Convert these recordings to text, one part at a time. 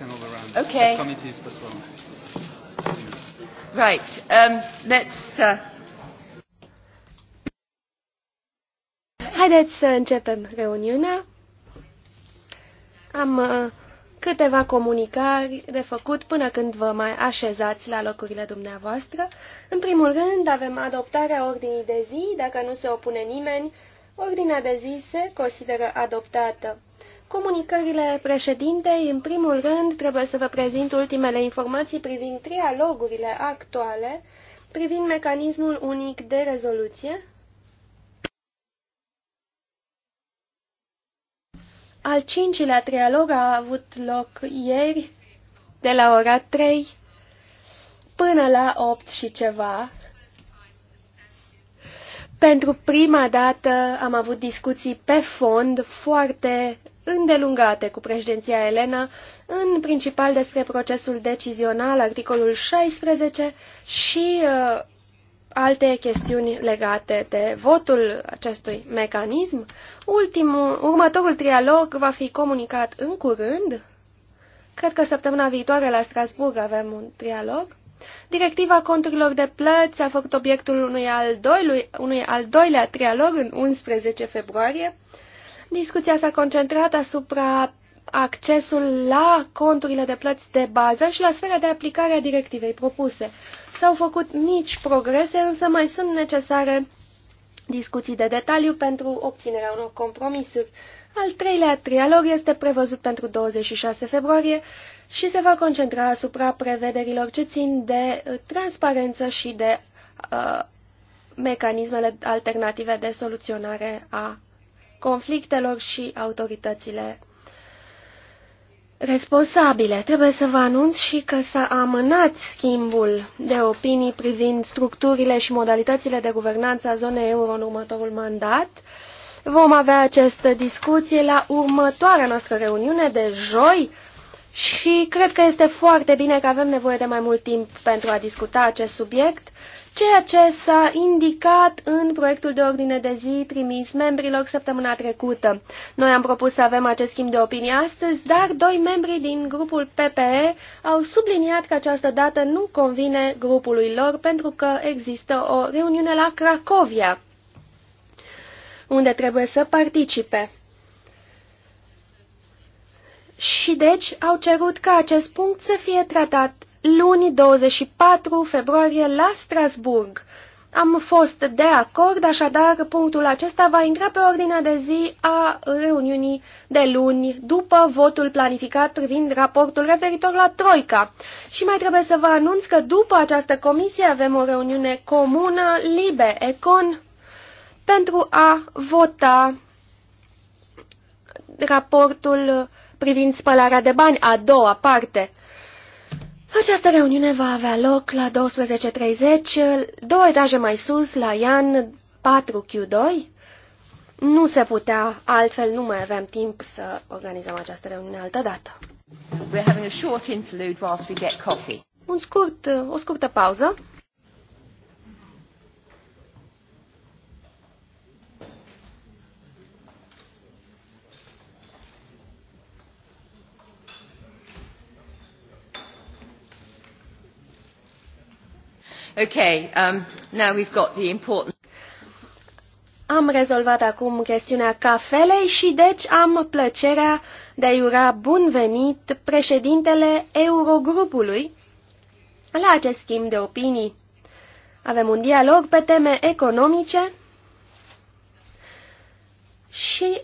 second all around. Okay. The committee is postponed. Right. Um, let's. Uh... Haideți să începem reuniunea. Am uh, câteva comunicări de făcut până când vă mai așezați la locurile dumneavoastră. În primul rând, avem adoptarea ordinii de zi. Dacă nu se opune nimeni, ordinea de zi se consideră adoptată. Comunicările președintei, în primul rând, trebuie să vă prezint ultimele informații privind trialogurile actuale, privind mecanismul unic de rezoluție, Al cincilea trialog a avut loc ieri, de la ora 3 până la 8 și ceva. Pentru prima dată am avut discuții pe fond foarte îndelungate cu președinția Elena, în principal despre procesul decizional, articolul 16 și uh, alte chestiuni legate de votul acestui mecanism. Ultimul, următorul trialog va fi comunicat în curând. Cred că săptămâna viitoare la Strasburg avem un trialog. Directiva conturilor de plăți a făcut obiectul unui al, doilui, unui al doilea trialog în 11 februarie Discuția s-a concentrat asupra accesul la conturile de plăți de bază și la sfera de aplicare a directivei propuse. S-au făcut mici progrese, însă mai sunt necesare discuții de detaliu pentru obținerea unor compromisuri. Al treilea trialog este prevăzut pentru 26 februarie și se va concentra asupra prevederilor ce țin de uh, transparență și de uh, mecanismele alternative de soluționare a conflictelor și autoritățile responsabile. Trebuie să vă anunț și că s-a amânat schimbul de opinii privind structurile și modalitățile de guvernanță a zonei euro în următorul mandat. Vom avea această discuție la următoarea noastră reuniune de joi și cred că este foarte bine că avem nevoie de mai mult timp pentru a discuta acest subiect ceea ce s-a indicat în proiectul de ordine de zi trimis membrilor săptămâna trecută. Noi am propus să avem acest schimb de opinie astăzi, dar doi membri din grupul PPE au subliniat că această dată nu convine grupului lor pentru că există o reuniune la Cracovia, unde trebuie să participe. Și deci au cerut ca acest punct să fie tratat luni 24 februarie la Strasburg. Am fost de acord, așadar punctul acesta va intra pe ordinea de zi a reuniunii de luni după votul planificat privind raportul referitor la Troica. Și mai trebuie să vă anunț că după această comisie avem o reuniune comună, libe, econ, pentru a vota raportul privind spălarea de bani, a doua parte. Această reuniune va avea loc la 12.30, două etaje mai sus, la Ian 4Q2. Nu se putea, altfel nu mai aveam timp să organizăm această reuniune altă dată. We're having a short interlude whilst we get coffee. Un scurt, o scurtă pauză. Um, am rezolvat acum chestiunea cafelei și deci am plăcerea de a iura bun venit președintele Eurogrupului la acest schimb de opinii. Avem un dialog pe teme economice și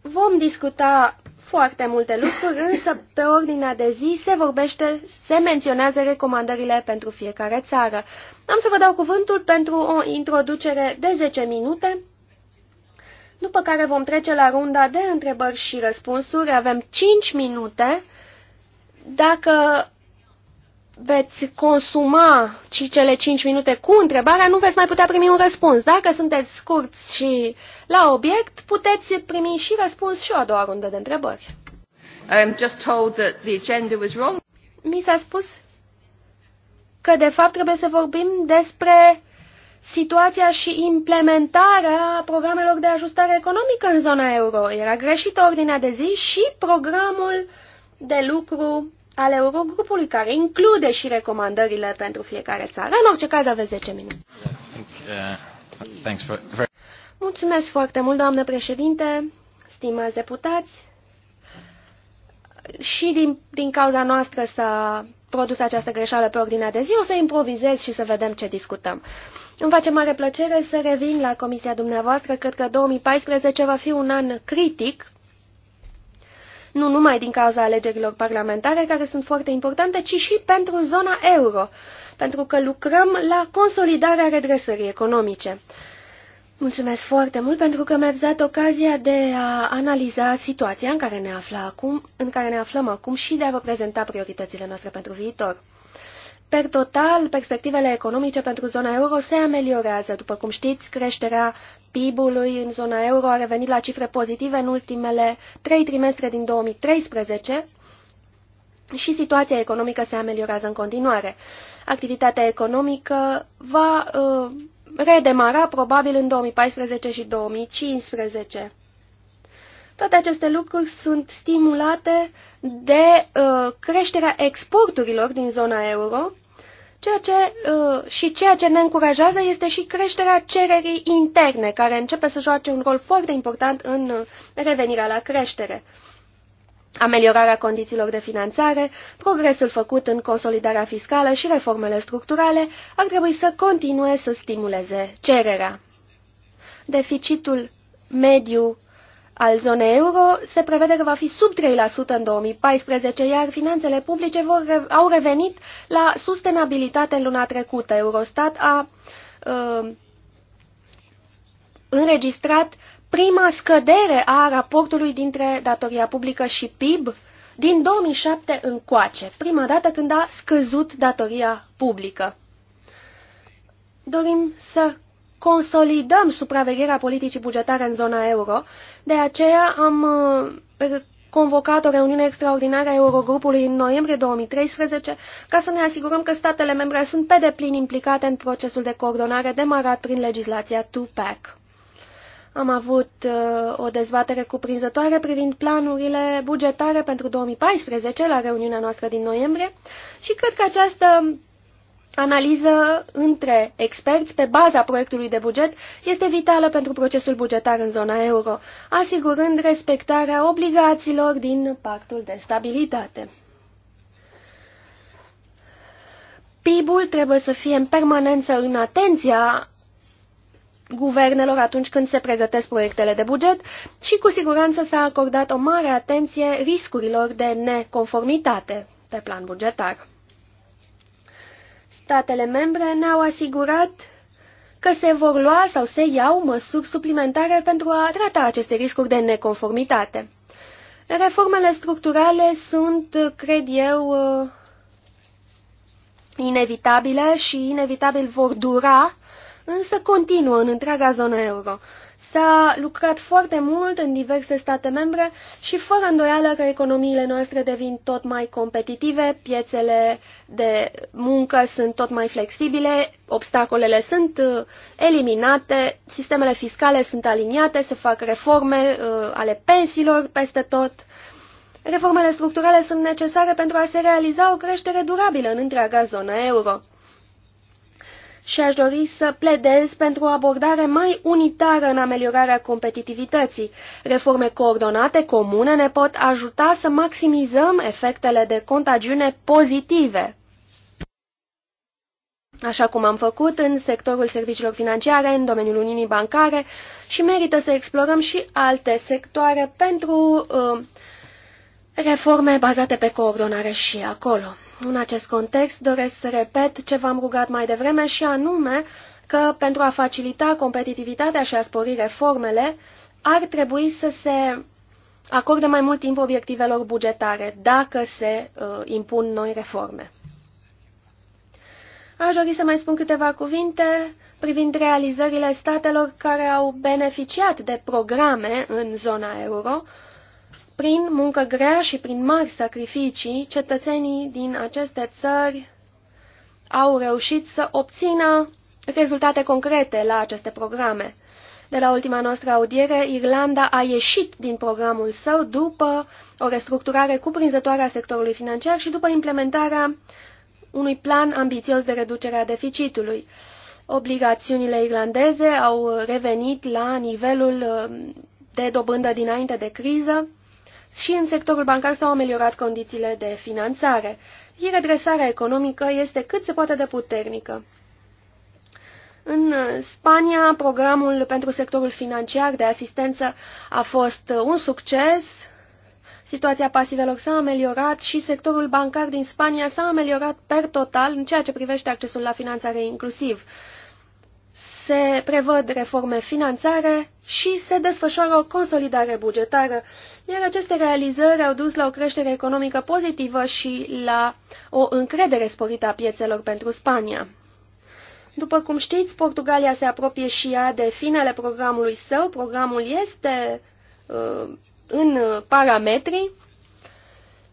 vom discuta foarte multe lucruri, însă pe ordinea de zi se vorbește, se menționează recomandările pentru fiecare țară. Am să vă dau cuvântul pentru o introducere de 10 minute, după care vom trece la runda de întrebări și răspunsuri. Avem 5 minute. Dacă veți consuma și cele 5 minute cu întrebarea, nu veți mai putea primi un răspuns. Dacă sunteți scurți și la obiect, puteți primi și răspuns și o a doua rundă de întrebări. just told that the agenda was wrong. Mi s-a spus că de fapt trebuie să vorbim despre situația și implementarea programelor de ajustare economică în zona euro. Era greșită ordinea de zi și programul de lucru ale Eurogrupului, care include și recomandările pentru fiecare țară. În orice caz, aveți 10 minute. Mulțumesc foarte mult, doamnă președinte, stimați deputați. Și din, din cauza noastră s-a produs această greșeală pe ordinea de zi, o să improvizez și să vedem ce discutăm. Îmi face mare plăcere să revin la comisia dumneavoastră. Cred că 2014 va fi un an critic nu numai din cauza alegerilor parlamentare, care sunt foarte importante, ci și pentru zona euro, pentru că lucrăm la consolidarea redresării economice. Mulțumesc foarte mult pentru că mi-ați dat ocazia de a analiza situația în care ne, afla acum, în care ne aflăm acum și de a vă prezenta prioritățile noastre pentru viitor. Per total, perspectivele economice pentru zona euro se ameliorează. După cum știți, creșterea PIB-ului în zona euro a revenit la cifre pozitive în ultimele trei trimestre din 2013 și situația economică se ameliorează în continuare. Activitatea economică va uh, redemara probabil în 2014 și 2015. Toate aceste lucruri sunt stimulate de uh, creșterea exporturilor din zona euro, Ceea ce, uh, și ceea ce ne încurajează este și creșterea cererii interne, care începe să joace un rol foarte important în uh, revenirea la creștere. Ameliorarea condițiilor de finanțare, progresul făcut în consolidarea fiscală și reformele structurale ar trebui să continue să stimuleze cererea. Deficitul mediu al zonei euro se prevede că va fi sub 3% în 2014, iar finanțele publice vor, au revenit la sustenabilitate în luna trecută. Eurostat a uh, înregistrat prima scădere a raportului dintre datoria publică și PIB din 2007 încoace, prima dată când a scăzut datoria publică. Dorim să consolidăm supravegherea politicii bugetare în zona euro de aceea am uh, convocat o reuniune extraordinară a Eurogrupului în noiembrie 2013 ca să ne asigurăm că statele membre sunt pe deplin implicate în procesul de coordonare demarat prin legislația TUPAC. Am avut uh, o dezbatere cuprinzătoare privind planurile bugetare pentru 2014 la reuniunea noastră din noiembrie și cred că această analiză între experți pe baza proiectului de buget este vitală pentru procesul bugetar în zona euro, asigurând respectarea obligațiilor din pactul de stabilitate. PIB-ul trebuie să fie în permanență în atenția guvernelor atunci când se pregătesc proiectele de buget și cu siguranță s-a acordat o mare atenție riscurilor de neconformitate pe plan bugetar statele membre ne-au asigurat că se vor lua sau se iau măsuri suplimentare pentru a trata aceste riscuri de neconformitate. Reformele structurale sunt, cred eu, uh, inevitabile și inevitabil vor dura, însă continuă în întreaga zonă euro. S-a lucrat foarte mult în diverse state membre și fără îndoială că economiile noastre devin tot mai competitive, piețele de muncă sunt tot mai flexibile, obstacolele sunt uh, eliminate, sistemele fiscale sunt aliniate, se fac reforme uh, ale pensiilor peste tot. Reformele structurale sunt necesare pentru a se realiza o creștere durabilă în întreaga zonă euro și aș dori să pledez pentru o abordare mai unitară în ameliorarea competitivității. Reforme coordonate comune ne pot ajuta să maximizăm efectele de contagiune pozitive. Așa cum am făcut în sectorul serviciilor financiare, în domeniul Uniunii Bancare și merită să explorăm și alte sectoare pentru uh, reforme bazate pe coordonare și acolo. În acest context doresc să repet ce v-am rugat mai devreme și anume că pentru a facilita competitivitatea și a spori reformele, ar trebui să se acorde mai mult timp obiectivelor bugetare dacă se uh, impun noi reforme. Aș dori să mai spun câteva cuvinte privind realizările statelor care au beneficiat de programe în zona euro, uh, prin muncă grea și prin mari sacrificii, cetățenii din aceste țări au reușit să obțină rezultate concrete la aceste programe. De la ultima noastră audiere, Irlanda a ieșit din programul său după o restructurare cuprinzătoare a sectorului financiar și după implementarea unui plan ambițios de reducere a deficitului. Obligațiunile irlandeze au revenit la nivelul uh, de dobândă dinainte de criză și în sectorul bancar s-au ameliorat condițiile de finanțare, iar redresarea economică este cât se poate de puternică. În Spania, programul pentru sectorul financiar de asistență a fost un succes, situația pasivelor s-a ameliorat și sectorul bancar din Spania s-a ameliorat per total în ceea ce privește accesul la finanțare inclusiv. Se prevăd reforme finanțare și se desfășoară o consolidare bugetară iar aceste realizări au dus la o creștere economică pozitivă și la o încredere sporită a piețelor pentru Spania. După cum știți, Portugalia se apropie și ea de finele programului său. Programul este uh, în parametri.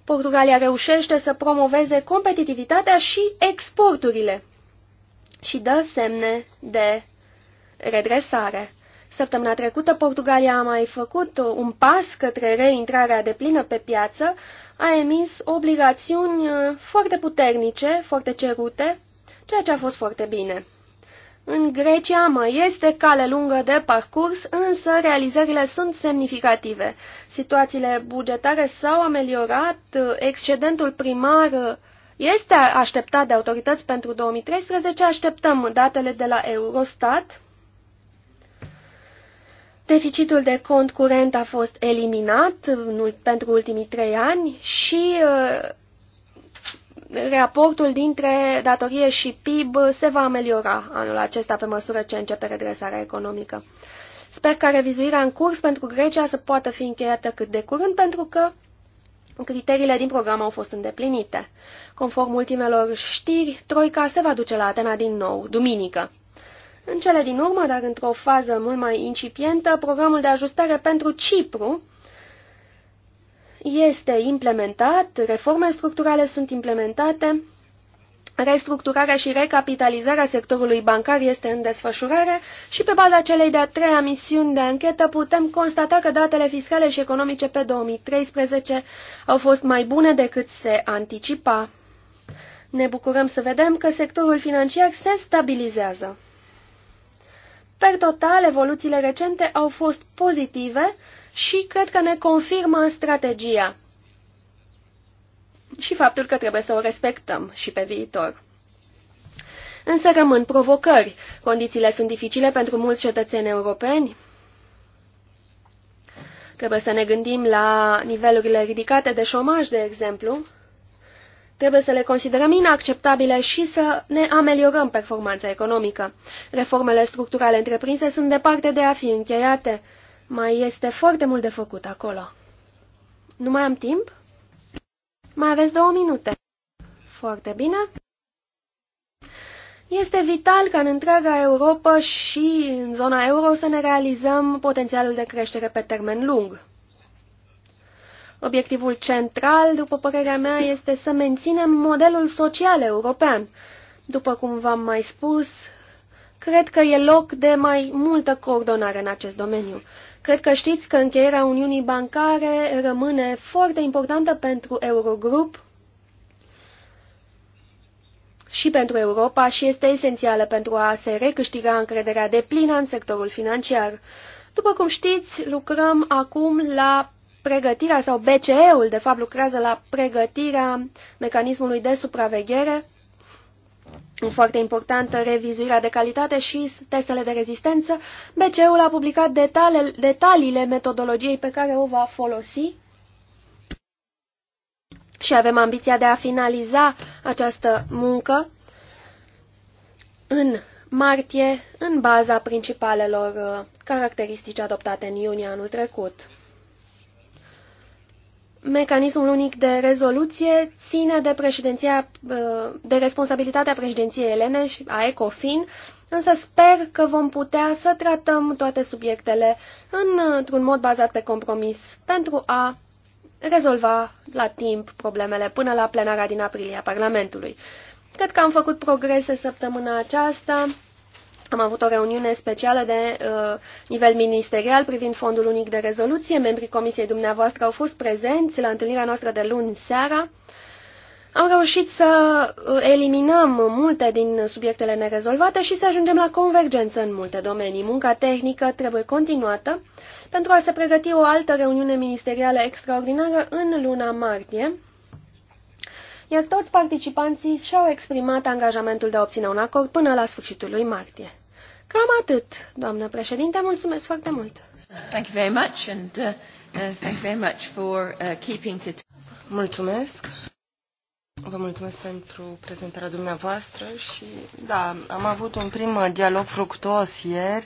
Portugalia reușește să promoveze competitivitatea și exporturile și dă semne de redresare. Săptămâna trecută, Portugalia a mai făcut un pas către reintrarea de plină pe piață, a emis obligațiuni uh, foarte puternice, foarte cerute, ceea ce a fost foarte bine. În Grecia mai este cale lungă de parcurs, însă realizările sunt semnificative. Situațiile bugetare s-au ameliorat, uh, excedentul primar uh, este așteptat de autorități pentru 2013, așteptăm datele de la Eurostat Deficitul de cont curent a fost eliminat pentru ultimii trei ani și uh, raportul dintre datorie și PIB se va ameliora anul acesta pe măsură ce începe redresarea economică. Sper ca revizuirea în curs pentru Grecia să poată fi încheiată cât de curând, pentru că criteriile din program au fost îndeplinite. Conform ultimelor știri, Troica se va duce la Atena din nou, duminică. În cele din urmă, dar într-o fază mult mai incipientă, programul de ajustare pentru Cipru este implementat, reforme structurale sunt implementate, restructurarea și recapitalizarea sectorului bancar este în desfășurare și pe baza celei de-a treia misiuni de anchetă putem constata că datele fiscale și economice pe 2013 au fost mai bune decât se anticipa. Ne bucurăm să vedem că sectorul financiar se stabilizează. Per total, evoluțiile recente au fost pozitive și cred că ne confirmă strategia și faptul că trebuie să o respectăm și pe viitor. Însă rămân provocări. Condițiile sunt dificile pentru mulți cetățeni europeni. Trebuie să ne gândim la nivelurile ridicate de șomaj, de exemplu, Trebuie să le considerăm inacceptabile și să ne ameliorăm performanța economică. Reformele structurale întreprinse sunt departe de a fi încheiate. Mai este foarte mult de făcut acolo. Nu mai am timp? Mai aveți două minute. Foarte bine. Este vital ca în întreaga Europa și în zona euro să ne realizăm potențialul de creștere pe termen lung. Obiectivul central, după părerea mea, este să menținem modelul social european. După cum v-am mai spus, cred că e loc de mai multă coordonare în acest domeniu. Cred că știți că încheierea Uniunii Bancare rămâne foarte importantă pentru Eurogrup și pentru Europa și este esențială pentru a se recâștiga încrederea de plină în sectorul financiar. După cum știți, lucrăm acum la pregătirea sau BCE-ul, de fapt, lucrează la pregătirea mecanismului de supraveghere, foarte importantă revizuirea de calitate și testele de rezistență. BCE-ul a publicat detale, detaliile metodologiei pe care o va folosi și avem ambiția de a finaliza această muncă în martie, în baza principalelor uh, caracteristici adoptate în iunie anul trecut mecanismul unic de rezoluție ține de, președinția, de responsabilitatea președinției elene și a ECOFIN, însă sper că vom putea să tratăm toate subiectele într-un mod bazat pe compromis pentru a rezolva la timp problemele până la plenara din aprilie a Parlamentului. Cred că am făcut progrese săptămâna aceasta. Am avut o reuniune specială de uh, nivel ministerial privind Fondul Unic de Rezoluție. Membrii comisiei dumneavoastră au fost prezenți la întâlnirea noastră de luni seara. Am reușit să uh, eliminăm multe din subiectele nerezolvate și să ajungem la convergență în multe domenii. Munca tehnică trebuie continuată pentru a se pregăti o altă reuniune ministerială extraordinară în luna martie iar toți participanții și-au exprimat angajamentul de a obține un acord până la sfârșitul lui martie. Cam atât, doamnă președinte, mulțumesc foarte mult. Thank you very much and uh, uh, thank you very much for uh, keeping to Mulțumesc. Vă mulțumesc pentru prezentarea dumneavoastră și da, am avut un prim dialog fructuos ieri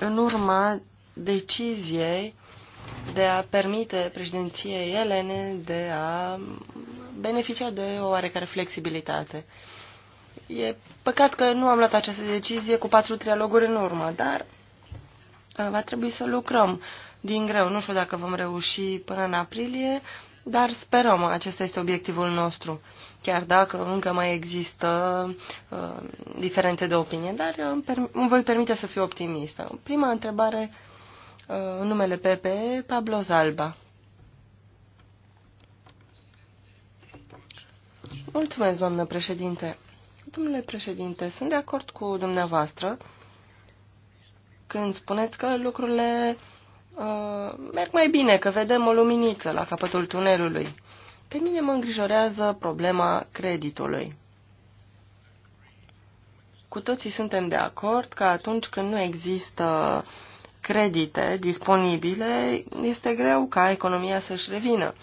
în urma deciziei de a permite președinției elene de a beneficia de o oarecare flexibilitate. E păcat că nu am luat această decizie cu patru trialoguri în urmă, dar uh, va trebui să lucrăm din greu. Nu știu dacă vom reuși până în aprilie, dar sperăm, acesta este obiectivul nostru, chiar dacă încă mai există uh, diferențe de opinie, dar uh, îmi, îmi voi permite să fiu optimistă. Prima întrebare Uh, în numele PPE, Pablo Zalba. Mulțumesc, doamnă președinte. Domnule președinte, sunt de acord cu dumneavoastră când spuneți că lucrurile uh, merg mai bine, că vedem o luminiță la capătul tunelului. Pe mine mă îngrijorează problema creditului. Cu toții suntem de acord că atunci când nu există uh, credite disponibile, este greu ca economia să-și revină.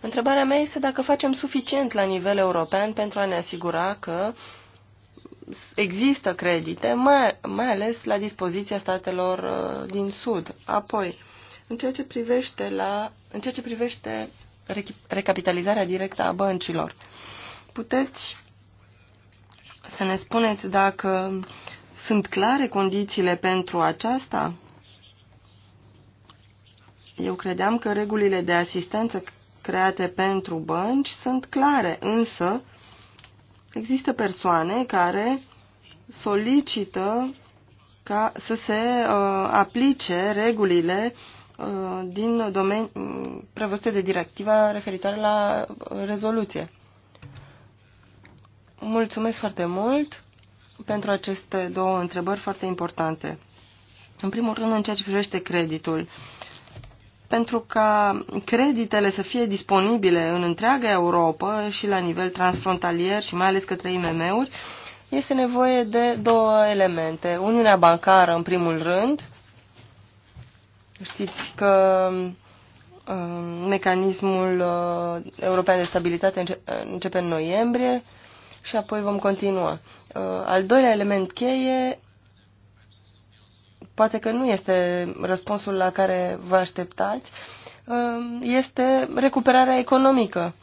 Întrebarea mea este dacă facem suficient la nivel european pentru a ne asigura că există credite, mai, mai ales la dispoziția statelor uh, din Sud. Apoi, în ceea ce privește, la, în ceea ce privește recapitalizarea directă a băncilor, puteți să ne spuneți dacă sunt clare condițiile pentru aceasta? Eu credeam că regulile de asistență create pentru bănci sunt clare, însă există persoane care solicită ca să se uh, aplice regulile uh, din domeni, prevăzute de directiva referitoare la uh, rezoluție. Mulțumesc foarte mult pentru aceste două întrebări foarte importante. În primul rând, în ceea ce privește creditul. Uh, pentru ca creditele să fie disponibile în întreaga Europa și la nivel transfrontalier și mai ales către IMM-uri, este nevoie de două elemente. Uniunea bancară, în primul rând. Știți că um, mecanismul uh, european de stabilitate începe în noiembrie și apoi vom continua. Uh, al doilea element cheie poate că nu este răspunsul la care vă așteptați, ehm, este recuperarea economică.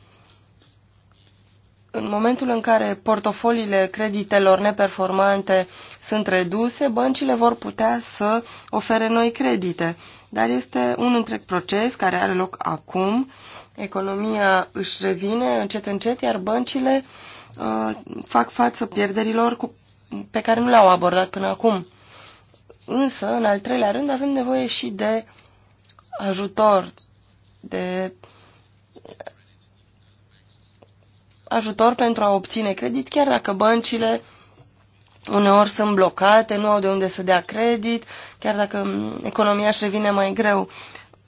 În momentul în care portofoliile creditelor neperformante sunt reduse, băncile vor putea să ofere noi credite. Dar este un întreg proces care are loc acum. Economia își revine încet încet, iar băncile uh, fac față pierderilor cu, pe care nu le-au abordat până acum. Însă, în al treilea rând, avem nevoie și de ajutor, de ajutor pentru a obține credit, chiar dacă băncile uneori sunt blocate, nu au de unde să dea credit, chiar dacă economia își revine mai greu.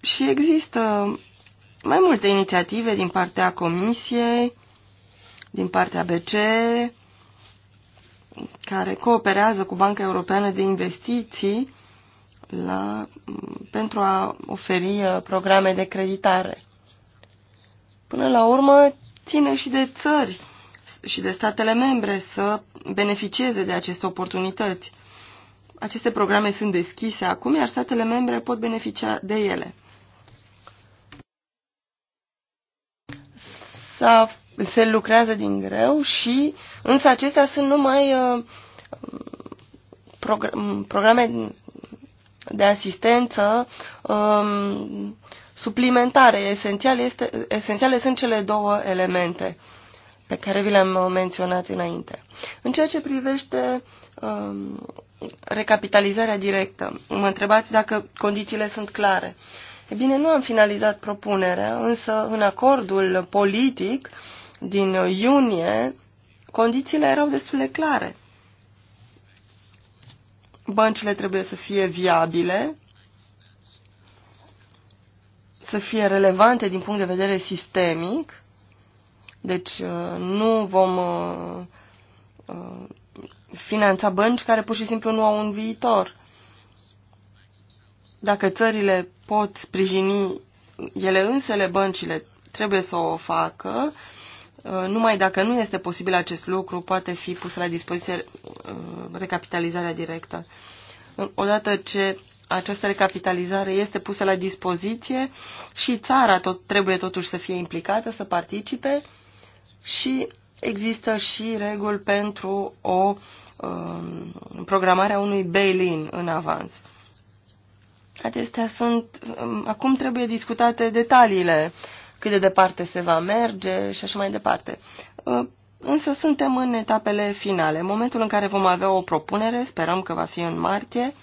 Și există mai multe inițiative din partea Comisiei, din partea BCE, care cooperează cu Banca Europeană de Investiții la, pentru a oferi uh, programe de creditare. Până la urmă, ține și de țări și de statele membre să beneficieze de aceste oportunități. Aceste programe sunt deschise acum, iar statele membre pot beneficia de ele. S-a se lucrează din greu și însă acestea sunt numai uh, progr- programe de asistență um, suplimentare. Esențial este, esențiale sunt cele două elemente pe care vi le-am menționat înainte. În ceea ce privește um, recapitalizarea directă, mă întrebați dacă condițiile sunt clare. E bine, nu am finalizat propunerea, însă în acordul politic uh, din iunie, condițiile erau destul de clare. Băncile trebuie să fie viabile, să fie relevante din punct de vedere sistemic, deci uh, nu vom uh, uh, finanța bănci care pur și simplu nu au un viitor. Dacă țările pot sprijini ele însele băncile, trebuie să o facă, Uh, numai dacă nu este posibil acest lucru, poate fi pusă la dispoziție uh, recapitalizarea directă. Odată ce această recapitalizare este pusă la dispoziție și țara tot, trebuie totuși să fie implicată, să participe și există și reguli pentru o um, programare a unui bail-in în avans. Acestea sunt, um, acum trebuie discutate detaliile uh, cât de departe se va merge și așa mai departe. Ă, însă suntem în etapele finale. În momentul în care vom avea o propunere, sperăm că va fi în martie,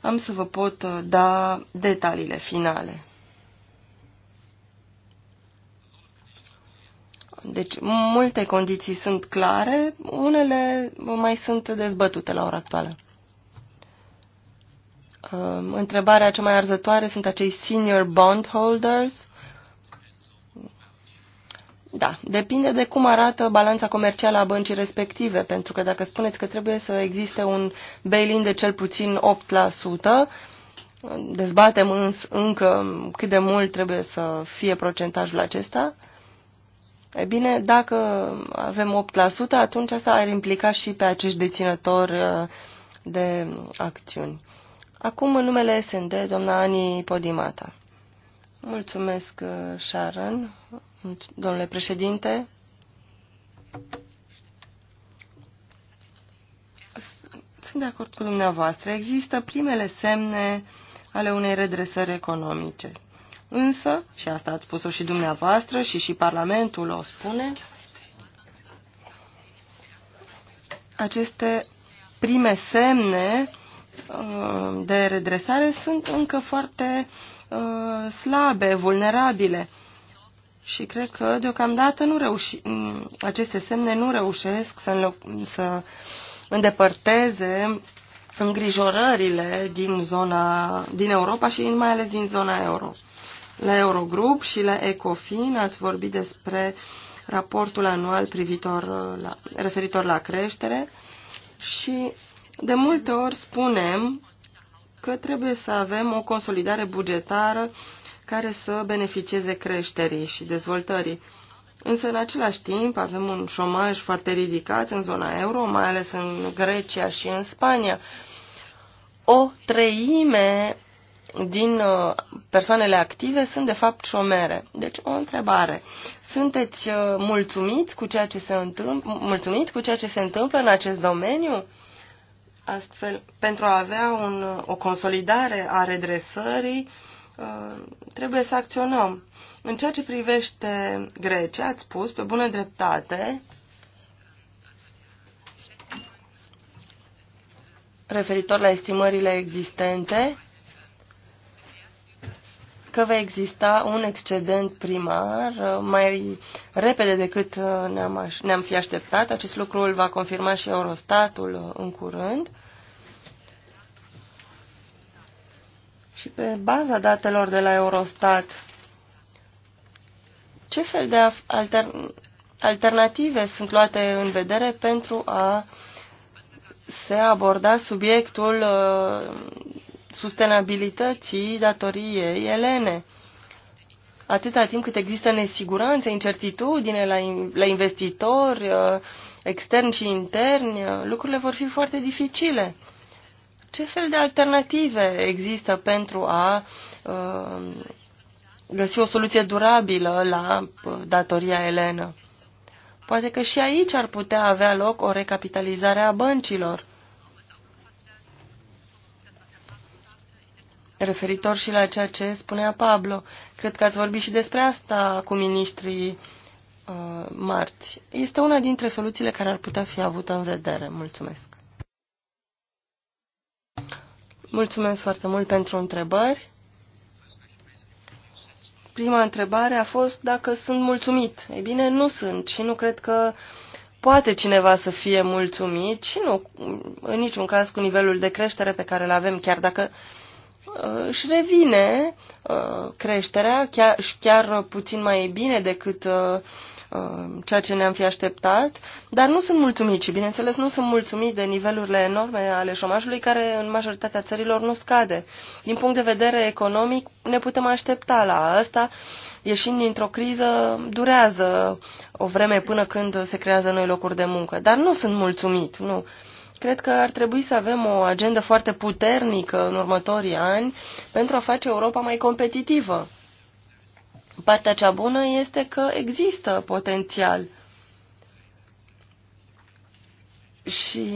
am să vă pot ă, da detaliile finale. Deci multe condiții sunt clare, unele mai sunt dezbătute la ora actuală. Ă, întrebarea cea mai arzătoare sunt acei senior bondholders da, depinde de cum arată balanța comercială a băncii respective, pentru că dacă spuneți că trebuie să existe un bail-in de cel puțin 8%, dezbatem îns încă cât de mult trebuie să fie procentajul acesta, e bine, dacă avem 8%, atunci asta ar implica și pe acești deținători uh, de acțiuni. Acum, în numele SND, doamna Ani Podimata. Mulțumesc, uh, Sharon. Domnule președinte, sunt de acord cu dumneavoastră. Există primele semne ale unei redresări economice. Însă, și asta ați spus-o și dumneavoastră și și Parlamentul o spune, aceste prime semne uh, de redresare sunt încă foarte uh, slabe, vulnerabile. Și cred că deocamdată nu reuși, aceste semne nu reușesc să, înloc, să îndepărteze îngrijorările din zona din Europa și mai ales din zona euro. La Eurogrup și la Ecofin ați vorbit despre raportul anual privitor la, referitor la creștere și de multe ori spunem că trebuie să avem o consolidare bugetară care să beneficieze creșterii și dezvoltării. Însă, în același timp, avem un șomaj foarte ridicat în zona euro, mai ales în Grecia și în Spania. O treime din uh, persoanele active sunt, de fapt, șomere. Deci, o întrebare. Sunteți uh, mulțumiți cu ceea ce se întâmplă, mulțumit cu ceea ce se întâmplă în acest domeniu? Astfel, pentru a avea un, o consolidare a redresării, uh, Uh, trebuie să acționăm. În ceea ce privește Grecia, ați spus, pe bună dreptate, referitor la estimările existente, că va exista un excedent primar uh, mai repede decât uh, ne-am ne, fi așteptat. Acest lucru îl va confirma și Eurostatul în curând. și pe baza datelor de la Eurostat, ce fel de alter alternative sunt luate în vedere pentru a se aborda subiectul uh, sustenabilității datoriei elene? Atâta timp cât există nesiguranță, incertitudine la, in la investitori, uh, externi și interni, uh, lucrurile vor fi foarte dificile. Ce fel de alternative există pentru a uh, găsi o soluție durabilă la uh, datoria elenă? Poate că și aici ar putea avea loc o recapitalizare a băncilor. Referitor și la ceea ce spunea Pablo, cred că ați vorbit și despre asta cu ministrii uh, marți. Este una dintre soluțiile care ar putea fi avută în vedere. Mulțumesc. Mulțumesc foarte mult pentru întrebări. Prima întrebare a fost dacă sunt mulțumit. Ei bine, nu sunt și nu cred că poate cineva să fie mulțumit și nu, în niciun caz, cu nivelul de creștere pe care îl avem, chiar dacă uh, își revine uh, creșterea, chiar, chiar puțin mai bine decât uh, Um, ceea ce ne-am fi așteptat, dar nu sunt mulțumit și, bineînțeles, nu sunt mulțumit de nivelurile enorme ale șomajului care în majoritatea țărilor nu scade. Din punct de vedere economic ne putem aștepta la asta. Ieșind dintr-o criză durează o vreme până când se creează noi locuri de muncă, dar nu sunt mulțumit, nu. Cred că ar trebui să avem o agendă foarte puternică în următorii ani pentru a face Europa mai competitivă Partea cea bună este că există potențial. Și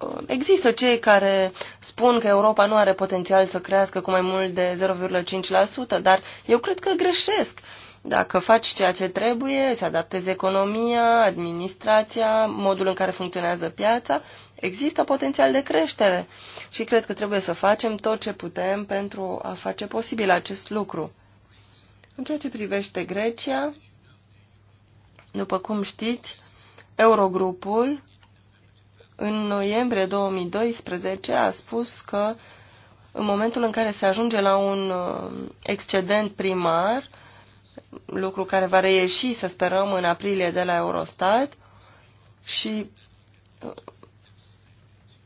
uh, există cei care spun că Europa nu are potențial să crească cu mai mult de 0,5%, dar eu cred că greșesc. Dacă faci ceea ce trebuie, se adaptezi economia, administrația, modul în care funcționează piața, există potențial de creștere. Și cred că trebuie să facem tot ce putem pentru a face posibil acest lucru. În ceea ce privește Grecia, după cum știți, Eurogrupul în noiembrie 2012 a spus că în momentul în care se ajunge la un uh, excedent primar, lucru care va reieși, să sperăm, în aprilie de la Eurostat, și uh,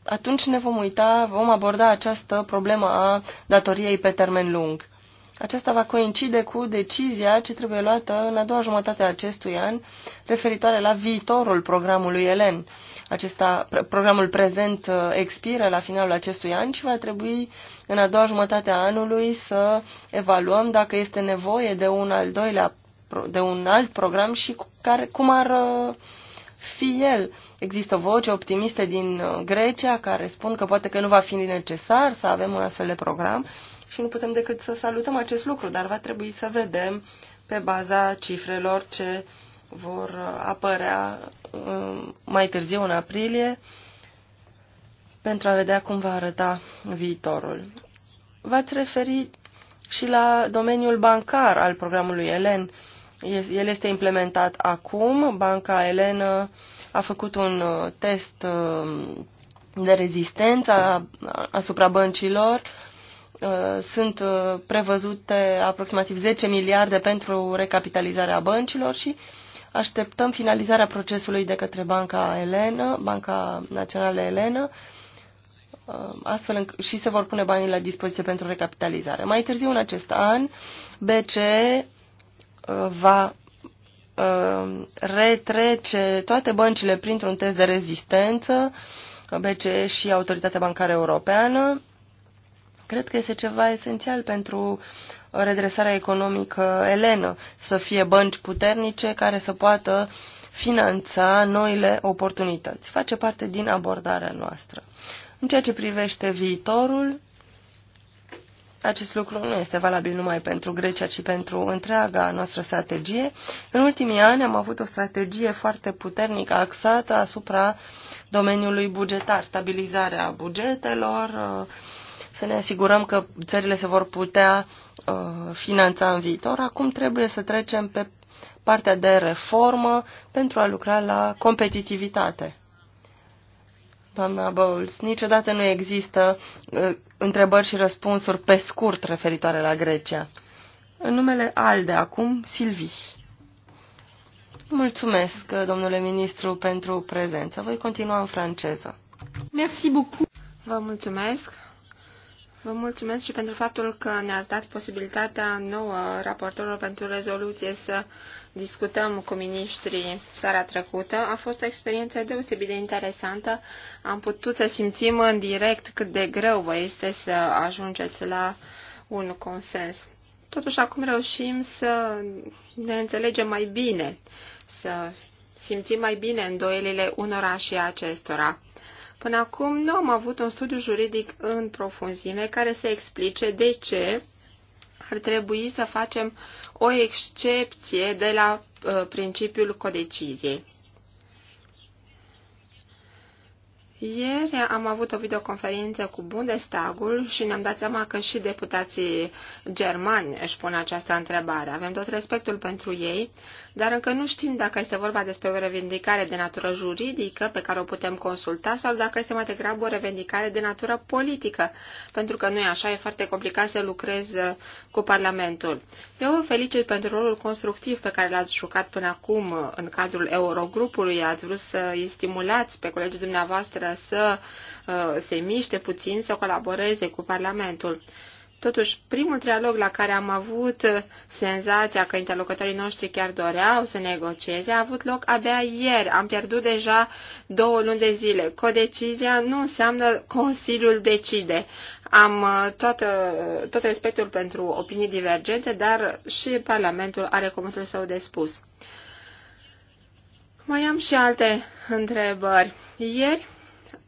atunci ne vom uita, vom aborda această problemă a datoriei pe termen lung. Aceasta va coincide cu decizia ce trebuie luată în a doua jumătate a acestui an referitoare la viitorul programului ELEN. Acesta, programul prezent uh, expiră la finalul acestui an și va trebui în a doua jumătate a anului să evaluăm dacă este nevoie de un al doilea de un alt program și care, cum ar uh, fi el. Există voci optimiste din uh, Grecia care spun că poate că nu va fi necesar să avem un astfel de program, și nu putem decât să salutăm acest lucru, dar va trebui să vedem pe baza cifrelor ce vor apărea uh, mai târziu în aprilie pentru a vedea cum va arăta viitorul. V-ați referit și la domeniul bancar al programului ELEN. El este implementat acum. Banca ELEN uh, a făcut un uh, test de rezistență asupra băncilor Uh, sunt uh, prevăzute aproximativ 10 miliarde pentru recapitalizarea băncilor și așteptăm finalizarea procesului de către Banca Elenă, Banca Națională Elenă, uh, astfel înc- și se vor pune banii la dispoziție pentru recapitalizare. Mai târziu în acest an, BCE va retrece toate băncile printr-un test de rezistență, BCE și Autoritatea Bancară Europeană, Cred că este ceva esențial pentru uh, redresarea economică elenă, să fie bănci puternice care să poată finanța noile oportunități. Face parte din abordarea noastră. În ceea ce privește viitorul, acest lucru nu este valabil numai pentru Grecia, ci pentru întreaga noastră strategie. În ultimii ani am avut o strategie foarte puternică axată asupra domeniului bugetar, stabilizarea bugetelor, uh, să ne asigurăm că țările se vor putea uh, finanța în viitor. Acum trebuie să trecem pe partea de reformă pentru a lucra la competitivitate. Doamna Bowles, niciodată nu există uh, întrebări și răspunsuri pe scurt referitoare la Grecia. În numele ALDE acum, Silvi. Mulțumesc, uh, domnule ministru, pentru prezență. Voi continua în franceză. Merci beaucoup. Vă mulțumesc. Vă mulțumesc și pentru faptul că ne-ați dat posibilitatea nouă raportorilor pentru rezoluție să discutăm cu miniștrii seara trecută. A fost o experiență deosebit de interesantă. Am putut să simțim în direct cât de greu vă este să ajungeți la un consens. Totuși acum reușim să ne înțelegem mai bine, să simțim mai bine îndoielile unora și acestora. Până acum nu am avut un studiu juridic în profunzime care să explice de ce ar trebui să facem o excepție de la uh, principiul codeciziei. Ieri am avut o videoconferință cu Bundestagul și ne-am dat seama că și deputații germani își pun această întrebare. Avem tot respectul pentru ei, dar încă nu știm dacă este vorba despre o revendicare de natură juridică pe care o putem consulta sau dacă este mai degrabă o revendicare de natură politică, pentru că nu e așa, e foarte complicat să lucrez cu Parlamentul. Eu vă felicit pentru rolul constructiv pe care l-ați jucat până acum în cadrul Eurogrupului. Ați vrut să i stimulați pe colegii dumneavoastră să uh, se miște puțin, să colaboreze cu Parlamentul. Totuși, primul trialog la care am avut uh, senzația că interlocutorii noștri chiar doreau să negocieze a avut loc abia ieri. Am pierdut deja două luni de zile. Codecizia nu înseamnă Consiliul decide. Am uh, toată, tot respectul pentru opinii divergente, dar și Parlamentul are cuvântul său de spus. Mai am și alte întrebări. Ieri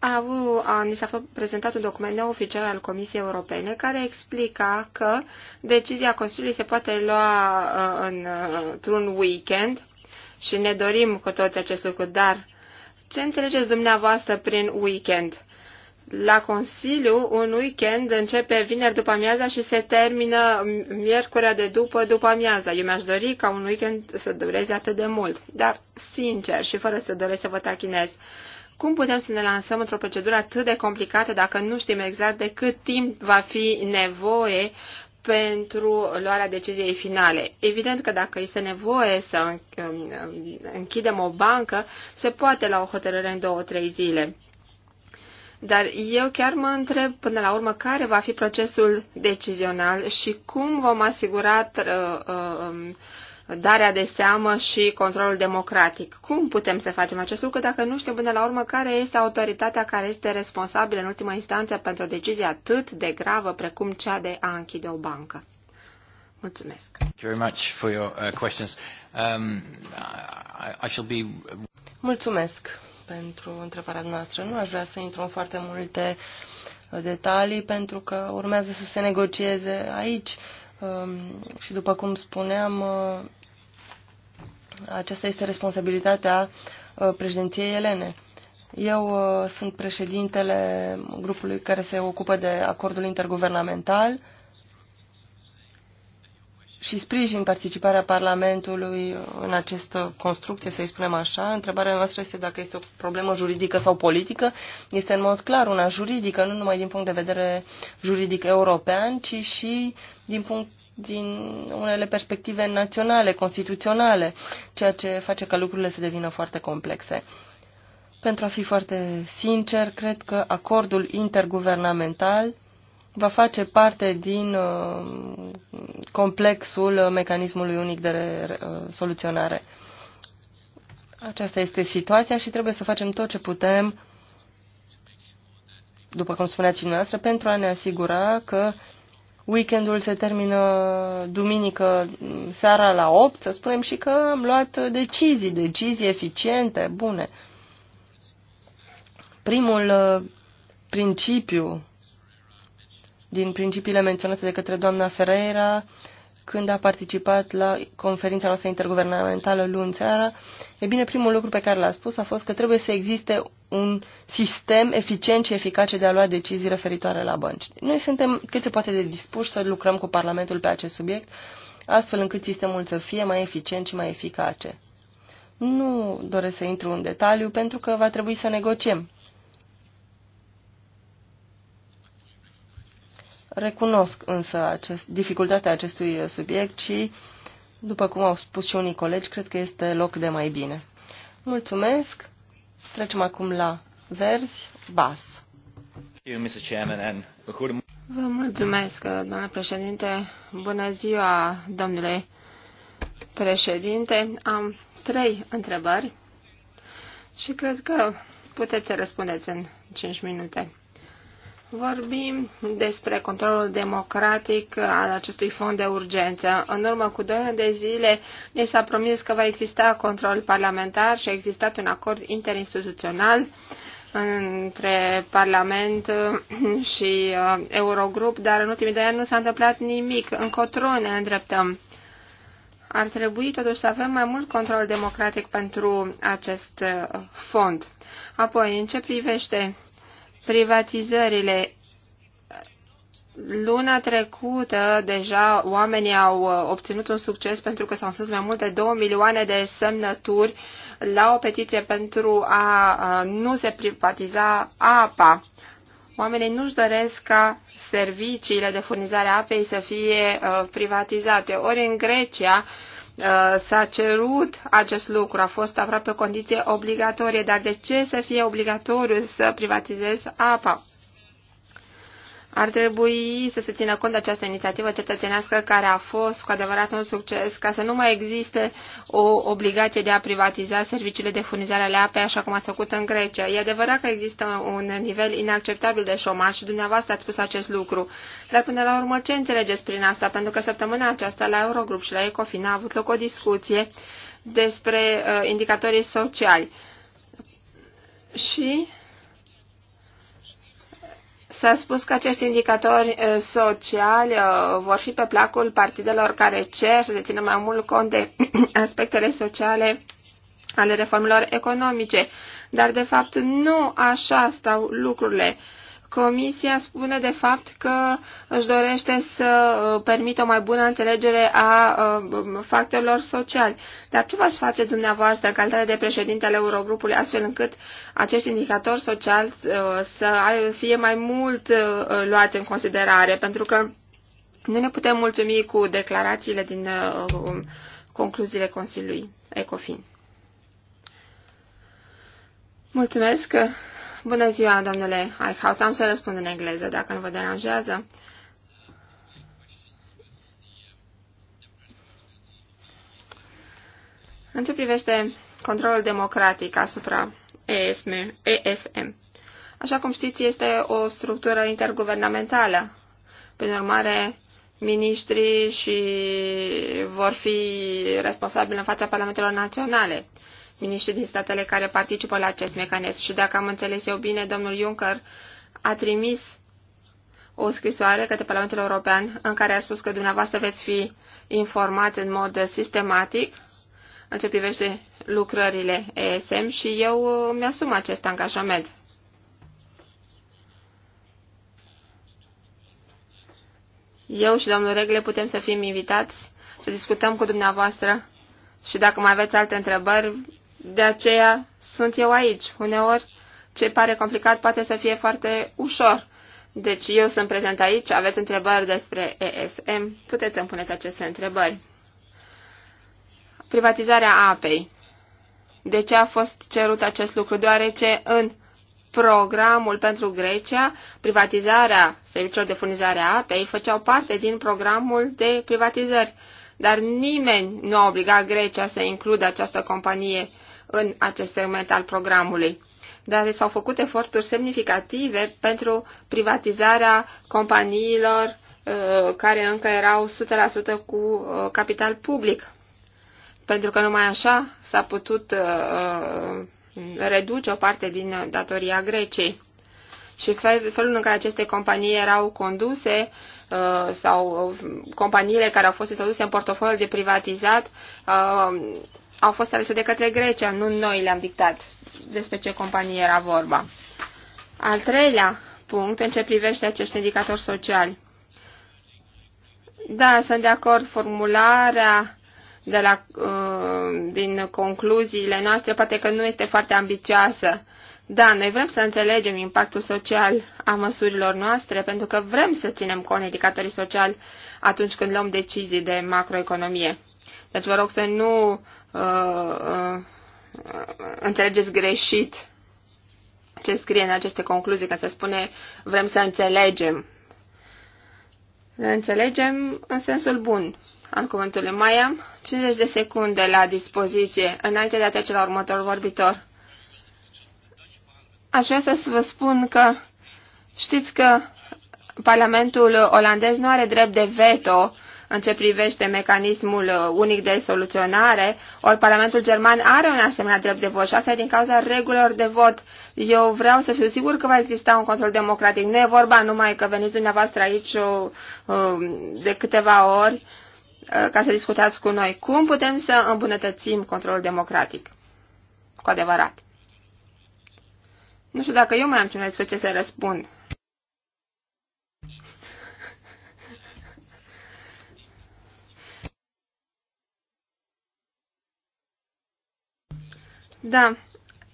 a, a, ni s-a prezentat un document neoficial al Comisiei Europene care explica că decizia Consiliului se poate lua în, într-un weekend și ne dorim cu toți acest lucru, dar ce înțelegeți dumneavoastră prin weekend? La Consiliu, un weekend începe vineri după amiaza și se termină miercurea de după după amiaza. Eu mi-aș dori ca un weekend să dureze atât de mult, dar sincer și fără să doresc să vă tachinez, cum putem să ne lansăm într-o procedură atât de complicată dacă nu știm exact de cât timp va fi nevoie pentru luarea deciziei finale. Evident că dacă este nevoie să închidem o bancă, se poate la o hotărâre în două-trei zile. Dar eu chiar mă întreb până la urmă care va fi procesul decizional și cum vom asigura uh, uh, um, darea de seamă și controlul democratic. Cum putem să facem acest lucru dacă nu știm până la urmă care este autoritatea care este responsabilă în ultima instanță pentru o decizie atât de gravă precum cea de a închide o bancă? Mulțumesc. Mulțumesc pentru întrebarea noastră. Nu aș vrea să intru în foarte multe detalii pentru că urmează să se negocieze aici Um, și după cum spuneam, uh, aceasta este responsabilitatea uh, președinției elene. Eu uh, sunt președintele grupului care se ocupă de acordul interguvernamental și sprijin participarea Parlamentului în această construcție, să-i spunem așa. Întrebarea noastră este dacă este o problemă juridică sau politică. Este în mod clar una juridică, nu numai din punct de vedere juridic european, ci și din punct din unele perspective naționale, constituționale, ceea ce face ca lucrurile să devină foarte complexe. Pentru a fi foarte sincer, cred că acordul interguvernamental va face parte din uh, complexul mecanismului unic de uh, soluționare. Aceasta este situația și trebuie să facem tot ce putem, după cum spuneați dumneavoastră, pentru a ne asigura că weekendul se termină duminică seara la 8, să spunem, și că am luat decizii, decizii eficiente, bune. Primul uh, principiu din principiile menționate de către doamna Ferreira când a participat la conferința noastră interguvernamentală luni seara. E bine, primul lucru pe care l-a spus a fost că trebuie să existe un sistem eficient și eficace de a lua decizii referitoare la bănci. Noi suntem cât se poate de dispuși să lucrăm cu Parlamentul pe acest subiect, astfel încât sistemul să fie mai eficient și mai eficace. Nu doresc să intru în detaliu pentru că va trebui să negociem Recunosc însă acest, dificultatea acestui subiect și, după cum au spus și unii colegi, cred că este loc de mai bine. Mulțumesc. Trecem acum la verzi. Bas. Vă mulțumesc, domnule președinte. Bună ziua, domnule președinte. Am trei întrebări și cred că puteți să răspundeți în 5 minute. Vorbim despre controlul democratic al acestui fond de urgență. În urmă cu doi ani de zile ne s-a promis că va exista control parlamentar și a existat un acord interinstituțional între Parlament și uh, Eurogrup, dar în ultimii doi ani nu s-a întâmplat nimic. Încotro ne îndreptăm. Ar trebui totuși să avem mai mult control democratic pentru acest uh, fond. Apoi, în ce privește privatizările. Luna trecută deja oamenii au uh, obținut un succes pentru că s-au sus mai multe 2 milioane de semnături la o petiție pentru a nu se privatiza apa. Oamenii nu-și doresc ca serviciile de furnizare a apei să fie uh, privatizate. Ori în Grecia, Uh, s-a cerut acest lucru, a fost aproape o condiție obligatorie, dar de ce să fie obligatoriu să privatizezi apa? Ar trebui să se țină cont de această inițiativă cetățenească care a fost cu adevărat un succes, ca să nu mai existe o obligație de a privatiza serviciile de furnizare ale apei, așa cum ați făcut în Grecia. E adevărat că există un nivel inacceptabil de șomaj și dumneavoastră ați spus acest lucru. Dar până la urmă ce înțelegeți prin asta? Pentru că săptămâna aceasta la Eurogrup și la Ecofin a avut loc o discuție despre uh, indicatorii sociali. Și S-a spus că acești indicatori uh, sociali uh, vor fi pe placul partidelor care cer să dețină mai mult cont de aspectele sociale ale reformelor economice, dar de fapt nu așa stau lucrurile. Comisia spune de fapt că își dorește să uh, permită o mai bună înțelegere a uh, factorilor sociali. Dar ce v-ați face dumneavoastră în calitate de președinte al Eurogrupului astfel încât acest indicator social uh, să fie mai mult luat în considerare? Pentru că nu ne putem mulțumi cu declarațiile din um, concluziile Consiliului ECOFIN. Mulțumesc! Bună ziua, domnule Eichhout. Am să răspund în engleză, dacă nu vă deranjează. În ce privește controlul democratic asupra ESM, ESM, așa cum știți, este o structură interguvernamentală. Prin urmare, miniștrii și vor fi responsabili în fața parlamentelor naționale miniștrii din statele care participă la acest mecanism. Și dacă am înțeles eu bine, domnul Juncker a trimis o scrisoare către Parlamentul European în care a spus că dumneavoastră veți fi informați în mod sistematic în ce privește lucrările ESM și eu uh, mi-asum acest angajament. Eu și domnul Regle putem să fim invitați să discutăm cu dumneavoastră și dacă mai aveți alte întrebări, de aceea sunt eu aici. Uneori, ce pare complicat poate să fie foarte ușor. Deci eu sunt prezent aici, aveți întrebări despre ESM, puteți să-mi puneți aceste întrebări. Privatizarea apei. De ce a fost cerut acest lucru? Deoarece în programul pentru Grecia, privatizarea serviciilor de furnizare a apei făceau parte din programul de privatizări, dar nimeni nu a obligat Grecia să includă această companie în acest segment al programului. Dar s-au făcut eforturi semnificative pentru privatizarea companiilor uh, care încă erau 100% cu uh, capital public. Pentru că numai așa s-a putut uh, reduce o parte din datoria Greciei. Și felul în care aceste companii erau conduse sau companiile care au fost introduse în portofoliul de privatizat au fost alese de către Grecia, nu noi le-am dictat despre ce companie era vorba. Al treilea punct, în ce privește acești indicatori sociali. Da, sunt de acord, formularea de la, uh, din concluziile noastre poate că nu este foarte ambicioasă. Da, noi vrem să înțelegem impactul social a măsurilor noastre pentru că vrem să ținem cont indicatorii sociali atunci când luăm decizii de macroeconomie. Deci vă rog să nu uh, uh, înțelegeți greșit ce scrie în aceste concluzii, că se spune vrem să înțelegem. Le înțelegem în sensul bun al cuvântului. Mai am 50 de secunde la dispoziție înainte de a trece la următorul vorbitor. Aș vrea să vă spun că știți că Parlamentul olandez nu are drept de veto în ce privește mecanismul uh, unic de soluționare, ori Parlamentul German are un asemenea drept de vot și asta e din cauza regulilor de vot. Eu vreau să fiu sigur că va exista un control democratic. Nu e vorba numai că veniți dumneavoastră aici o, uh, uh, de câteva ori ca să discutați cu noi. Cum putem să îmbunătățim controlul democratic? Cu adevărat. Nu știu dacă eu mai am ce să răspund. Da,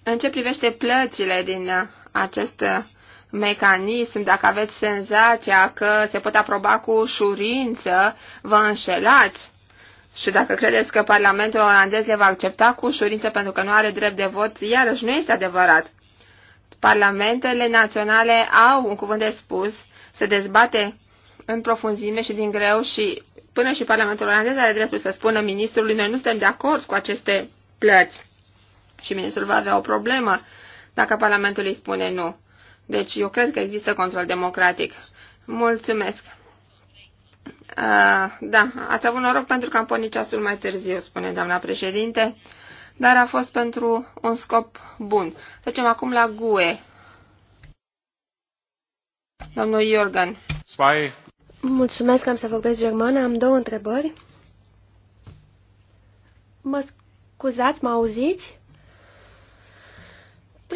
în ce privește plățile din uh, acest uh, mecanism, dacă aveți senzația că se pot aproba cu ușurință, vă înșelați. Și dacă credeți că Parlamentul olandez le va accepta cu ușurință pentru că nu are drept de vot, iarăși nu este adevărat. Parlamentele naționale au un cuvânt de spus, se dezbate în profunzime și din greu și până și Parlamentul olandez are dreptul să spună ministrului noi nu suntem de acord cu aceste plăți și ministrul va avea o problemă dacă Parlamentul îi spune nu. Deci eu cred că există control democratic. Mulțumesc. Uh, da, ați avut noroc pentru că am pornit ceasul mai târziu, spune doamna președinte, dar a fost pentru un scop bun. Trecem acum la GUE. Domnul Jorgen. Spy. Mulțumesc, că am să vorbesc germană. Am două întrebări. Mă scuzați, mă auziți?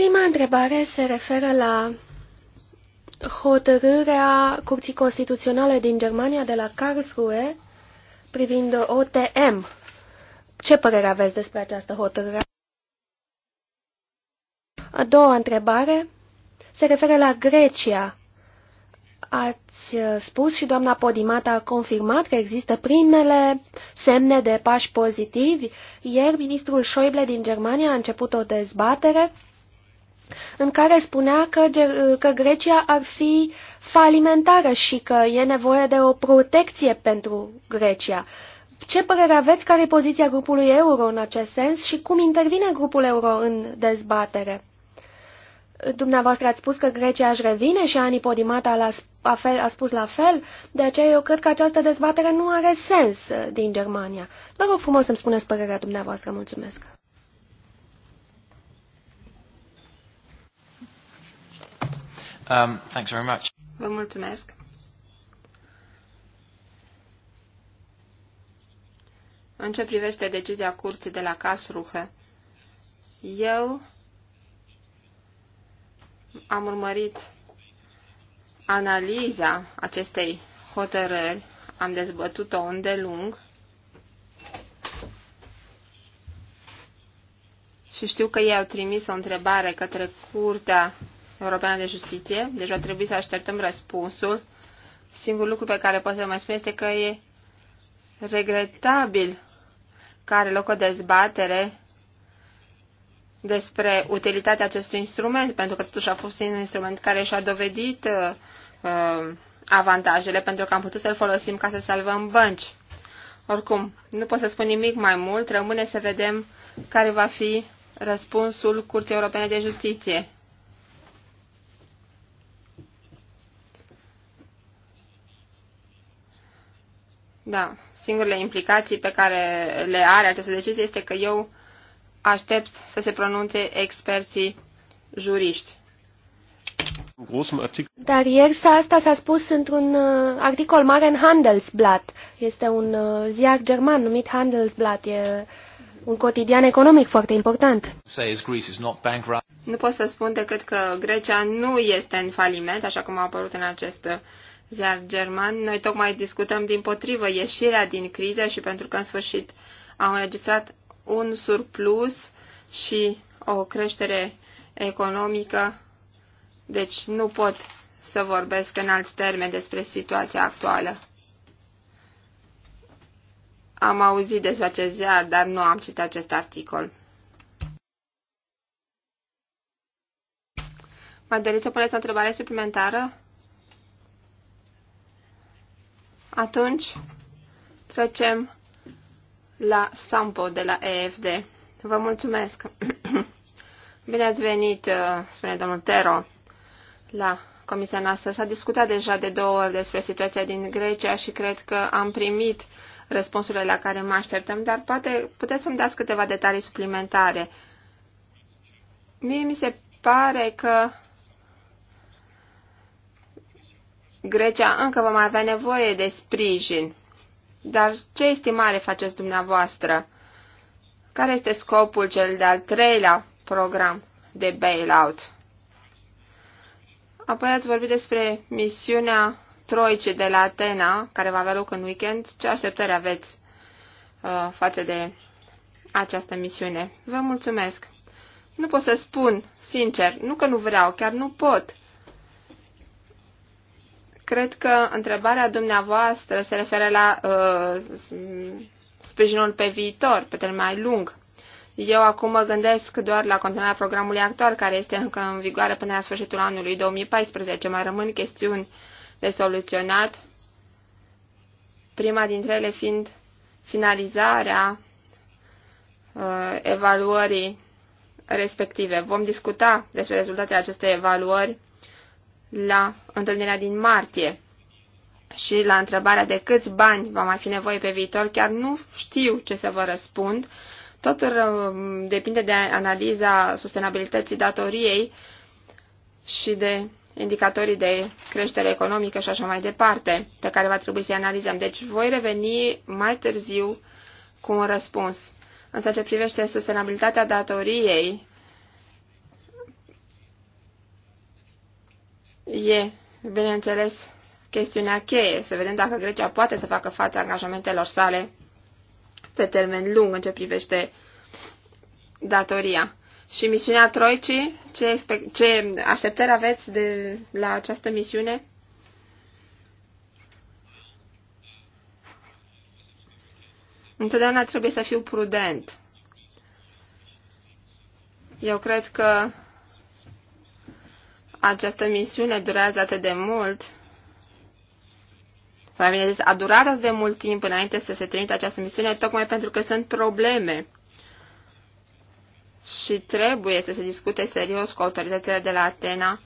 Prima întrebare se referă la hotărârea Curții Constituționale din Germania de la Karlsruhe privind OTM. Ce părere aveți despre această hotărâre? A doua întrebare se referă la Grecia. Ați spus și doamna Podimata a confirmat că există primele semne de pași pozitivi. Ieri, ministrul Schäuble din Germania a început o dezbatere în care spunea că, că Grecia ar fi falimentară și că e nevoie de o protecție pentru Grecia. Ce părere aveți? Care e poziția grupului euro în acest sens și cum intervine grupul euro în dezbatere? Dumneavoastră ați spus că Grecia își revine și Ani Podimata a, fel, a spus la fel, de aceea eu cred că această dezbatere nu are sens din Germania. Vă rog frumos să-mi spuneți părerea dumneavoastră. Mulțumesc! Um, thanks very much. Vă mulțumesc. În ce privește decizia curții de la Casruhe, eu am urmărit analiza acestei hotărâri, am dezbătut-o îndelung și știu că ei au trimis o întrebare către Curtea Europeană de Justiție, deci va trebui să așteptăm răspunsul. Singurul lucru pe care pot să mai spun este că e regretabil că are loc o dezbatere despre utilitatea acestui instrument, pentru că totuși a fost un instrument care și-a dovedit uh, uh, avantajele, pentru că am putut să-l folosim ca să salvăm bănci. Oricum, nu pot să spun nimic mai mult, rămâne să vedem care va fi răspunsul Curții Europene de Justiție. Da, singurele implicații pe care le are această decizie este că eu aștept să se pronunțe experții juriști. Dar ieri asta s-a spus într-un uh, articol mare în Handelsblatt. Este un uh, ziar german numit Handelsblatt. E un cotidian economic foarte important. Nu pot să spun decât că Grecia nu este în faliment, așa cum a apărut în acest iar german, noi tocmai discutăm din potrivă ieșirea din criză și pentru că în sfârșit au înregistrat un surplus și o creștere economică, deci nu pot să vorbesc în alți termeni despre situația actuală. Am auzit despre acest ziar, dar nu am citit acest articol. Mă doriți să puneți o întrebare suplimentară? Atunci trecem la Sampo de la EFD. Vă mulțumesc! Bine ați venit, uh, spune domnul Tero, la comisia noastră. S-a discutat deja de două ori despre situația din Grecia și cred că am primit răspunsurile la care mă așteptăm, dar poate puteți să-mi dați câteva detalii suplimentare. Mie mi se pare că Grecia încă va mai avea nevoie de sprijin. Dar ce estimare faceți dumneavoastră? Care este scopul cel de-al treilea program de bailout? Apoi ați vorbit despre misiunea Troice de la Atena, care va avea loc în weekend. Ce așteptări aveți uh, față de această misiune? Vă mulțumesc! Nu pot să spun, sincer, nu că nu vreau, chiar nu pot cred că întrebarea dumneavoastră se referă la uh, sprijinul pe viitor, pe termen mai lung. Eu acum mă gândesc doar la continuarea programului actual, care este încă în vigoare până la sfârșitul anului 2014. Mai rămân chestiuni de soluționat, prima dintre ele fiind finalizarea uh, evaluării respective. Vom discuta despre rezultatele acestei evaluări la întâlnirea din martie și la întrebarea de câți bani va mai fi nevoie pe viitor, chiar nu știu ce să vă răspund. Totul uh, depinde de analiza sustenabilității datoriei și de indicatorii de creștere economică și așa mai departe, pe care va trebui să-i analizăm. Deci voi reveni mai târziu cu un răspuns. În ceea ce privește sustenabilitatea datoriei, e, bineînțeles, chestiunea cheie, să vedem dacă Grecia poate să facă față angajamentelor sale pe termen lung în ce privește datoria. Și misiunea Troicii, ce, ce așteptări aveți de la această misiune? Întotdeauna trebuie să fiu prudent. Eu cred că această misiune durează atât de mult, sau bine zis, a durat atât de mult timp înainte să se trimite această misiune, tocmai pentru că sunt probleme și trebuie să se discute serios cu autoritățile de la Atena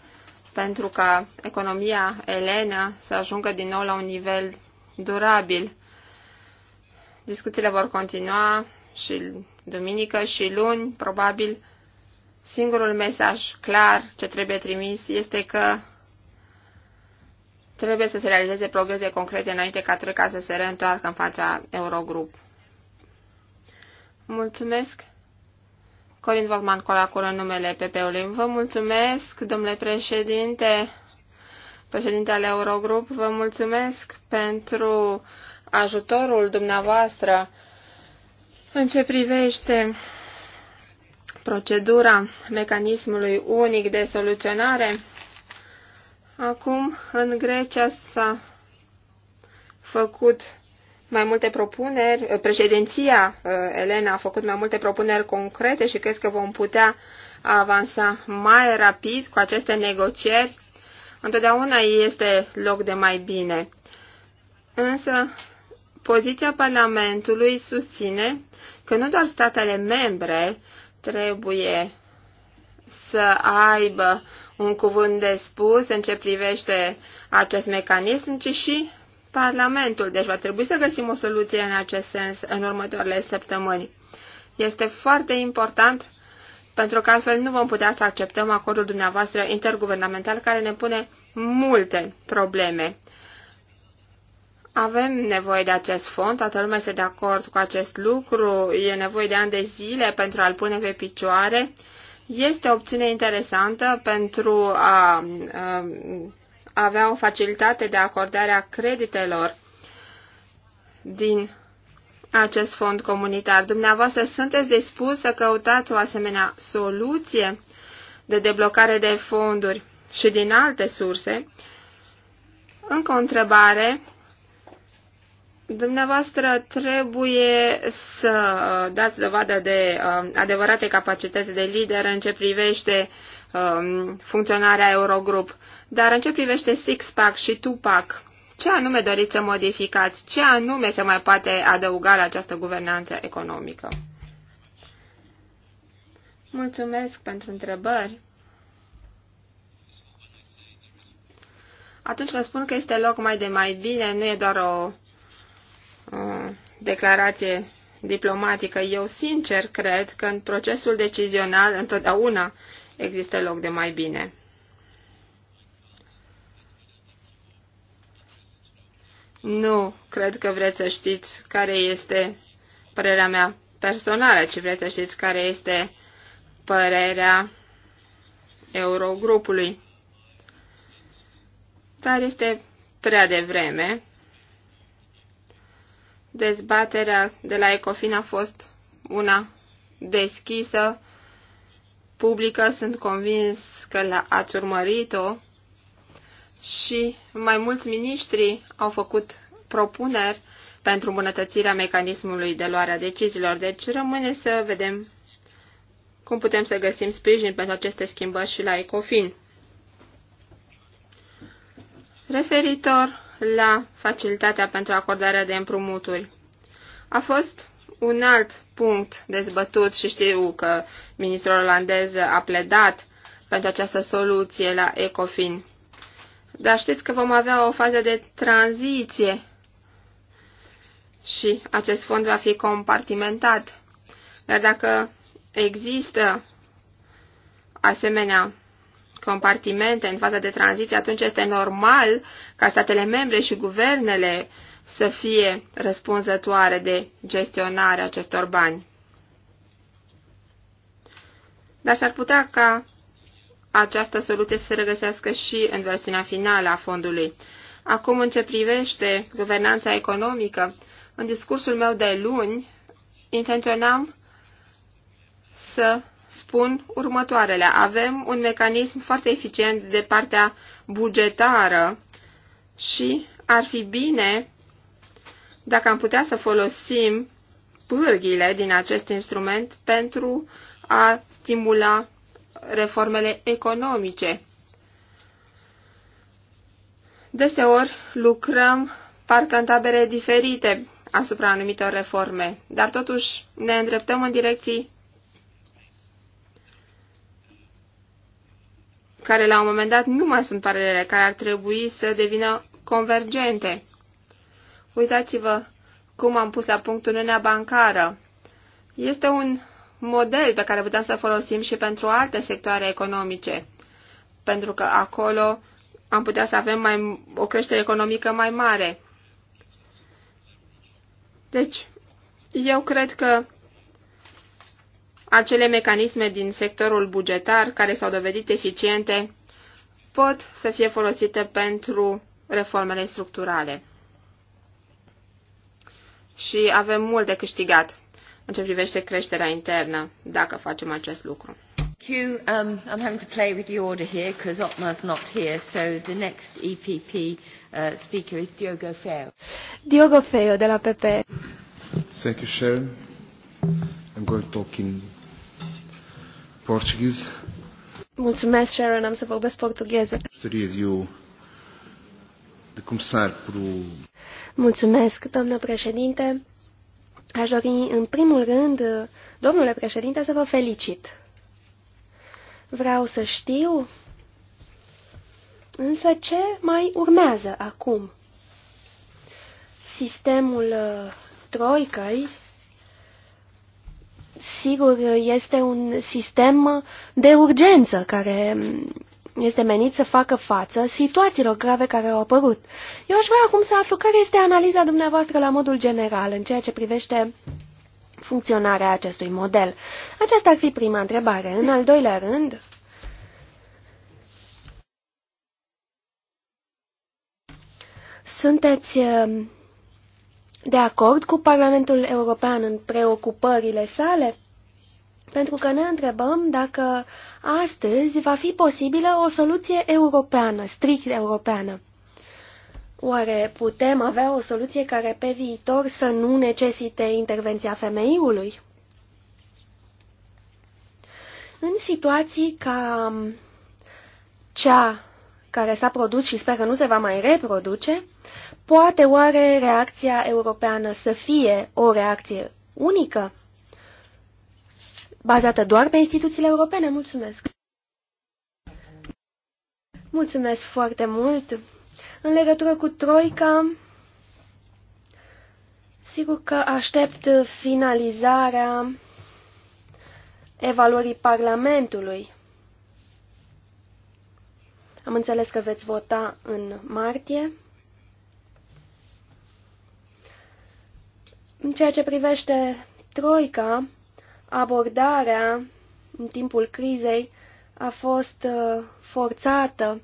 pentru ca economia elenă să ajungă din nou la un nivel durabil. Discuțiile vor continua și duminică și luni, probabil, Singurul mesaj clar ce trebuie trimis este că trebuie să se realizeze progrese concrete înainte ca Troica să se reîntoarcă în fața Eurogrup. Mulțumesc! Corin Vogman Colacul în numele PP-ului. Vă mulțumesc, domnule președinte, președinte al Eurogrup, vă mulțumesc pentru ajutorul dumneavoastră în ce privește procedura mecanismului unic de soluționare. Acum, în Grecia s-a făcut mai multe propuneri, eh, președinția eh, Elena a făcut mai multe propuneri concrete și cred că vom putea avansa mai rapid cu aceste negocieri. Întotdeauna este loc de mai bine. Însă, poziția Parlamentului susține că nu doar statele membre trebuie să aibă un cuvânt de spus în ce privește acest mecanism, ci și Parlamentul. Deci va trebui să găsim o soluție în acest sens în următoarele săptămâni. Este foarte important pentru că altfel nu vom putea să acceptăm acordul dumneavoastră interguvernamental care ne pune multe probleme. Avem nevoie de acest fond, toată lumea este de acord cu acest lucru, e nevoie de ani de zile pentru a-l pune pe picioare. Este o opțiune interesantă pentru a, a avea o facilitate de acordare a creditelor din acest fond comunitar. Dumneavoastră sunteți dispus să căutați o asemenea soluție de deblocare de fonduri și din alte surse? Încă o întrebare Dumneavoastră trebuie să uh, dați dovadă de uh, adevărate capacități de lider în ce privește um, funcționarea Eurogrup. Dar în ce privește six-pack și two-pack, ce anume doriți să modificați? Ce anume se mai poate adăuga la această guvernanță economică? Mulțumesc pentru întrebări. Atunci când spun că este loc mai de mai bine, nu e doar o declarație diplomatică. Eu sincer cred că în procesul decizional întotdeauna există loc de mai bine. Nu cred că vreți să știți care este părerea mea personală, ci vreți să știți care este părerea Eurogrupului. Dar este prea devreme Dezbaterea de la Ecofin a fost una deschisă, publică, sunt convins că ați urmărit-o și mai mulți miniștri au făcut propuneri pentru îmbunătățirea mecanismului de luare a deciziilor. Deci rămâne să vedem cum putem să găsim sprijin pentru aceste schimbări și la ECOFIN. Referitor la facilitatea pentru acordarea de împrumuturi. A fost un alt punct dezbătut și știu că ministrul olandez a pledat pentru această soluție la ECOFIN. Dar știți că vom avea o fază de tranziție și acest fond va fi compartimentat. Dar dacă există asemenea compartimente în faza de tranziție, atunci este normal ca statele membre și guvernele să fie răspunzătoare de gestionarea acestor bani. Dar s-ar putea ca această soluție să se regăsească și în versiunea finală a fondului. Acum, în ce privește guvernanța economică, în discursul meu de luni intenționam să spun următoarele. Avem un mecanism foarte eficient de partea bugetară și ar fi bine dacă am putea să folosim pârghile din acest instrument pentru a stimula reformele economice. Deseori lucrăm parcă în tabere diferite asupra anumitor reforme, dar totuși ne îndreptăm în direcții care la un moment dat nu mai sunt paralele, care ar trebui să devină convergente. Uitați-vă cum am pus la punct Uniunea Bancară. Este un model pe care putem să folosim și pentru alte sectoare economice, pentru că acolo am putea să avem mai, o creștere economică mai mare. Deci, eu cred că acele mecanisme din sectorul bugetar care s-au dovedit eficiente pot să fie folosite pentru reformele structurale. Și avem mult de câștigat în ce privește creșterea internă, dacă facem acest lucru. um, I'm having to play with the order here because Otmar's not here, so the next EPP uh, speaker is Diogo Feo. Diogo Feo de la PP. Thank you, Sharon. I'm going to talk in Portuguese. Mulțumesc, Sharon, am să vorbesc portugheză. Gostaria eu de começar por Mulțumesc, doamnă președinte. Aș dori, în primul rând, domnule președinte, să vă felicit. Vreau să știu, însă, ce mai urmează acum? Sistemul uh, troicăi Sigur, este un sistem de urgență care este menit să facă față situațiilor grave care au apărut. Eu aș vrea acum să aflu care este analiza dumneavoastră la modul general în ceea ce privește funcționarea acestui model. Aceasta ar fi prima întrebare. În al doilea rând, sunteți de acord cu Parlamentul European în preocupările sale? Pentru că ne întrebăm dacă astăzi va fi posibilă o soluție europeană, strict europeană. Oare putem avea o soluție care pe viitor să nu necesite intervenția femeiului? În situații ca cea care s-a produs și sper că nu se va mai reproduce, Poate oare reacția europeană să fie o reacție unică, bazată doar pe instituțiile europene? Mulțumesc! Mulțumesc foarte mult! În legătură cu Troica, sigur că aștept finalizarea evaluării Parlamentului. Am înțeles că veți vota în martie. În ceea ce privește Troica, abordarea în timpul crizei a fost uh, forțată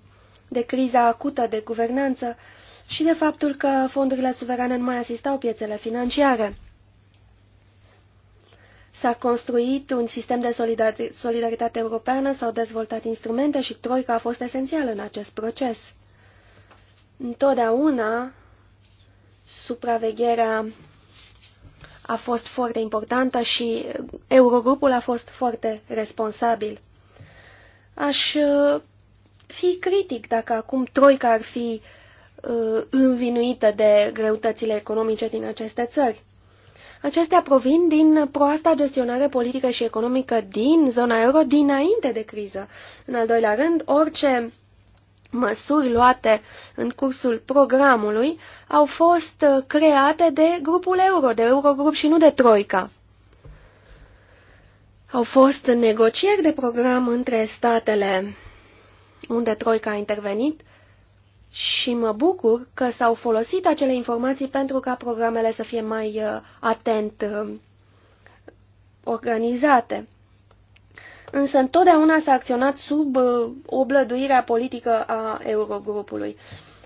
de criza acută de guvernanță și de faptul că fondurile suverane nu mai asistau piețele financiare. S-a construit un sistem de solidaritate europeană, s-au dezvoltat instrumente și Troica a fost esențială în acest proces. Întotdeauna, supravegherea a fost foarte importantă și Eurogrupul a fost foarte responsabil. Aș uh, fi critic dacă acum Troica ar fi uh, învinuită de greutățile economice din aceste țări. Acestea provin din proasta gestionare politică și economică din zona euro dinainte de criză. În al doilea rând, orice măsuri luate în cursul programului au fost uh, create de grupul euro, de Eurogrup și nu de Troica. Au fost negocieri de program între statele unde Troica a intervenit și mă bucur că s-au folosit acele informații pentru ca programele să fie mai uh, atent uh, organizate însă întotdeauna s-a acționat sub uh, oblăduirea politică a Eurogrupului.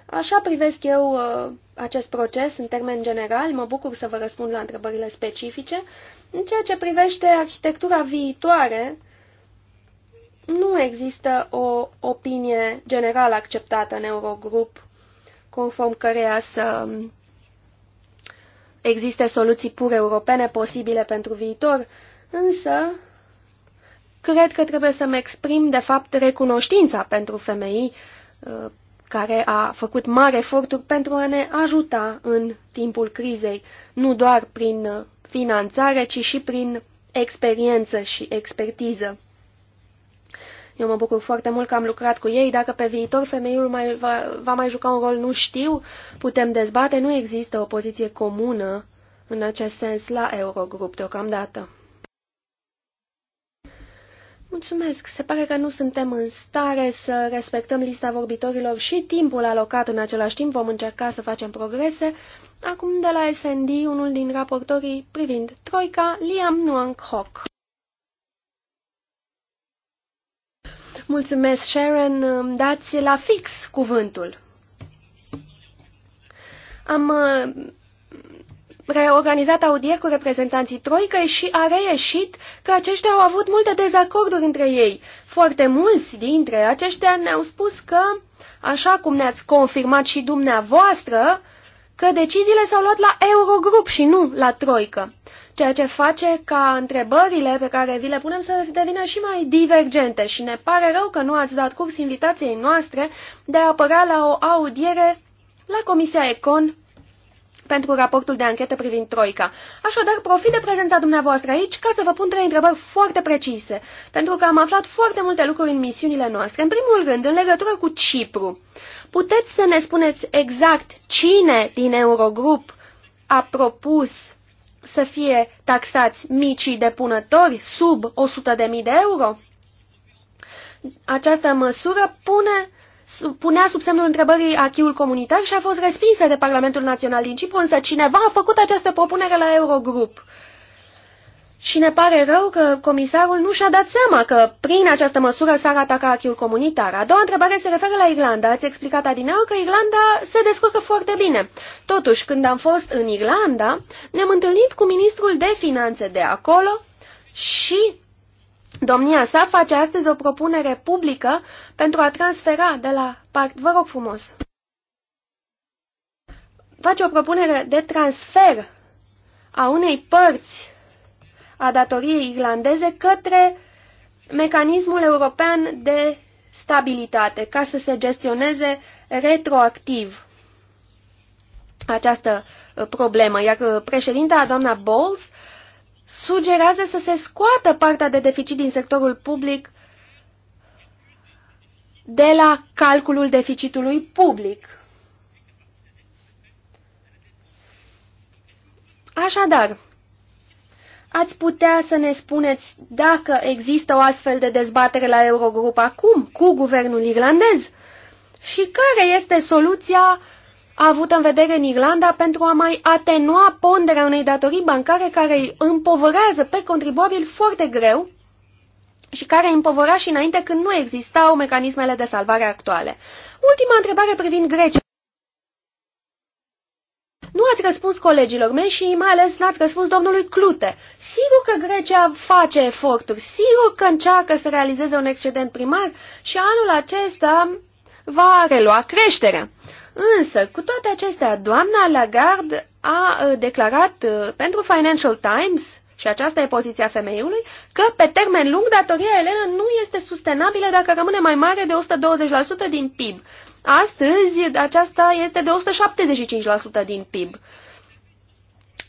Așa privesc eu uh, acest proces în termen general, mă bucur să vă răspund la întrebările specifice. În ceea ce privește arhitectura viitoare, nu există o opinie generală acceptată în Eurogrup, conform căreia să existe soluții pur europene posibile pentru viitor, însă cred că trebuie să-mi exprim, de fapt, recunoștința pentru femei uh, care a făcut mari eforturi pentru a ne ajuta în timpul crizei, nu doar prin finanțare, ci și prin experiență și expertiză. Eu mă bucur foarte mult că am lucrat cu ei. Dacă pe viitor femeiul mai va, va mai juca un rol, nu știu, putem dezbate. Nu există o poziție comună în acest sens la Eurogrup deocamdată. Mulțumesc. Se pare că nu suntem în stare să respectăm lista vorbitorilor și timpul alocat în același timp. Vom încerca să facem progrese. Acum de la SND, unul din raportorii privind Troica, Liam Nuang Hock. Mulțumesc, Sharon. dați la fix cuvântul. Am reorganizat audieri cu reprezentanții Troicăi și a reieșit că aceștia au avut multe dezacorduri între ei. Foarte mulți dintre aceștia ne-au spus că, așa cum ne-ați confirmat și dumneavoastră, că deciziile s-au luat la Eurogrup și nu la Troică, ceea ce face ca întrebările pe care vi le punem să devină și mai divergente și ne pare rău că nu ați dat curs invitației noastre de a apăra la o audiere la Comisia Econ pentru raportul de anchetă privind Troica. Așadar, profit de prezența dumneavoastră aici ca să vă pun trei întrebări foarte precise, pentru că am aflat foarte multe lucruri în misiunile noastre. În primul rând, în legătură cu Cipru, puteți să ne spuneți exact cine din Eurogrup a propus să fie taxați micii depunători sub 100.000 de euro? Această măsură pune punea sub semnul întrebării achiul comunitar și a fost respinsă de Parlamentul Național din Cipru, însă cineva a făcut această propunere la Eurogrup. Și ne pare rău că comisarul nu și-a dat seama că prin această măsură s-ar ataca achiul comunitar. A doua întrebare se referă la Irlanda. Ați explicat adineau că Irlanda se descurcă foarte bine. Totuși, când am fost în Irlanda, ne-am întâlnit cu ministrul de finanțe de acolo și Domnia sa face astăzi o propunere publică pentru a transfera de la part... Vă rog frumos! Face o propunere de transfer a unei părți a datoriei irlandeze către mecanismul european de stabilitate, ca să se gestioneze retroactiv această uh, problemă. Iar uh, președinta, doamna Bowles, sugerează să se scoată partea de deficit din sectorul public de la calculul deficitului public. Așadar, ați putea să ne spuneți dacă există o astfel de dezbatere la Eurogrup acum, cu guvernul irlandez? Și care este soluția uh, a avut în vedere în Irlanda pentru a mai atenua ponderea unei datorii bancare care îi împovărează pe contribuabil foarte greu și care îi împovăra și înainte când nu existau mecanismele de salvare actuale. Ultima întrebare privind Grecia. Nu ați răspuns colegilor mei și mai ales n-ați răspuns domnului Clute. Sigur că Grecia face eforturi, sigur că încearcă să realizeze un excedent primar și anul acesta va relua creșterea. Însă, cu toate acestea, doamna Lagarde a uh, declarat uh, pentru Financial Times, și aceasta e poziția femeiului, că pe termen lung datoria Elena nu este sustenabilă dacă rămâne mai mare de 120% din PIB. Astăzi, aceasta este de 175% din PIB.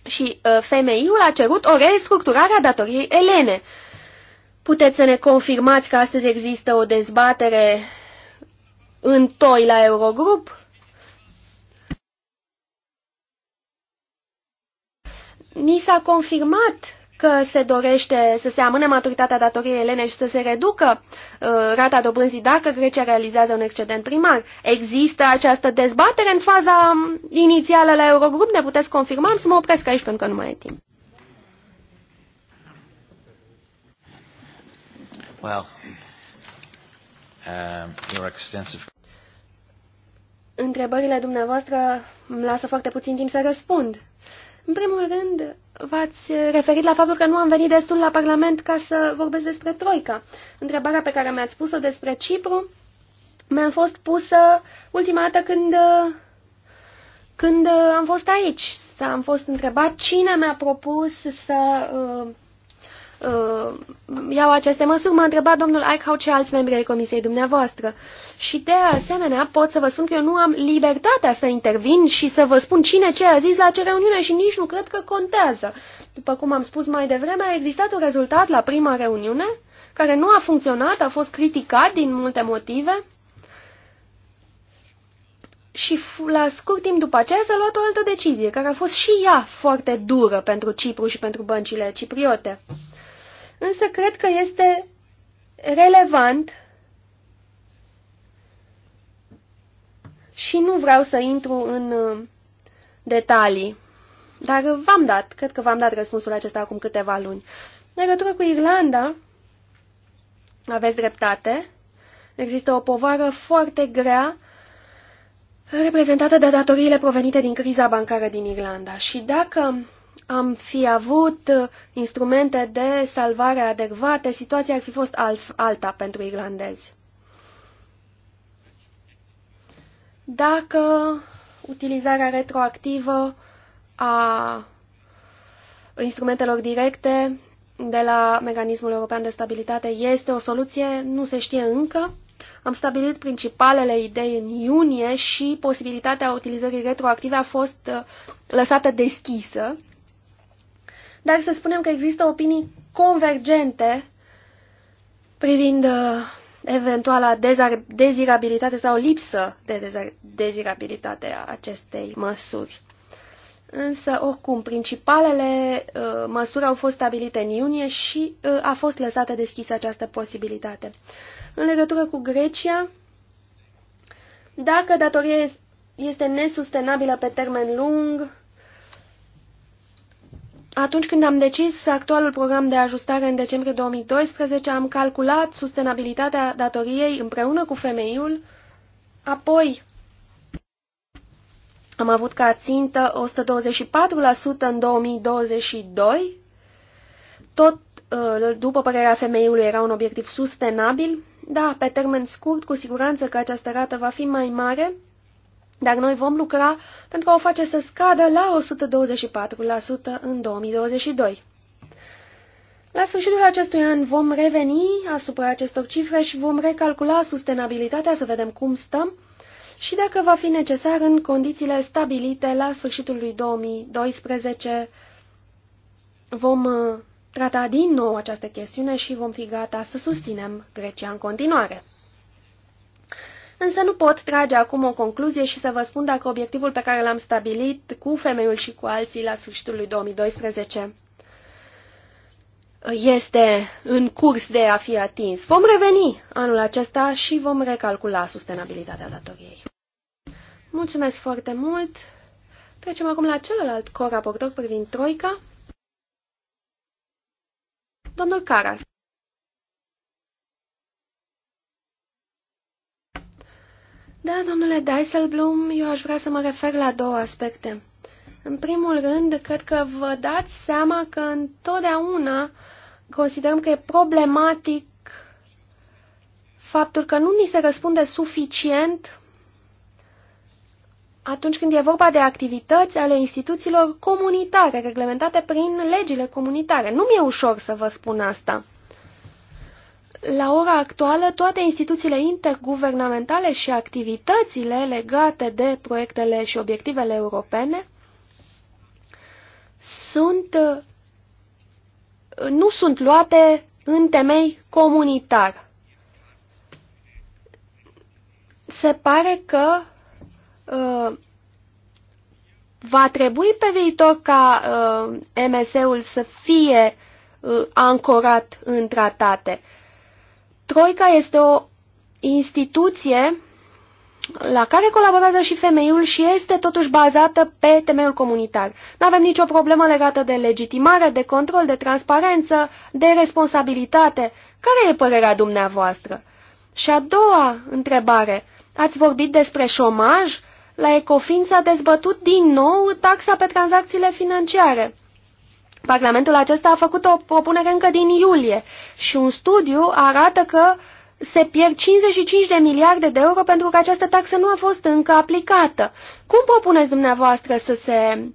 Și uh, femeiul a cerut o restructurare a datoriei elene. Puteți să ne confirmați că astăzi există o dezbatere în toi la Eurogrup? ni s-a confirmat că se dorește să se amâne maturitatea datoriei elene și să se reducă uh, rata dobânzii dacă Grecia realizează un excedent primar. Există această dezbatere în faza um, inițială la Eurogrup? Ne puteți confirma? Să mă opresc aici pentru că nu mai e timp. Well, uh, your extensive... Întrebările dumneavoastră îmi lasă foarte puțin timp să răspund. În primul rând, v-ați referit la faptul că nu am venit destul la Parlament ca să vorbesc despre Troica. Întrebarea pe care mi-ați pus-o despre Cipru mi-a fost pusă ultima dată când, când am fost aici. S-am fost întrebat cine mi-a propus să uh, uh, iau aceste măsuri, m-a întrebat domnul Aichau ce alți membri ai comisiei dumneavoastră. Și de asemenea pot să vă spun că eu nu am libertatea să intervin și să vă spun cine ce a zis la ce reuniune și nici nu cred că contează. După cum am spus mai devreme, a existat un rezultat la prima reuniune care nu a funcționat, a fost criticat din multe motive și la scurt timp după aceea s-a luat o altă decizie, care a fost și ea foarte dură pentru Cipru și pentru băncile cipriote. Însă cred că este relevant și nu vreau să intru în uh, detalii. Dar v-am dat, cred că v-am dat răspunsul acesta acum câteva luni. În legătură cu Irlanda, aveți dreptate, există o povară foarte grea reprezentată de datoriile provenite din criza bancară din Irlanda. Și dacă am fi avut uh, instrumente de salvare adecvate, situația ar fi fost alt, alta pentru irlandezi. Dacă utilizarea retroactivă a instrumentelor directe de la Mecanismul European de Stabilitate este o soluție, nu se știe încă. Am stabilit principalele idei în iunie și posibilitatea utilizării retroactive a fost uh, lăsată deschisă dar să spunem că există opinii convergente privind uh, eventuala dezirabilitate sau lipsă de dezirabilitate a acestei măsuri. Însă, oricum, principalele uh, măsuri au fost stabilite în iunie și uh, a fost lăsată deschisă această posibilitate. În legătură cu Grecia, dacă datoria este nesustenabilă pe termen lung, atunci când am decis actualul program de ajustare în decembrie 2012, am calculat sustenabilitatea datoriei împreună cu femeiul, apoi am avut ca țintă 124% în 2022, tot uh, după părerea femeiului era un obiectiv sustenabil, da, pe termen scurt, cu siguranță că această rată va fi mai mare, dar noi vom lucra pentru a o face să scadă la 124% în 2022. La sfârșitul acestui an vom reveni asupra acestor cifre și vom recalcula sustenabilitatea să vedem cum stăm și dacă va fi necesar în condițiile stabilite la sfârșitul lui 2012 vom uh, trata din nou această chestiune și vom fi gata să susținem Grecia în continuare însă nu pot trage acum o concluzie și să vă spun dacă obiectivul pe care l-am stabilit cu femeiul și cu alții la sfârșitul lui 2012 este în curs de a fi atins. Vom reveni anul acesta și vom recalcula sustenabilitatea datoriei. Mulțumesc foarte mult! Trecem acum la celălalt coraportor privind Troica, domnul Caras. Da, domnule Dijsselbloem, eu aș vrea să mă refer la două aspecte. În primul rând, cred că vă dați seama că întotdeauna considerăm că e problematic faptul că nu ni se răspunde suficient atunci când e vorba de activități ale instituțiilor comunitare, reglementate prin legile comunitare. Nu mi-e ușor să vă spun asta la ora actuală, toate instituțiile interguvernamentale și activitățile legate de proiectele și obiectivele europene sunt, nu sunt luate în temei comunitar. Se pare că uh, va trebui pe viitor ca uh, MS-ul să fie uh, ancorat în tratate. Uh, Troica este o instituție la care colaborează și femeiul și este totuși bazată pe temeiul comunitar. Nu avem nicio problemă legată de legitimare, de control, de transparență, de responsabilitate. Care e părerea dumneavoastră? Și a doua întrebare. Ați vorbit despre șomaj? La Ecofin s-a dezbătut din nou taxa pe tranzacțiile financiare. Parlamentul acesta a făcut o propunere încă din iulie și un studiu arată că se pierd 55 de miliarde de euro pentru că această taxă nu a fost încă aplicată. Cum propuneți dumneavoastră să se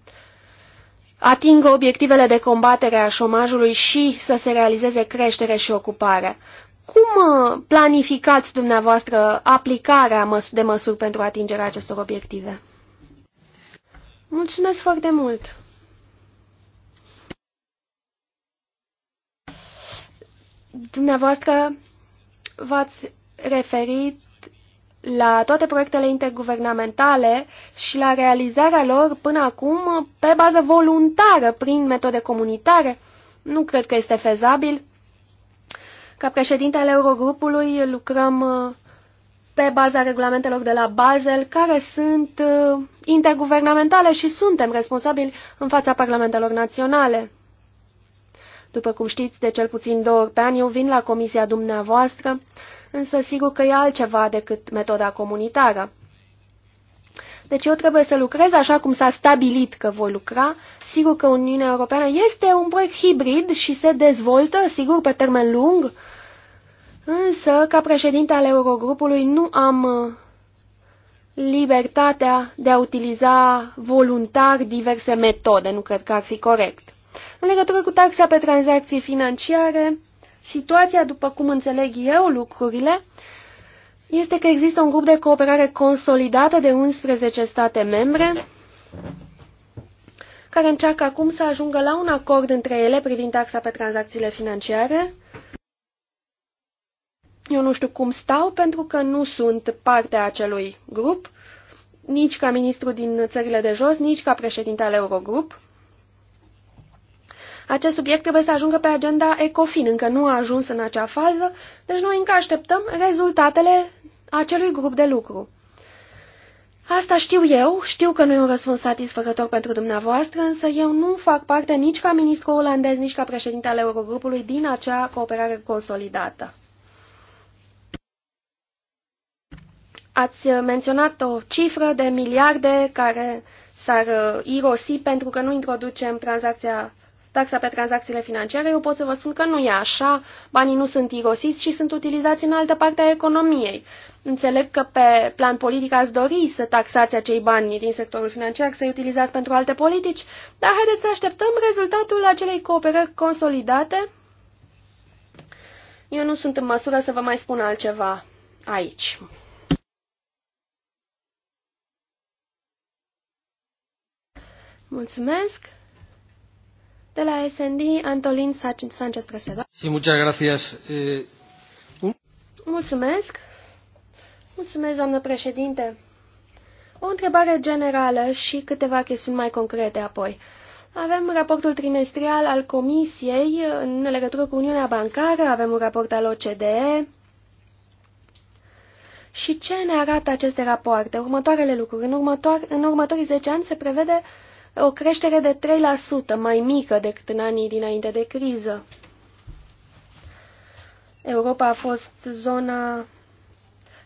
atingă obiectivele de combatere a șomajului și să se realizeze creștere și ocupare? Cum uh, planificați dumneavoastră aplicarea de măsuri pentru atingerea acestor obiective? Mulțumesc foarte mult! Dumneavoastră v-ați referit la toate proiectele interguvernamentale și la realizarea lor până acum pe bază voluntară, prin metode comunitare. Nu cred că este fezabil. Ca președinte al Eurogrupului lucrăm uh, pe baza regulamentelor de la Basel, care sunt uh, interguvernamentale și suntem responsabili în fața parlamentelor naționale. După cum știți, de cel puțin două ori pe an eu vin la comisia dumneavoastră, însă sigur că e altceva decât metoda comunitară. Deci eu trebuie să lucrez așa cum s-a stabilit că voi lucra. Sigur că Uniunea Europeană este un proiect hibrid și se dezvoltă, sigur, pe termen lung, însă, ca președinte al Eurogrupului, nu am uh, libertatea de a utiliza voluntar diverse metode. Nu cred că ar fi corect. În legătură cu taxa pe tranzacții financiare, situația, după cum înțeleg eu lucrurile, este că există un grup de cooperare consolidată de 11 state membre care încearcă acum să ajungă la un acord între ele privind taxa pe tranzacțiile financiare. Eu nu știu cum stau, pentru că nu sunt parte a acelui grup, nici ca ministru din țările de jos, nici ca președinte al Eurogrup. Acest subiect trebuie să ajungă pe agenda ECOFIN, încă nu a ajuns în acea fază, deci noi încă așteptăm rezultatele acelui grup de lucru. Asta știu eu, știu că nu e un răspuns satisfăcător pentru dumneavoastră, însă eu nu fac parte nici ca ministru olandez, nici ca președinte al Eurogrupului din acea cooperare consolidată. Ați menționat o cifră de miliarde care s-ar irosi pentru că nu introducem tranzacția taxa pe tranzacțiile financiare, eu pot să vă spun că nu e așa, banii nu sunt irosiți și sunt utilizați în altă parte a economiei. Înțeleg că pe plan politic ați dori să taxați acei bani din sectorul financiar, să-i utilizați pentru alte politici, dar haideți să așteptăm rezultatul acelei cooperări consolidate. Eu nu sunt în măsură să vă mai spun altceva aici. Mulțumesc! De la SND, Antolin Sanchez Preseda. Sí, muchas gracias. Eh, un... Mulțumesc. Mulțumesc, doamnă președinte. O întrebare generală și câteva chestiuni mai concrete apoi. Avem raportul trimestrial al Comisiei în legătură cu Uniunea Bancară, avem un raport al OCDE. Și ce ne arată aceste rapoarte? Următoarele lucruri. În, următoar, în următorii 10 ani se prevede uh, o creștere de 3% mai mică decât în anii dinainte de criză. Europa a fost zona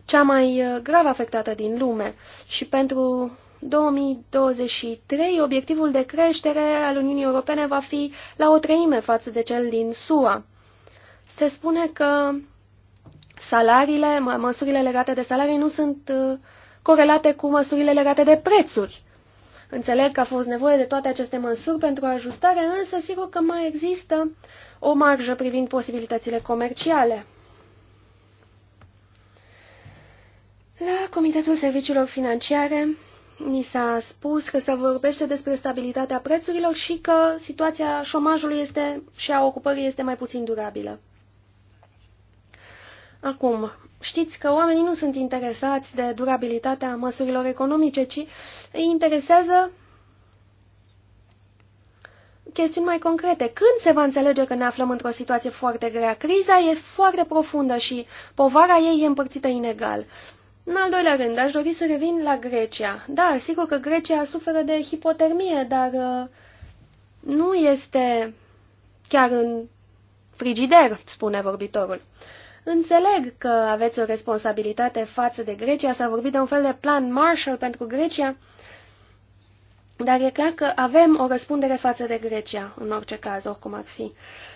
cea mai uh, grav afectată din lume și pentru 2023 obiectivul de creștere al Uniunii Europene va fi la o treime față de cel din SUA. Se spune că salariile, măsurile legate de salarii nu sunt uh, corelate cu măsurile legate de prețuri. Înțeleg că a fost nevoie de toate aceste măsuri pentru ajustare, însă sigur că mai există o marjă privind posibilitățile comerciale. La Comitetul Serviciilor Financiare ni s-a spus că se vorbește despre stabilitatea prețurilor și că situația șomajului este, și a ocupării este mai puțin durabilă. Acum, Știți că oamenii nu sunt interesați de durabilitatea măsurilor economice, ci îi interesează chestiuni mai concrete. Când se va înțelege că ne aflăm într-o situație foarte grea? Criza e foarte profundă și povara ei e împărțită inegal. În al doilea rând, aș dori să revin la Grecia. Da, sigur că Grecia suferă de hipotermie, dar uh, nu este chiar în frigider, spune vorbitorul. Înțeleg că aveți o responsabilitate față de Grecia, s-a vorbit de un fel de plan Marshall pentru Grecia, dar e clar că avem o răspundere față de Grecia, în orice caz, oricum ar fi.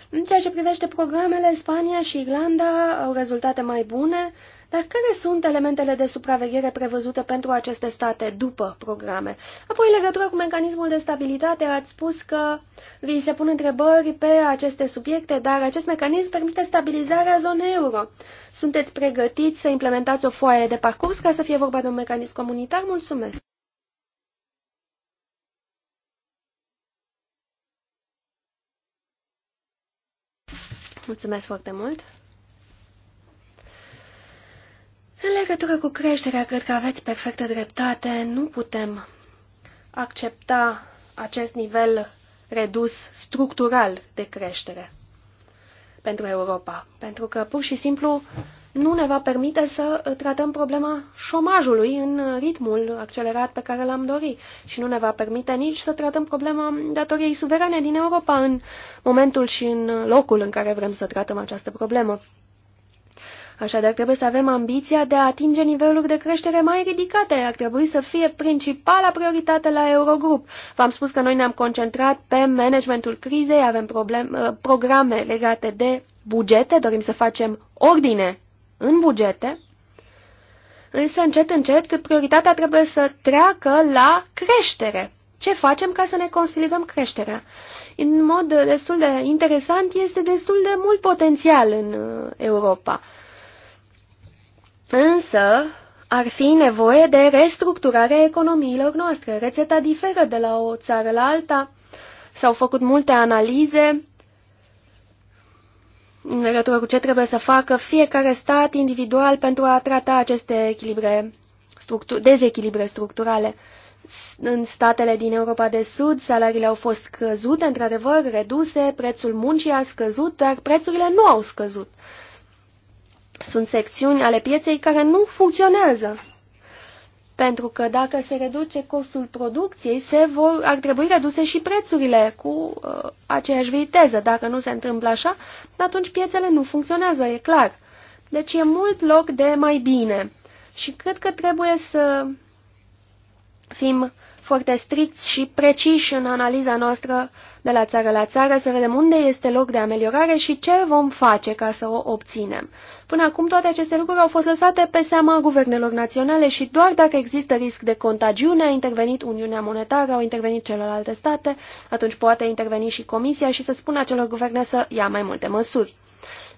În ceea ce privește programele, Spania și Irlanda au rezultate mai bune, dar care sunt elementele de supraveghere prevăzute pentru aceste state după programe? Apoi, legătură cu mecanismul de stabilitate, ați spus că vi se pun întrebări pe aceste subiecte, dar acest mecanism permite stabilizarea zonei euro. Sunteți pregătiți să implementați o foaie de parcurs ca să fie vorba de un mecanism comunitar? Mulțumesc! Mulțumesc foarte mult! În legătură cu creșterea, cred că aveți perfectă dreptate. Nu putem accepta acest nivel redus structural de creștere pentru Europa, pentru că pur și simplu nu ne va permite să tratăm problema șomajului în ritmul accelerat pe care l-am dorit și nu ne va permite nici să tratăm problema datoriei suverane din Europa în momentul și în locul în care vrem să tratăm această problemă. Așadar, trebuie să avem ambiția de a atinge niveluri de creștere mai ridicate. Ar trebui să fie principala prioritate la Eurogrup. V-am spus că noi ne-am concentrat pe managementul crizei, avem problem, uh, programe legate de bugete, dorim să facem ordine în bugete, însă încet, încet, prioritatea trebuie să treacă la creștere. Ce facem ca să ne consolidăm creșterea? În mod destul de interesant, este destul de mult potențial în uh, Europa. Însă, ar fi nevoie de restructurarea economiilor noastre. Rețeta diferă de la o țară la alta. S-au făcut multe analize în legătură cu ce trebuie să facă fiecare stat individual pentru a trata aceste echilibre structu dezechilibre structurale. În statele din Europa de Sud, salariile au fost scăzute, într-adevăr, reduse, prețul muncii a scăzut, dar prețurile nu au scăzut. Sunt secțiuni ale pieței care nu funcționează. Pentru că dacă se reduce costul producției, se vor, ar trebui reduse și prețurile cu uh, aceeași viteză. Dacă nu se întâmplă așa, atunci piețele nu funcționează, e clar. Deci e mult loc de mai bine. Și cred că trebuie să fim foarte stricți și preciși în analiza noastră de la țară la țară, să vedem unde este loc de ameliorare și ce vom face ca să o obținem. Până acum toate aceste lucruri au fost lăsate pe seama guvernelor naționale și doar dacă există risc de contagiune a intervenit Uniunea Monetară, au intervenit celelalte state, atunci poate interveni și Comisia și să spună acelor guverne să ia mai multe măsuri.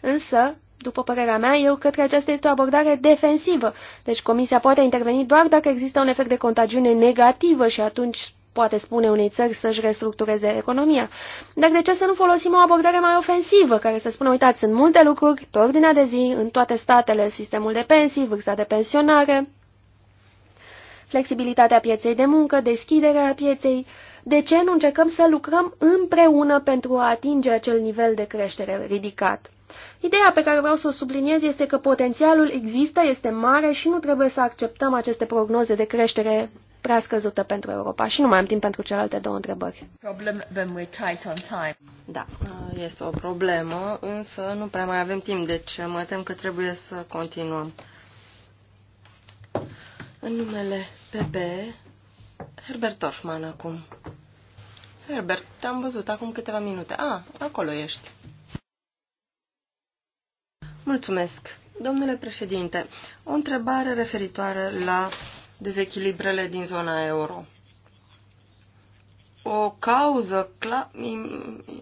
Însă, după părerea mea, eu cred că aceasta este o abordare defensivă. Deci Comisia poate interveni doar dacă există un efect de contagiune negativă și atunci poate spune unei țări să-și restructureze economia. Dar de ce să nu folosim o abordare mai ofensivă, care să spună, uitați, sunt multe lucruri pe ordinea de zi, în toate statele, sistemul de pensii, vârsta de pensionare, flexibilitatea pieței de muncă, deschiderea pieței. De ce nu încercăm să lucrăm împreună pentru a atinge acel nivel de creștere ridicat? Ideea pe care vreau să o subliniez este că potențialul există, este mare și nu trebuie să acceptăm aceste prognoze de creștere prea scăzută pentru Europa. Și nu mai am timp pentru celelalte două întrebări. Problem when we're tight on time. Da, ah, este o problemă, însă nu prea mai avem timp, deci mă tem că trebuie să continuăm. În numele PB, Herbert Dorfman acum. Herbert, te-am văzut acum câteva minute. A, ah, acolo ești. Mulțumesc. Domnule președinte, o întrebare referitoare la dezechilibrele din zona euro. O cauză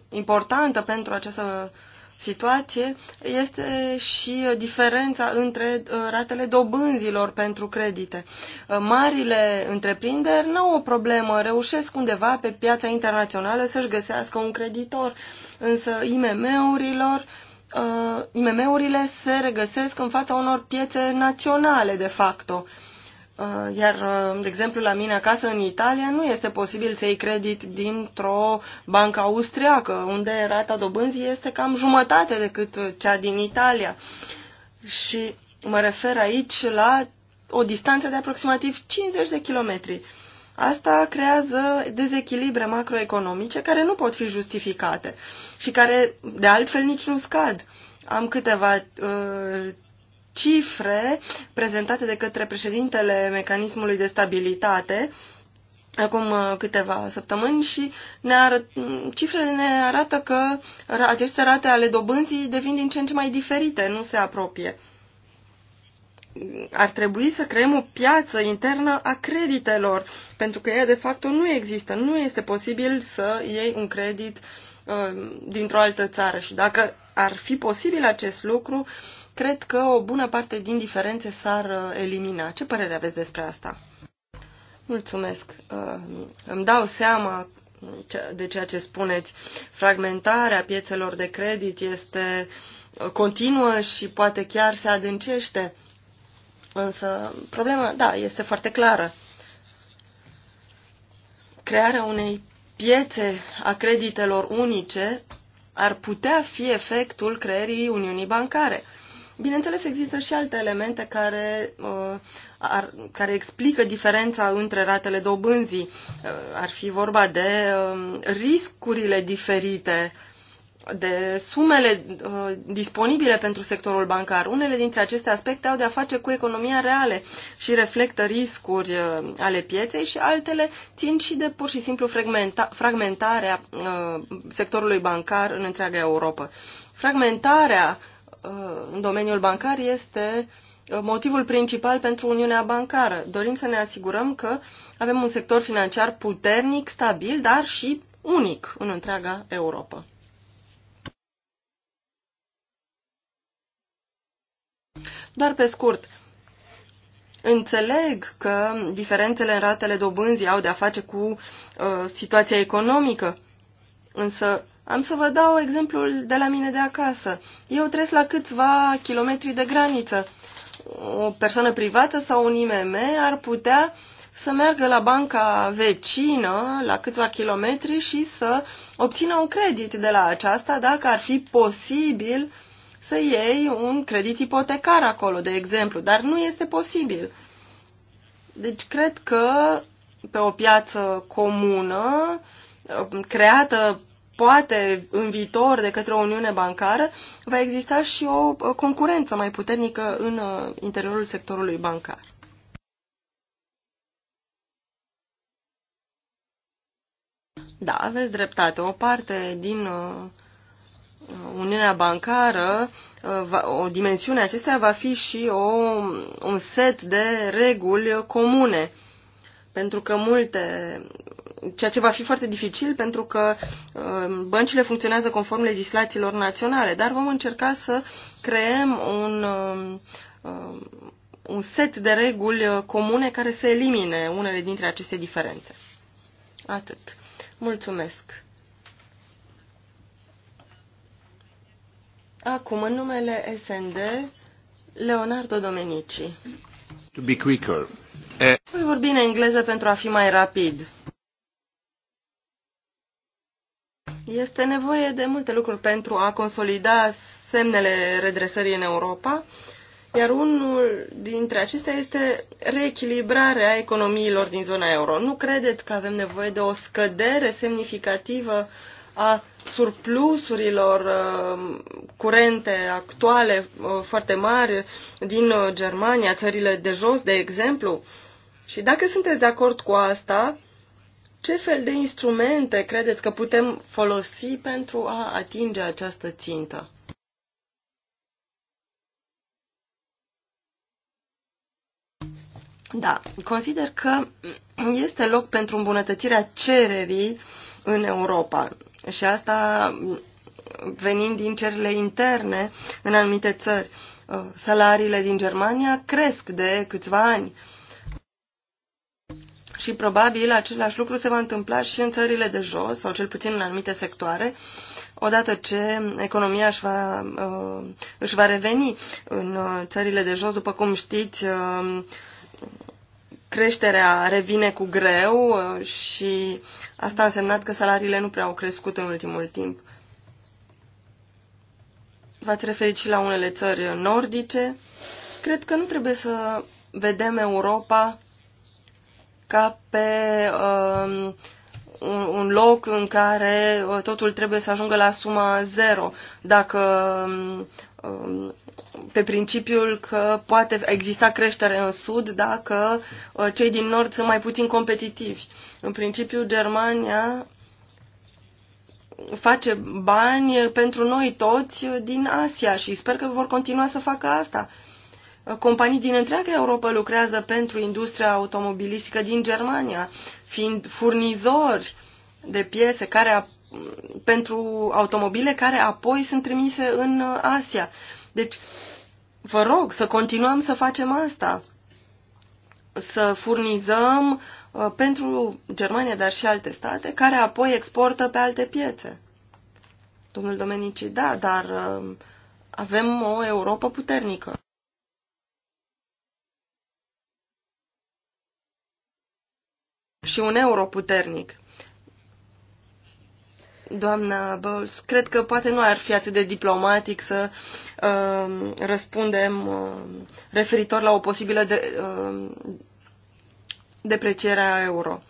importantă pentru această situație este și uh, diferența între uh, ratele dobânzilor pentru credite. Uh, marile întreprinderi nu au o problemă, reușesc undeva pe piața internațională să-și găsească un creditor, însă IMM-urilor uh, uh, IMM-urile se regăsesc în fața unor piețe naționale, de facto. Uh, iar, uh, de exemplu, la mine acasă, în Italia, nu este posibil să iei credit dintr-o bancă austriacă, unde rata dobânzii este cam jumătate decât cea din Italia. Și mă refer aici la o distanță de aproximativ 50 de kilometri. Uh, Asta creează dezechilibre macroeconomice care nu pot fi justificate și care de altfel nici nu scad. Am câteva uh, cifre prezentate de către președintele mecanismului de stabilitate acum uh, câteva săptămâni și ne arăt, cifrele ne arată că aceste rate ale dobânzii devin din ce în ce mai diferite, nu se apropie ar trebui să creăm o piață internă a creditelor, pentru că ea de fapt nu există. Nu este posibil să iei un credit uh, dintr-o altă țară și dacă ar fi posibil acest lucru, cred că o bună parte din diferențe s-ar uh, elimina. Ce părere aveți despre asta? Mulțumesc. Uh, îmi dau seama de ceea ce spuneți. Fragmentarea piețelor de credit este continuă și poate chiar se adâncește Însă problema, da, este foarte clară. Crearea unei piețe a creditelor unice ar putea fi efectul creierii Uniunii Bancare. Bineînțeles, există și alte elemente care, uh, ar, care explică diferența între ratele dobânzii. Uh, ar fi vorba de uh, riscurile diferite de sumele uh, disponibile pentru sectorul bancar. Unele dintre aceste aspecte au de-a face cu economia reale și reflectă riscuri uh, ale pieței și altele țin și de pur și simplu fragmenta fragmentarea uh, sectorului bancar în întreaga Europa. Fragmentarea uh, în domeniul bancar este uh, motivul principal pentru Uniunea Bancară. Dorim să ne asigurăm că avem un sector financiar puternic, stabil, dar și unic în întreaga Europa. Doar pe scurt, înțeleg că diferențele în ratele dobânzii au de-a face cu uh, situația economică, însă am să vă dau exemplul de la mine de acasă. Eu trăiesc la câțiva kilometri de graniță. O persoană privată sau un IMM ar putea să meargă la banca vecină la câțiva kilometri și să obțină un credit de la aceasta dacă ar fi posibil să iei un credit ipotecar acolo, de exemplu, dar nu este posibil. Deci cred că pe o piață comună, creată poate în viitor de către o uniune bancară, va exista și o concurență mai puternică în uh, interiorul sectorului bancar. Da, aveți dreptate. O parte din uh, Uniunea Bancară, uh, o dimensiune acestea va fi și o, un set de reguli comune. Pentru că multe, ceea ce va fi foarte dificil pentru că uh, băncile funcționează conform legislațiilor naționale, dar vom încerca să creăm un, uh, un set de reguli comune care să elimine unele dintre aceste diferențe. Atât. Mulțumesc. Acum, în numele SND, Leonardo Domenici. To be quicker. Voi vorbi în engleză pentru a fi mai rapid. Este nevoie de multe lucruri pentru a consolida semnele redresării în Europa, iar unul dintre acestea este reechilibrarea economiilor din zona euro. Nu credeți că avem nevoie de o scădere semnificativă a surplusurilor uh, curente actuale uh, foarte mari din uh, Germania, țările de jos, de exemplu. Și dacă sunteți de acord cu asta, ce fel de instrumente credeți că putem folosi pentru a atinge această țintă? Da, consider că este loc pentru îmbunătățirea cererii uh, în Europa. Și asta mm, venind din cerile interne în anumite țări. Uh, salariile din Germania cresc de câțiva ani. Și probabil același lucru se va întâmpla și în țările de jos, sau cel puțin în anumite sectoare, odată ce economia își va, uh, își va reveni în uh, țările de jos. După cum știți, creșterea revine cu greu uh, și asta a însemnat că salariile nu prea au crescut în ultimul timp. V-ați referit și la unele țări nordice. Cred că nu trebuie să vedem Europa ca pe um, un, un loc în care uh, totul trebuie să ajungă la suma zero. Dacă um, um pe principiul că poate exista creștere în sud dacă uh, cei din nord sunt mai puțin competitivi. În principiu, Germania face bani pentru noi toți din Asia și sper că vor continua să facă asta. Companii din întreaga Europa lucrează pentru industria automobilistică din Germania, fiind furnizori de piese care, pentru automobile care apoi sunt trimise în Asia. Deci, vă rog să continuăm să facem asta, să furnizăm uh, pentru Germania, dar și alte state, care apoi exportă pe alte piețe. Domnul Domenici, da, dar uh, avem o Europa puternică. Și un euro puternic doamna Bowles, cred că poate nu ar fi atât de diplomatic să uh, răspundem uh, referitor la o posibilă de, uh, depreciere a euro.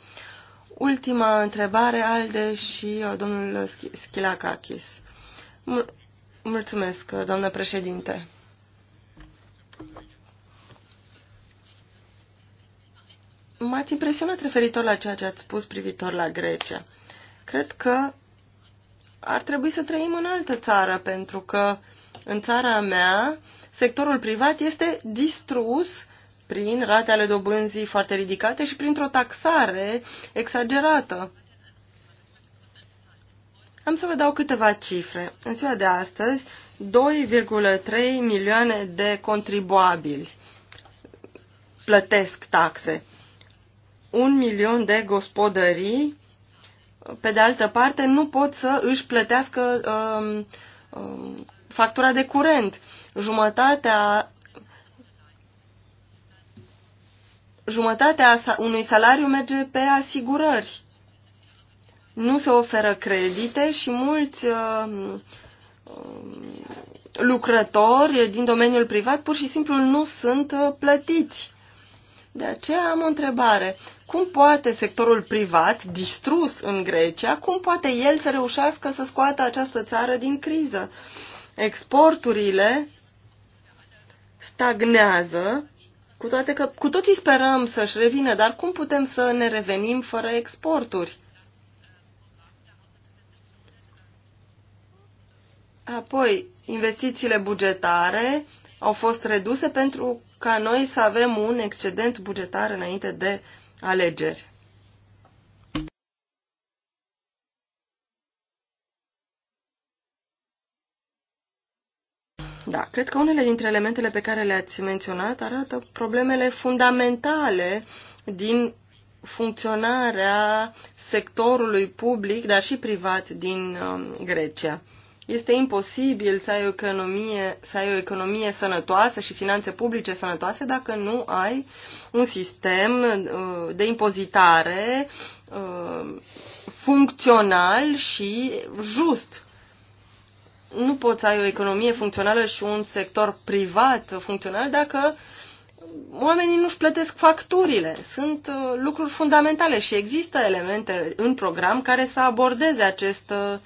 Ultima întrebare, Alde și uh, domnul Schilakakis. mulțumesc, uh, doamnă președinte. M-ați impresionat referitor la ceea ce ați spus privitor la Grecia. Cred că ar trebui să trăim în altă țară, pentru că în țara mea sectorul privat este distrus prin rate ale dobânzii foarte ridicate și printr-o taxare exagerată. Am să vă dau câteva cifre. În ziua de astăzi, 2,3 milioane de contribuabili plătesc taxe. Un milion de gospodării pe de altă parte, nu pot să își plătească um, um, factura de curent. Jumătatea jumătatea unui salariu merge pe asigurări. Nu se oferă credite și mulți uh, lucrători din domeniul privat pur și simplu nu sunt uh, plătiți. De aceea am o întrebare. Cum poate sectorul privat, distrus în Grecia, cum poate el să reușească să scoată această țară din criză? Exporturile stagnează, cu toate că cu toții sperăm să-și revină, dar cum putem să ne revenim fără exporturi? Apoi, investițiile bugetare au fost reduse pentru ca noi să avem un excedent bugetar înainte de alegeri. Da, cred că unele dintre elementele pe care le-ați menționat arată problemele fundamentale din funcționarea sectorului public, dar și privat din um, Grecia. Este imposibil să ai, o economie, să ai o economie sănătoasă și finanțe publice sănătoase dacă nu ai un sistem uh, de impozitare uh, funcțional și just. Nu poți să ai o economie funcțională și un sector privat funcțional dacă oamenii nu-și plătesc facturile. Sunt uh, lucruri fundamentale și există elemente în program care să abordeze acest uh,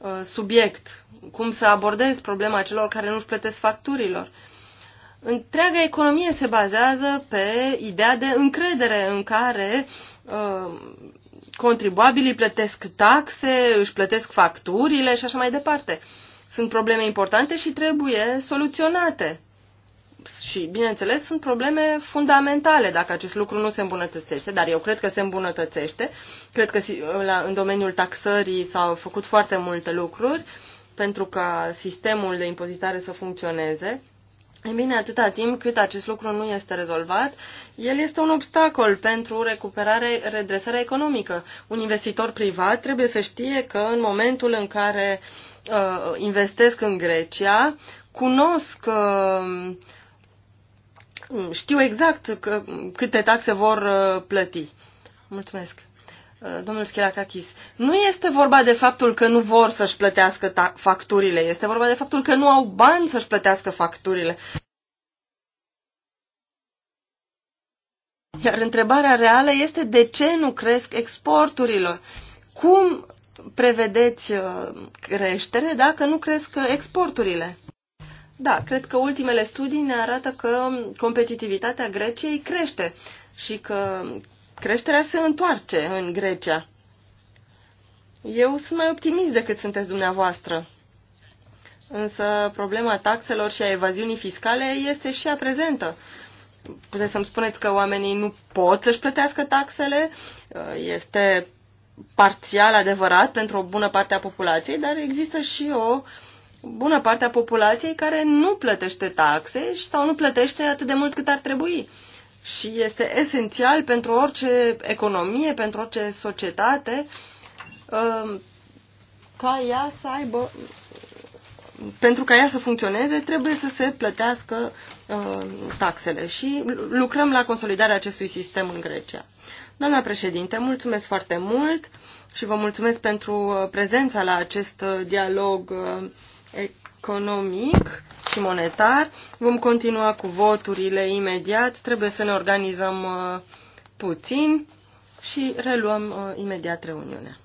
Uh, subiect, cum să abordezi problema celor care nu-și plătesc facturilor. Întreaga economie se bazează pe ideea de încredere în care uh, contribuabilii plătesc taxe, își plătesc facturile și așa mai departe. Sunt probleme importante și trebuie soluționate și, bineînțeles, sunt probleme fundamentale dacă acest lucru nu se îmbunătățește, dar eu cred că se îmbunătățește. Cred că în domeniul taxării s-au făcut foarte multe lucruri pentru ca sistemul de impozitare să funcționeze. E bine, atâta timp cât acest lucru nu este rezolvat, el este un obstacol pentru recuperare, redresarea economică. Un investitor privat trebuie să știe că în momentul în care uh, investesc în Grecia, cunosc uh, știu exact că, câte taxe vor uh, plăti. Mulțumesc. Uh, domnul Schelacachis, nu este vorba de faptul că nu vor să-și plătească facturile, este vorba de faptul că nu au bani să-și plătească facturile. Iar întrebarea reală este de ce nu cresc exporturile? Cum prevedeți uh, creștere dacă nu cresc exporturile? Da, cred că ultimele studii ne arată că competitivitatea Greciei crește și că creșterea se întoarce în Grecia. Eu sunt mai optimist decât sunteți dumneavoastră. Însă problema taxelor și a evaziunii fiscale este și a prezentă. Puteți să-mi spuneți că oamenii nu pot să-și plătească taxele, este parțial adevărat pentru o bună parte a populației, dar există și o uh, bună parte a populației care nu plătește taxe sau nu plătește atât de mult cât ar trebui. Și este esențial pentru orice economie, pentru orice societate, um, ca ea să aibă, pentru ca ea să funcționeze, trebuie să se plătească um, taxele. Și lucrăm la consolidarea acestui sistem în Grecia. Doamna președinte, mulțumesc foarte mult și vă mulțumesc pentru uh, prezența la acest uh, dialog uh, economic și monetar. Vom continua cu voturile imediat. Trebuie să ne organizăm uh, puțin și reluăm uh, imediat reuniunea.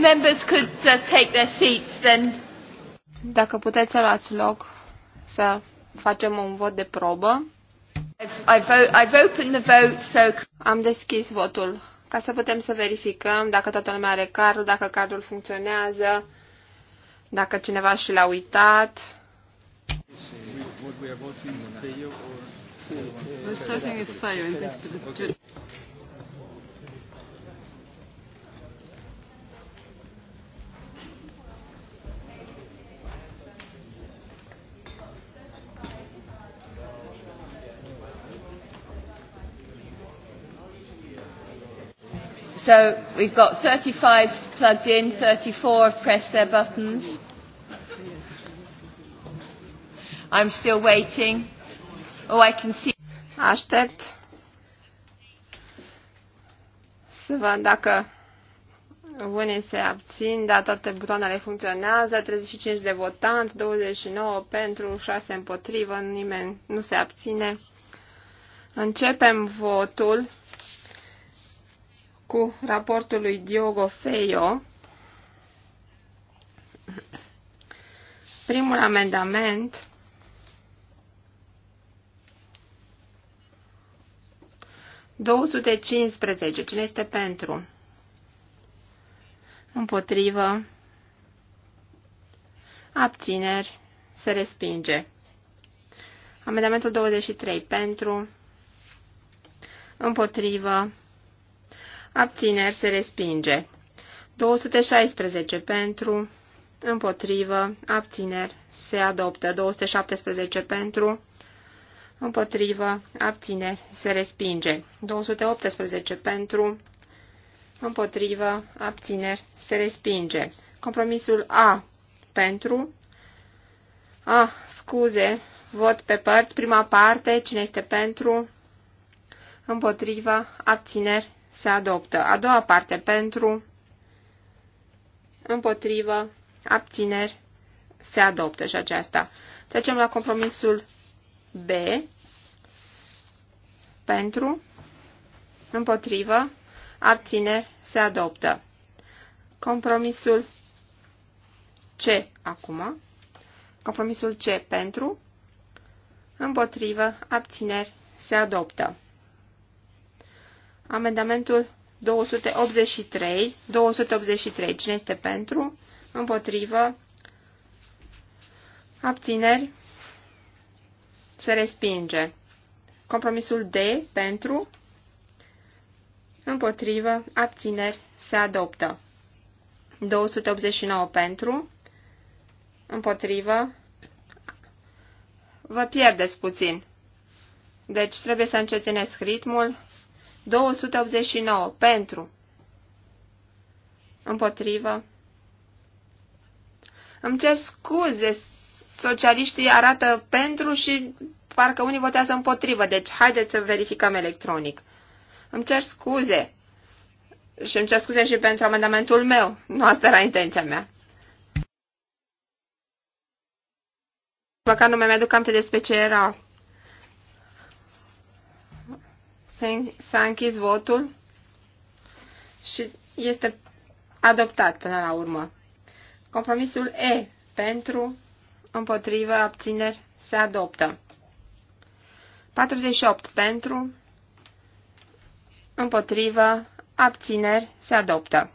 members could uh, take their seats, then... Dacă puteți să luați loc să facem un vot de probă. I've, I've opened the vote, so... Am deschis votul ca să putem să verificăm dacă toată lumea are cardul, dacă cardul funcționează, dacă cineva și l-a uitat. The voting is fair in principle. So we've got 35 plugged in, 34 have pressed their buttons. I'm still waiting. Oh, I can see. Aștept să văd dacă unii se abțin, dar toate butoanele funcționează, 35 de votanți, 29 pentru, 6 împotrivă, nimeni nu se abține. Începem votul cu raportul lui Diogo Feio. Primul amendament douăsute Cine este pentru? Împotrivă. Abțineri. Se respinge. Amendamentul 23. Pentru. Împotrivă abțineri se respinge. 216 pentru, împotrivă, abțineri se adoptă. 217 pentru, împotrivă, abțineri se respinge. 218 pentru, împotrivă, abțineri se respinge. Compromisul A pentru, a, scuze, vot pe părți, prima parte, cine este pentru, împotrivă, abțineri, se adoptă. A doua parte pentru, împotrivă, abțineri, se adoptă și aceasta. Trecem la compromisul B, pentru, împotrivă, abțineri, se adoptă. Compromisul C acum, compromisul C pentru, împotrivă, abțineri, se adoptă. Amendamentul 283. 283. Cine este pentru? Împotrivă. Abțineri. Se respinge. Compromisul D pentru. Împotrivă. Abțineri. Se adoptă. 289 pentru. Împotrivă. Vă pierdeți puțin. Deci trebuie să încetinesc ritmul. 289 pentru. Împotrivă. Îmi cer scuze, socialiștii arată pentru și parcă unii votează împotrivă, deci haideți să verificăm electronic. Îmi cer scuze. Și îmi cer scuze și pentru amendamentul meu. Nu asta era intenția mea. Măcar nu mi-aduc aminte despre ce era. S-a închis votul și este adoptat până la urmă. Compromisul E pentru, împotrivă, abțineri se adoptă. 48 pentru, împotrivă, abțineri se adoptă.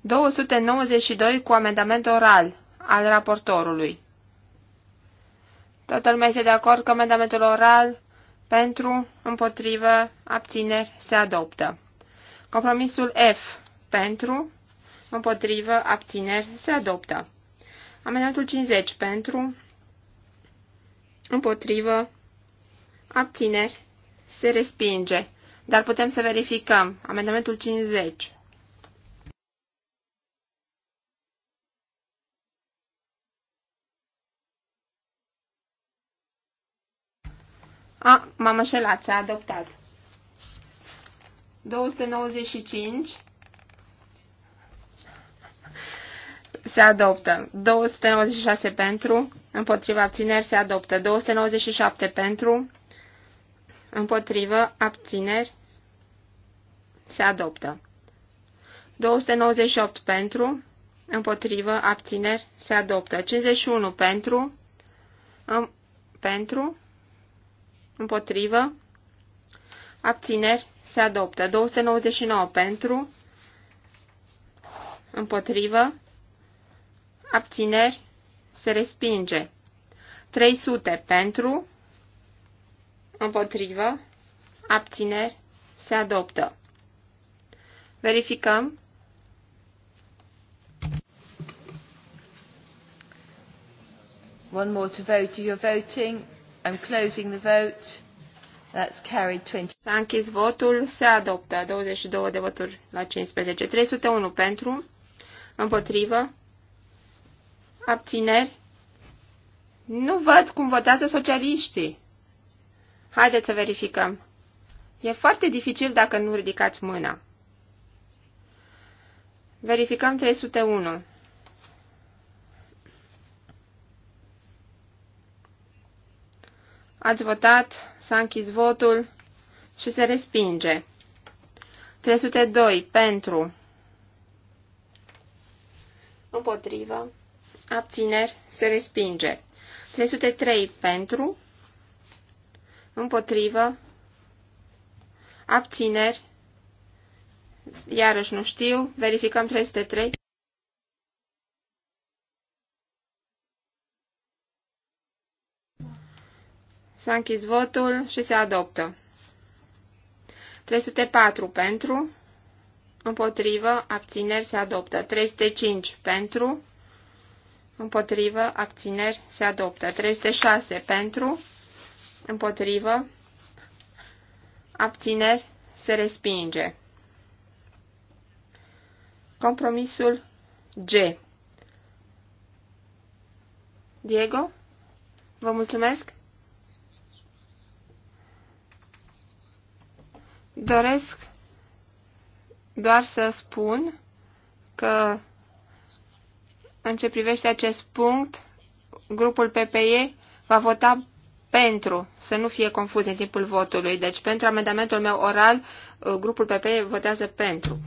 292 cu amendament oral al raportorului. Toată lumea este de acord că amendamentul oral pentru, împotrivă, abțineri, se adoptă. Compromisul F, pentru, împotrivă, abțineri, se adoptă. Amendamentul 50, pentru, împotrivă, abțineri, se respinge. Dar putem să verificăm. Amendamentul 50. A, m-am înșelat, s-a adoptat. 295 se adoptă. 296 pentru, împotriva abțineri se adoptă. 297 pentru, împotrivă abțineri se adoptă. 298 pentru, împotrivă abțineri se adoptă. 51 pentru, în, pentru, Împotrivă. Abțineri. Se adoptă. 299 pentru. Împotrivă. Abțineri. Se respinge. 300 pentru. Împotrivă. Abțineri. Se adoptă. Verificăm. One more to vote. You're voting. I'm closing the vote. That's carried 20. S-a închis votul, se adoptă 22 de voturi la 15. 301 pentru, împotrivă, abțineri. Nu văd cum votează socialiștii. Haideți să verificăm. E foarte dificil dacă nu ridicați mâna. Verificăm 301. Ați votat, s-a închis votul și se respinge. 302 pentru. Împotrivă. Abțineri. Se respinge. 303 pentru. Împotrivă. Abțineri. Iarăși nu știu. Verificăm 303. S-a închis votul și se adoptă. 304 pentru, împotrivă, abțineri, se adoptă. 305 pentru, împotrivă, abțineri, se adoptă. 306 pentru, împotrivă, abțineri, se respinge. Compromisul G. Diego, vă mulțumesc! Doresc doar să spun că în ce privește acest punct, grupul PPE va vota pentru, să nu fie confuz în timpul votului. Deci pentru amendamentul meu oral, uh, grupul PPE votează pentru.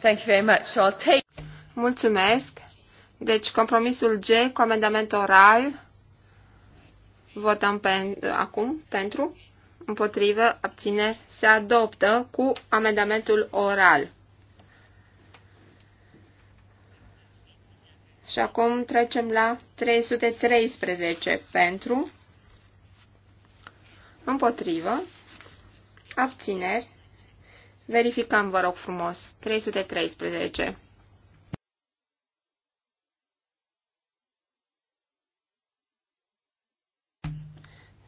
Thank you very much. I'll take... Mulțumesc. Deci compromisul G cu amendament oral, votăm pen, acum pentru, împotrivă, abțineri, se adoptă cu amendamentul oral. Și acum trecem la 313 pentru, împotrivă, abțineri, verificăm, vă rog frumos, 313.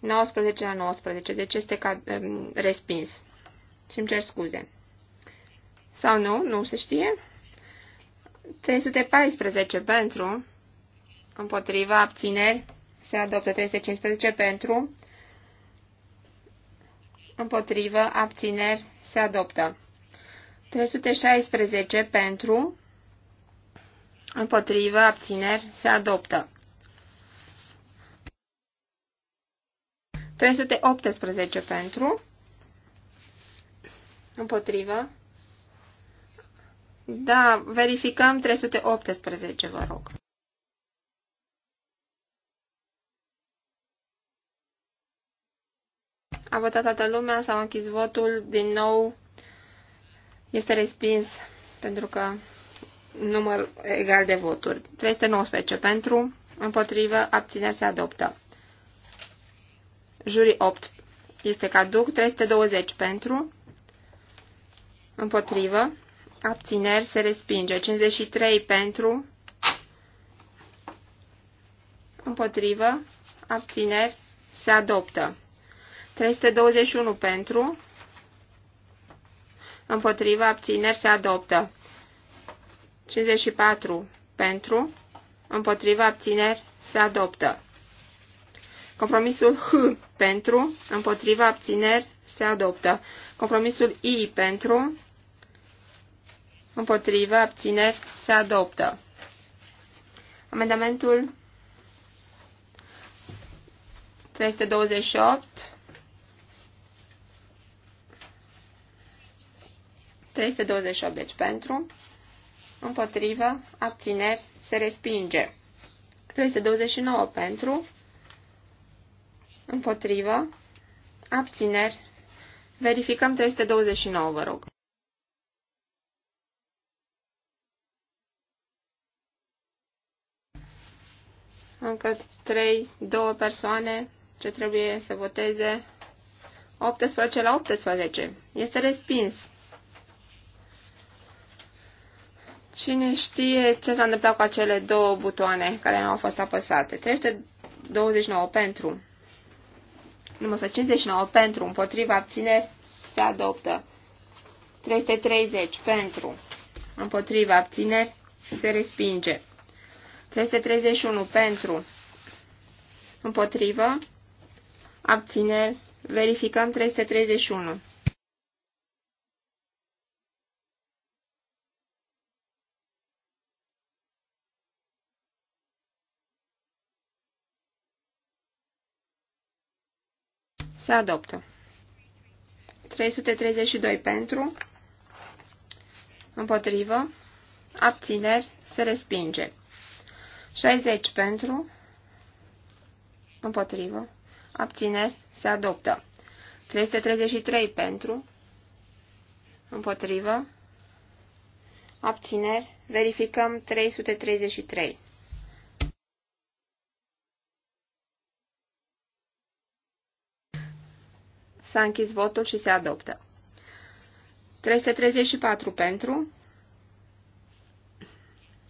19 la 19, deci este ca, um, respins. Și îmi cer scuze. Sau nu, nu se știe. 314 pentru, împotriva, abțineri, se adoptă 315 pentru, împotrivă, abțineri, se adoptă. 316 pentru, împotrivă, abțineri, se adoptă. 318 pentru, împotrivă. Da, verificăm 318, vă rog. A votat toată lumea, s-a închis votul, din nou este respins pentru că număr egal de voturi. 319 pentru, împotrivă, abțineri se adoptă. Jurii 8 este caduc. 320 pentru. Împotrivă. Abțineri se respinge. 53 pentru. Împotrivă. Abțineri se adoptă. 321 pentru. Împotrivă. Abțineri se adoptă. 54 pentru. Împotrivă. Abțineri se adoptă. Compromisul H pentru, împotriva abțineri se adoptă. Compromisul I pentru, împotriva abțineri se adoptă. Amendamentul 328 328, deci pentru, împotriva abțineri, se respinge. 329 pentru, Împotrivă. Abțineri. Verificăm 329, vă rog. Încă 3, 2 persoane ce trebuie să voteze. 18 la 18. Este respins. Cine știe ce s-a întâmplat cu acele două butoane care nu au fost apăsate? 329 pentru. Numărul 159 pentru, împotriva abțineri se adoptă. 330 pentru, împotriva abțineri se respinge. 331 pentru, împotrivă, abțineri, verificăm 331. Se adoptă. 332 pentru, împotrivă, abțineri, se respinge. 60 pentru, împotrivă, abțineri, se adoptă. 333 pentru, împotrivă, abțineri, verificăm 333. S-a închis votul și se adoptă. 334 pentru.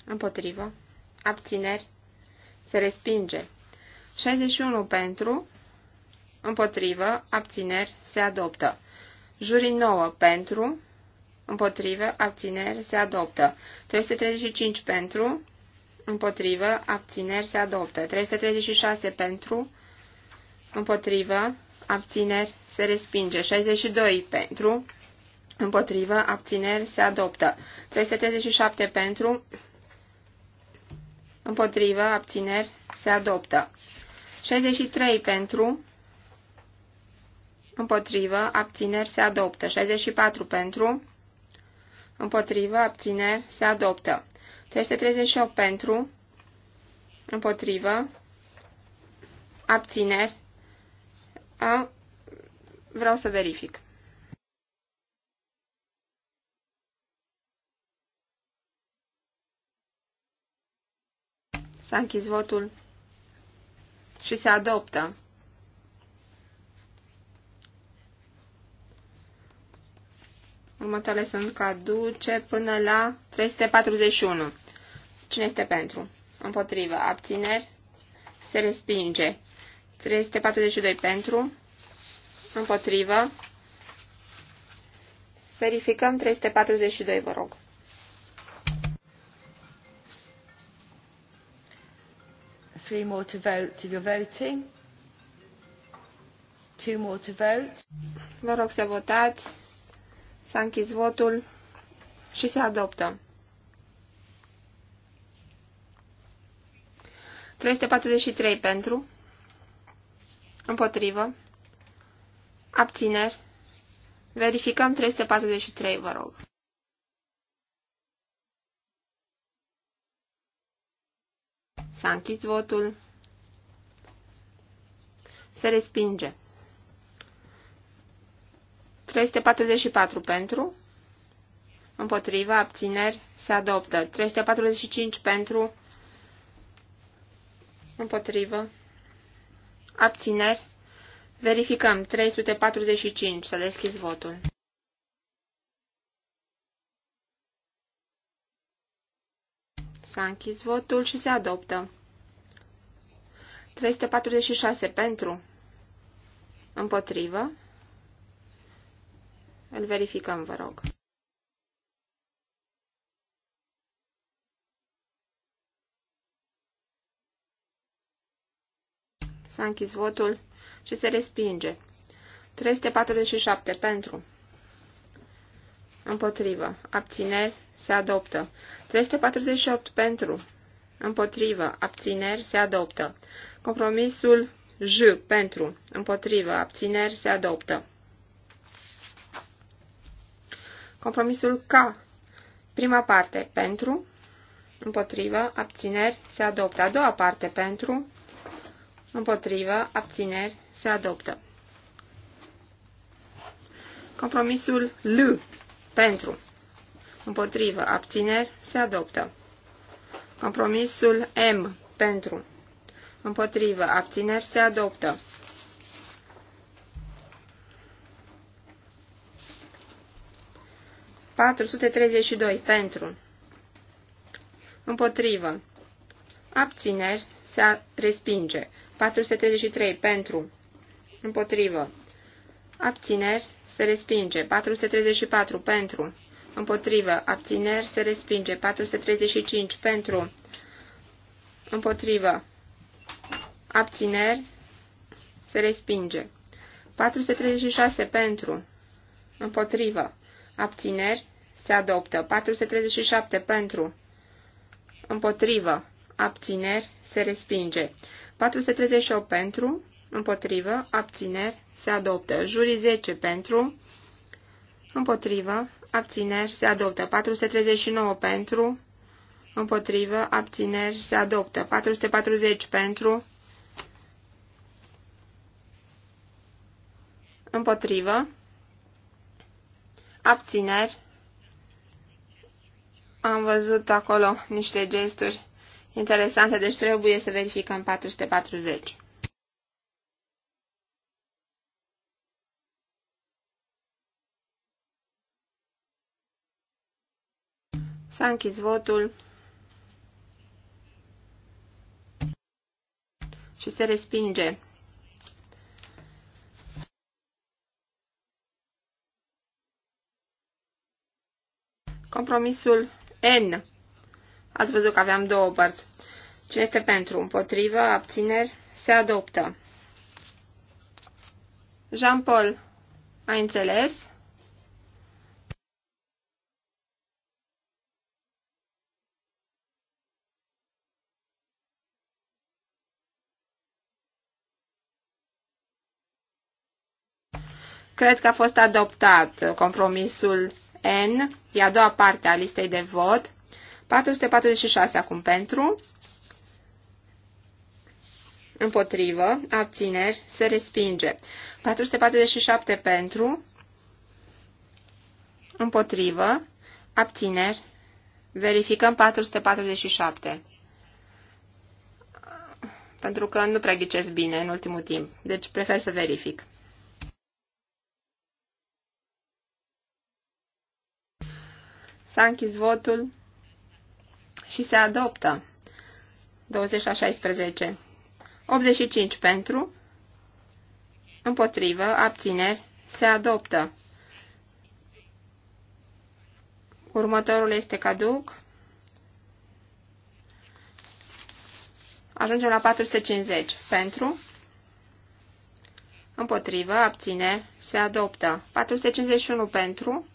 Împotrivă. Abțineri. Se respinge. 61 pentru. Împotrivă. Abțineri. Se adoptă. Jurii 9 pentru. Împotrivă. Abțineri. Se adoptă. 335 pentru. Împotrivă. Abțineri. Se adoptă. 336 pentru. Împotrivă abțineri, se respinge. 62 pentru, împotrivă, abțineri, se adoptă. 337 pentru, împotrivă, abțineri, se adoptă. 63 pentru, împotrivă, abțineri, se adoptă. 64 pentru, împotrivă, abțineri, se adoptă. 338 pentru, împotrivă, abțineri, a, vreau să verific. S-a închis votul și se adoptă. Următoarele sunt caduce până la 341. Cine este pentru? Împotrivă. Abțineri? Se respinge. 342 pentru, împotrivă. Verificăm 342, vă rog. Three more to vote if you're voting. Two more to vote. Vă rog să votați. S-a închis votul și se adoptă. 343 pentru. Împotrivă. Abțineri. Verificăm 343, vă rog. S-a închis votul. Se respinge. 344 pentru. Împotriva, abțineri, se adoptă. 345 pentru. Împotrivă, Abțineri. Verificăm. 345. Să deschis votul. S-a închis votul și se adoptă. 346 pentru. Împotrivă. Îl verificăm, vă rog. S-a închis votul și se respinge. 347 pentru. Împotrivă. Abțineri. Se adoptă. 348 pentru. Împotrivă. Abțineri. Se adoptă. Compromisul J pentru. Împotrivă. Abțineri. Se adoptă. Compromisul K. Prima parte pentru. Împotrivă. Abțineri. Se adoptă. A doua parte pentru împotrivă, abțineri, se adoptă. Compromisul L, pentru, împotrivă, abțineri, se adoptă. Compromisul M, pentru, împotrivă, abțineri, se adoptă. doi pentru Împotrivă Abțineri se respinge 433 pentru, împotrivă, abțineri, se respinge. 434 pentru, împotrivă, abțineri, se respinge. 435 pentru, împotrivă, abțineri, se respinge. 436 pentru, împotrivă, abțineri, se adoptă. 437 pentru, împotrivă, abțineri, se respinge. 438 pentru, împotrivă, abțineri, se adoptă. Jurii 10 pentru, împotrivă, abțineri, se adoptă. 439 pentru, împotrivă, abțineri, se adoptă. 440 pentru, împotrivă, abțineri, am văzut acolo niște gesturi interesante, deci trebuie să verificăm 440. S-a închis votul și se respinge. Compromisul N. Ați văzut că aveam două părți. Ce este pentru? Împotrivă? Abțineri? Se adoptă. Jean-Paul, ai înțeles? Cred că a fost adoptat compromisul N, e a doua parte a listei de vot. 446 acum pentru, Împotrivă. Abțineri. Se respinge. 447 pentru. Împotrivă. Abțineri. Verificăm 447. Pentru că nu prea ghicesc bine în ultimul timp. Deci prefer să verific. S-a închis votul și se adoptă. 20 la 16. 85 pentru, împotrivă, abțineri, se adoptă. Următorul este caduc. Ajungem la 450. Pentru, împotrivă, abține, se adoptă. 451 pentru,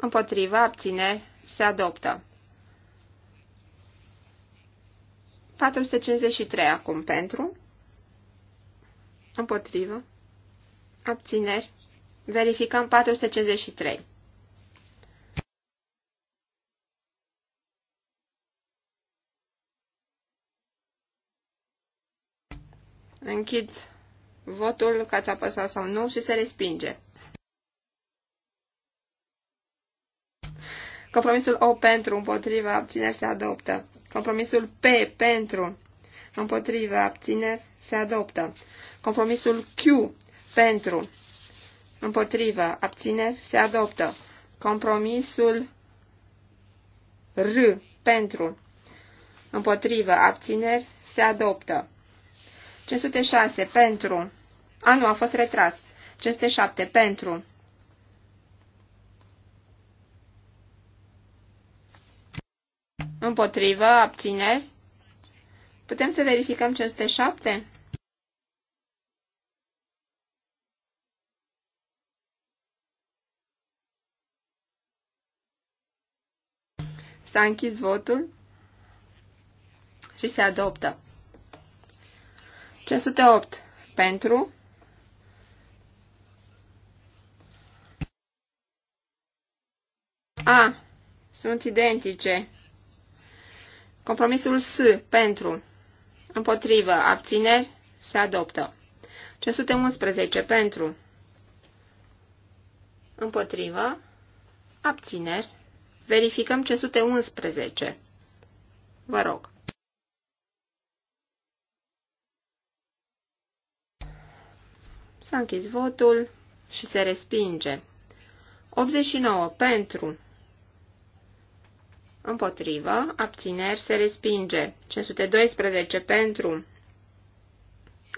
împotrivă, abține, se adoptă. 453 acum pentru, împotrivă, abțineri, verificăm 453. Închid votul că ați apăsat sau nu și se respinge. Compromisul O pentru, împotriva, abține, se adoptă. Compromisul P pentru, împotriva, abține, se adoptă. Compromisul Q pentru, împotriva, abține, se adoptă. Compromisul R pentru, împotriva, abțineri se adoptă. 506 pentru, anul a fost retras. 507 pentru, Împotrivă, abțineri. Putem să verificăm 507? S-a închis votul și se adoptă. 508 pentru. A. Sunt identice. Compromisul S pentru, împotrivă, abțineri, se adoptă. 511 pentru, împotrivă, abțineri, verificăm 511. Vă rog. S-a închis votul și se respinge. 89 pentru, împotrivă, abțineri, se respinge. 512 pentru,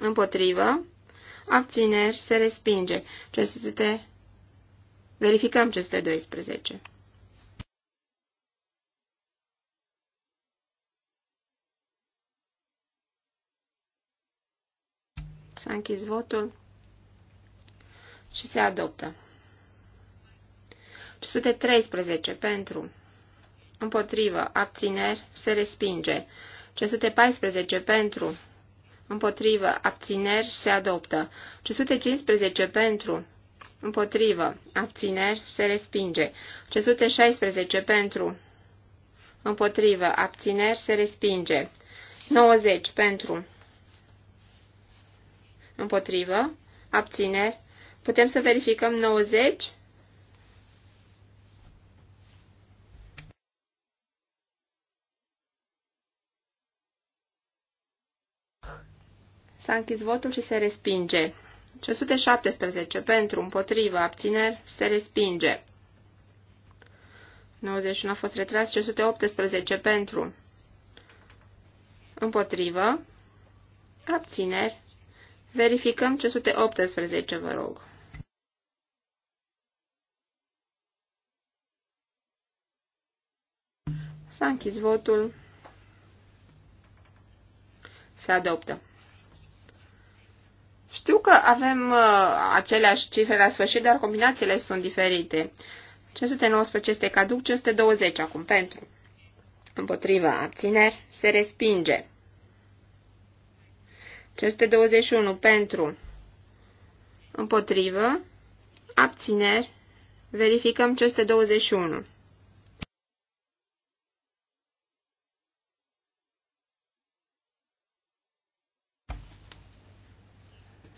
împotrivă, abțineri, se respinge. 500, verificăm 512. S-a închis votul și se adoptă. 513 pentru, împotrivă, abțineri, se respinge. 514 pentru, împotrivă, abțineri, se adoptă. 515 pentru, împotrivă, abțineri, se respinge. 516 pentru, împotrivă, abțineri, se respinge. 90 pentru, împotrivă, abțineri, putem să verificăm 90? S-a închis votul și se respinge. 517 pentru, împotrivă, abțineri, se respinge. 91 a fost retras, 518 pentru, împotrivă, abțineri. Verificăm 518, vă rog. S-a închis votul. Se adoptă. Știu că avem uh, aceleași cifre la sfârșit, dar combinațiile sunt diferite. 519 este caduc, 520 acum pentru. Împotriva abțineri se respinge. 521 pentru. Împotrivă. Abțineri. Verificăm 521.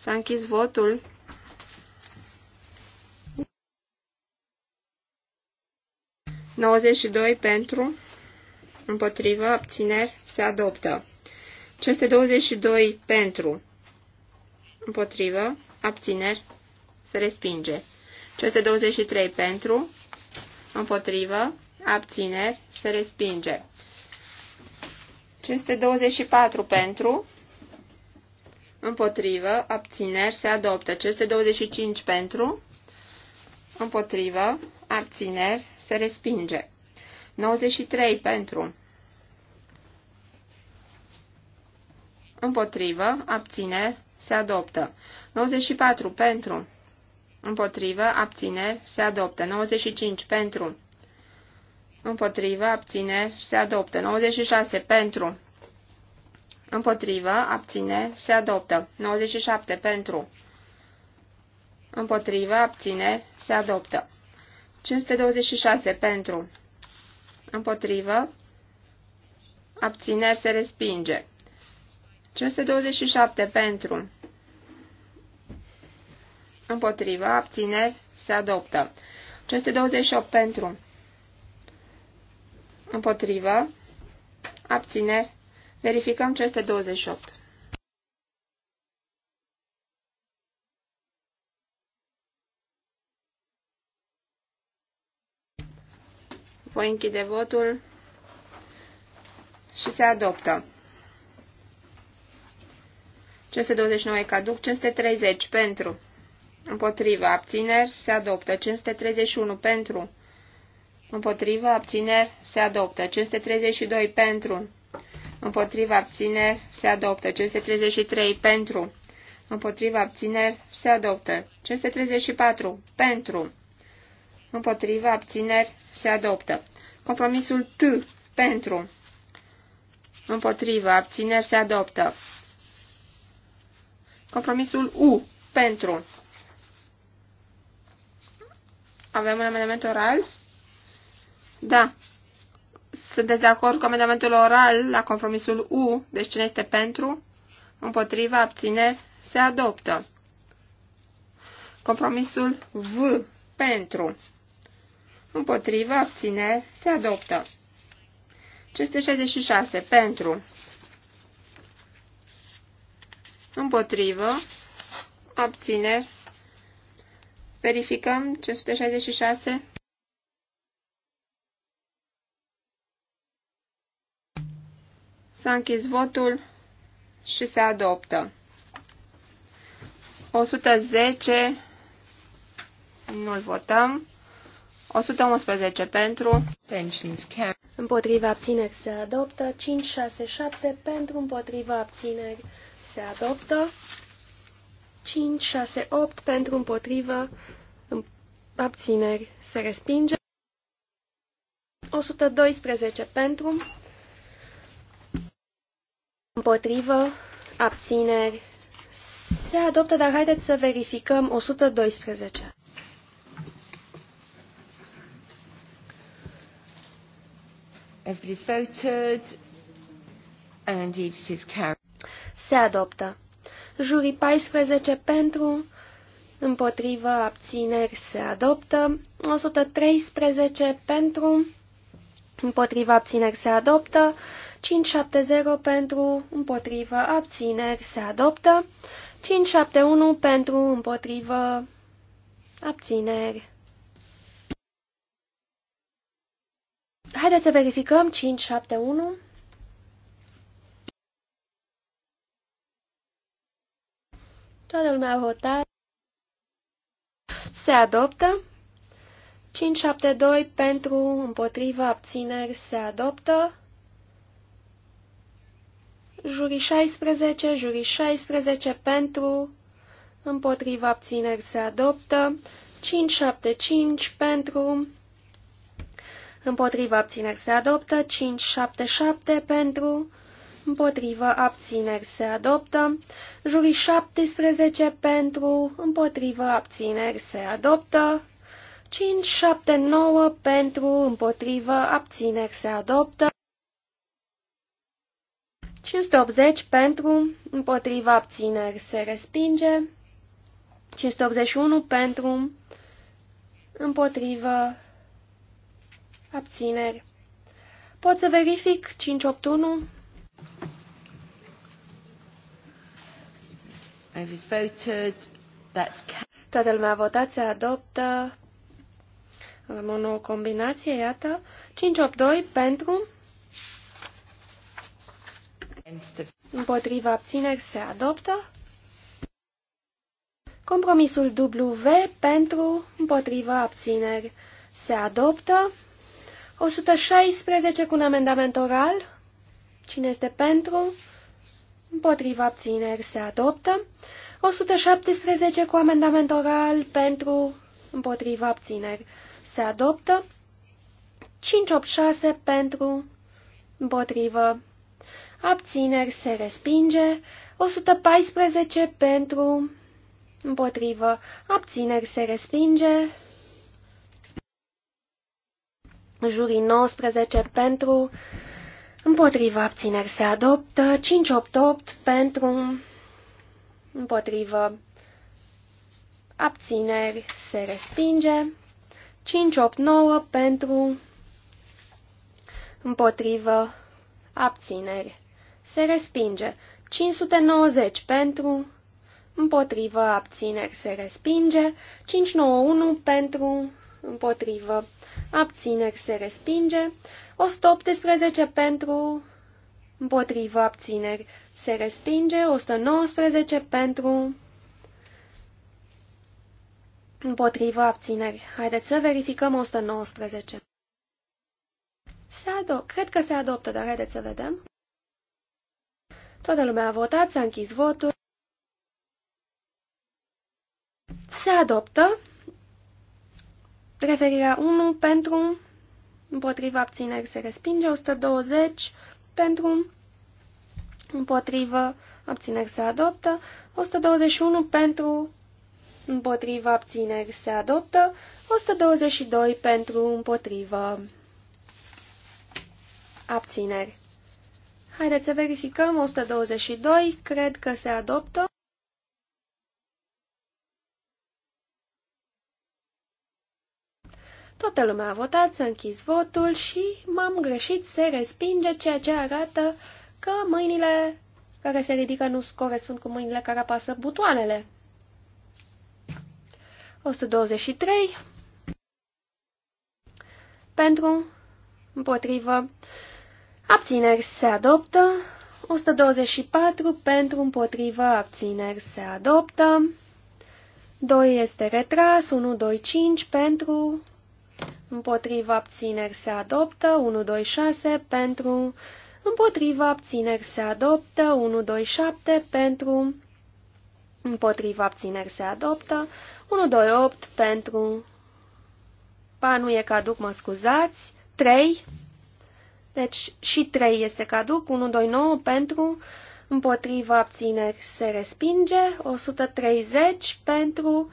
S-a închis votul. doi pentru, împotrivă, abțineri, se adoptă. 522 pentru, împotrivă, abțineri, se respinge. 523 pentru, împotrivă, abțineri, se respinge. 524 pentru, împotrivă, abțineri, se adoptă. 525 pentru, împotrivă, abțineri, se respinge. 93 pentru, împotrivă, abțineri, se adoptă. 94 pentru, împotrivă, abțineri, se adoptă. 95 pentru, împotrivă, abțineri, se adoptă. 96 pentru, Împotrivă, abține, se adoptă. 97 pentru. Împotrivă, abține, se adoptă. 526 pentru. Împotrivă, abține, se respinge. 527 pentru. Împotrivă, abține, se adoptă. 528 pentru. Împotrivă, abține. Verificăm este 28. Voi închide votul și se adoptă. 529 e caduc, 530 pentru, împotrivă, abțineri, se adoptă, 531 pentru, împotrivă, abțineri, se adoptă, 532 pentru, împotriva abțineri se adoptă. 533 pentru, împotriva abțineri se adoptă. 534 pentru, împotriva abțineri se adoptă. Compromisul T pentru, împotriva abțineri se adoptă. Compromisul U pentru. Avem un amendament oral? Da, sunteți de acord cu amendamentul oral la compromisul U? Deci cine este pentru? Împotriva, abține, se adoptă. Compromisul V. Pentru. Împotriva, abține, se adoptă. 566. Pentru. Împotrivă. abține, Verificăm 566. S-a închis votul și se adoptă. 110 nu-l votăm. 111 pentru. Împotriva abțineri se adoptă. 5, 6, 7 pentru împotriva abțineri se adoptă. 5, 6, 8 pentru împotriva abțineri se respinge. 112 pentru Împotrivă, abțineri, se adoptă, dar haideți să verificăm 112. Everybody's voted and it is carried. Se adoptă. Jurii 14 pentru, împotrivă, abțineri, se adoptă. 113 pentru, împotrivă, abțineri, se adoptă. 5-7-0 pentru, împotrivă, abțineri se adoptă. 5-7-1 pentru, împotrivă, abțineri. Haideți să verificăm 5-7-1. Toată lumea a votat. Se adoptă. 572 pentru, împotriva abțineri se adoptă. Juri 16, juri 16 pentru, împotriva abțineri se adoptă, 575 pentru, împotriva abțineri se adoptă, 577 pentru, împotriva abțineri se adoptă, Juri 17 pentru, împotriva abțineri se adoptă, 579 pentru, împotriva abțineri se adoptă, 580 pentru, împotriva abțineri se respinge. 581 pentru, împotrivă, abțineri. Pot să verific 581? I voted. That's... Toată lumea a votat, se adoptă. Avem o nouă combinație, iată. 582 pentru, Împotriva abțineri se adoptă. Compromisul W pentru împotriva abțineri se adoptă. 116 cu un amendament oral. Cine este pentru? Împotriva abțineri se adoptă. 117 cu amendament oral pentru împotriva abțineri se adoptă. 586 pentru împotrivă abțineri se respinge, 114 pentru, împotrivă, abțineri se respinge, jurii 19 pentru, împotrivă, abțineri se adoptă, 588 pentru, împotrivă, abțineri se respinge, 589 pentru, împotrivă, abțineri se respinge. 590 pentru, împotrivă, abțineri, se respinge. 591 pentru, împotrivă, abțineri, se respinge. 118 pentru, împotrivă, abțineri, se respinge. 119 pentru, împotrivă, abțineri. Haideți să verificăm 119. Se ado Cred că se adoptă, dar haideți să vedem. Toată lumea a votat, s-a închis votul. Se adoptă referirea 1 pentru, împotriva abțineri se respinge, 120 pentru, împotriva abțineri se adoptă, 121 pentru, împotriva abțineri se adoptă, 122 pentru, împotriva abțineri. Haideți să verificăm. 122. Cred că se adoptă. Toată lumea a votat, să închis votul și m-am greșit, se respinge, ceea ce arată că mâinile care se ridică nu corespund cu mâinile care apasă butoanele. 123. Pentru, împotrivă, Abțineri se adoptă. 124 pentru împotrivă abțineri se adoptă. 2 este retras. 1, 2, 5 pentru împotrivă abțineri se adoptă. 1, 2, 6 pentru împotrivă abțineri se adoptă. 1, 2, 7 pentru împotrivă abțineri se adoptă. 1, 2, 8 pentru... Ba, nu e caduc, mă scuzați. 3 deci și 3 este caduc, 1, 2, 9 pentru, împotriva abțineri se respinge, 130 pentru,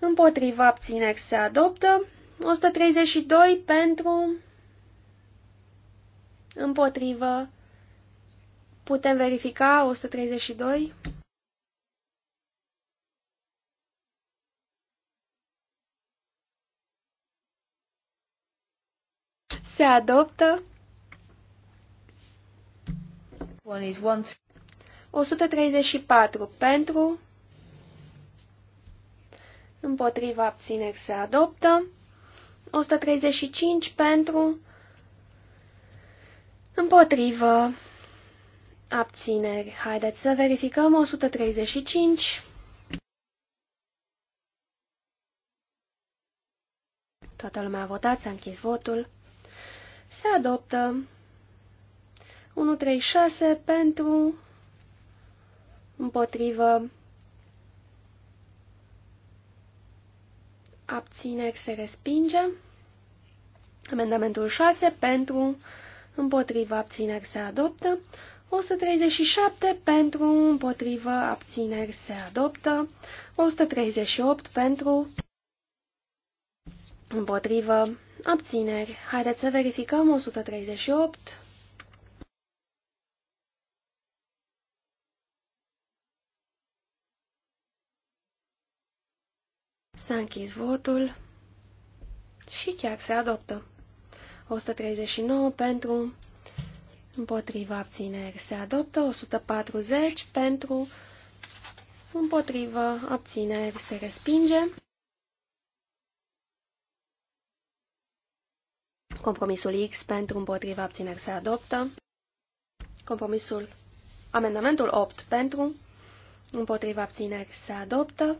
împotriva abțineri se adoptă, 132 pentru, împotrivă, putem verifica 132. se adoptă 134 pentru, împotriva abțineri se adoptă, 135 pentru, împotrivă abțineri. Haideți să verificăm 135. Toată lumea a votat, s-a închis votul. Se adoptă 136 pentru împotrivă abțineri se respinge. Amendamentul 6 pentru împotrivă abțineri se adoptă. 137 pentru împotrivă abțineri se adoptă. 138 pentru împotrivă abțineri. Haideți să verificăm 138. închis votul și chiar se adoptă. 139 pentru, împotriva abțineri se adoptă, 140 pentru, împotriva abțineri se respinge. Compromisul X pentru împotriva abțineri se adoptă. Compromisul amendamentul 8 pentru împotriva abțineri se adoptă.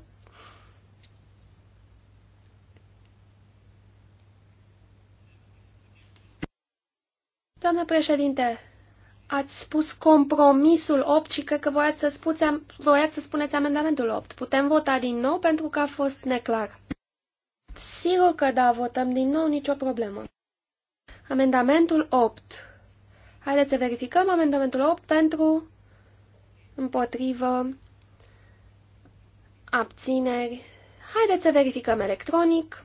Doamnă președinte, ați spus compromisul 8 și cred că voiați să, spuți, voiați să spuneți amendamentul 8. Putem vota din nou pentru că a fost neclar. Sigur că da, votăm din nou, nicio problemă. Amendamentul 8. Haideți să verificăm amendamentul 8 pentru, împotrivă, abțineri. Haideți să verificăm electronic.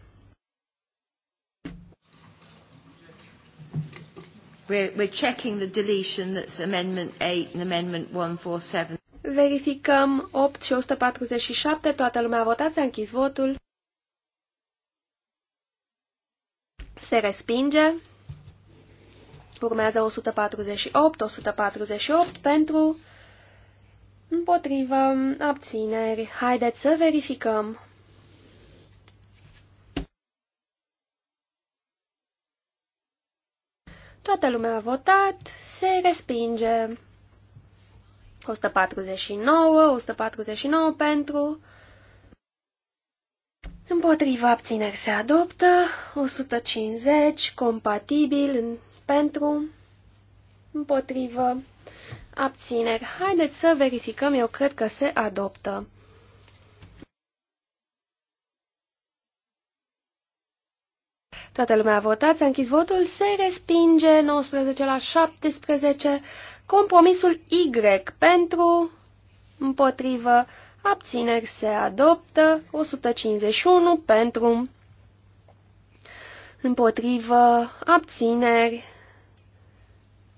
We're, we're checking the deletion that's amendment 8 and amendment 147. Verificăm 8 și 147. Toată lumea a votat, s-a închis votul. Se respinge. Urmează 148, 148 pentru împotrivă abțineri. Haideți să verificăm. Toată lumea a votat, se respinge. 149, 149 pentru, împotriva abțineri se adoptă, 150 compatibil pentru, împotrivă abțineri. Haideți să verificăm, eu cred că se adoptă. Toată lumea a votat, s-a închis votul, se respinge 19 la 17, compromisul Y pentru, împotrivă, abțineri se adoptă, 151 pentru, împotrivă, abțineri,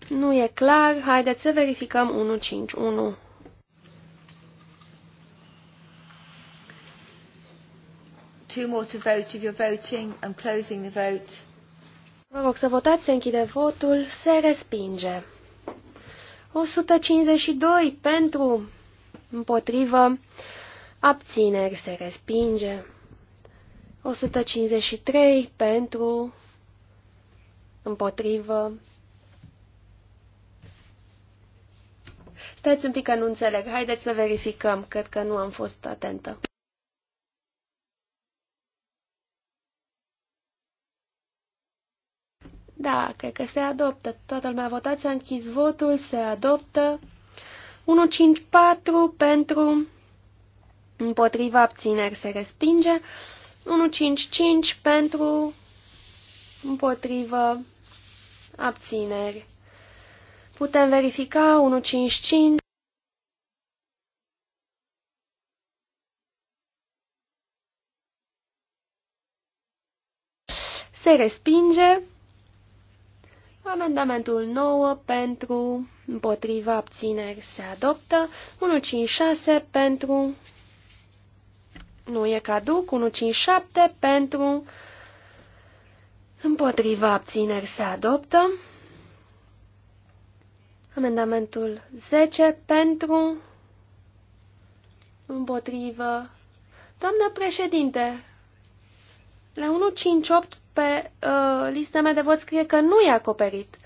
nu e clar, haideți să verificăm 151. Two more to vote if you're voting. I'm closing the vote. Vă rog să votați, se închide votul, se respinge. 152 pentru, împotrivă, abțineri, se respinge. 153 pentru, împotrivă. Stați un pic că nu înțeleg. Haideți să verificăm. Cred că nu am fost atentă. Da, cred că se adoptă. Toată lumea a votat, s-a închis votul, se adoptă. 154 pentru, împotriva abțineri se respinge. 155 pentru, împotrivă, abțineri. Putem verifica 155. Se respinge. Amendamentul 9 pentru, împotriva abțineri se adoptă. 156 pentru, nu e caduc. 157 pentru, împotriva abțineri se adoptă. Amendamentul 10 pentru, împotrivă. Doamnă președinte, la 158 pe uh, lista mea de vot scrie că nu e acoperit.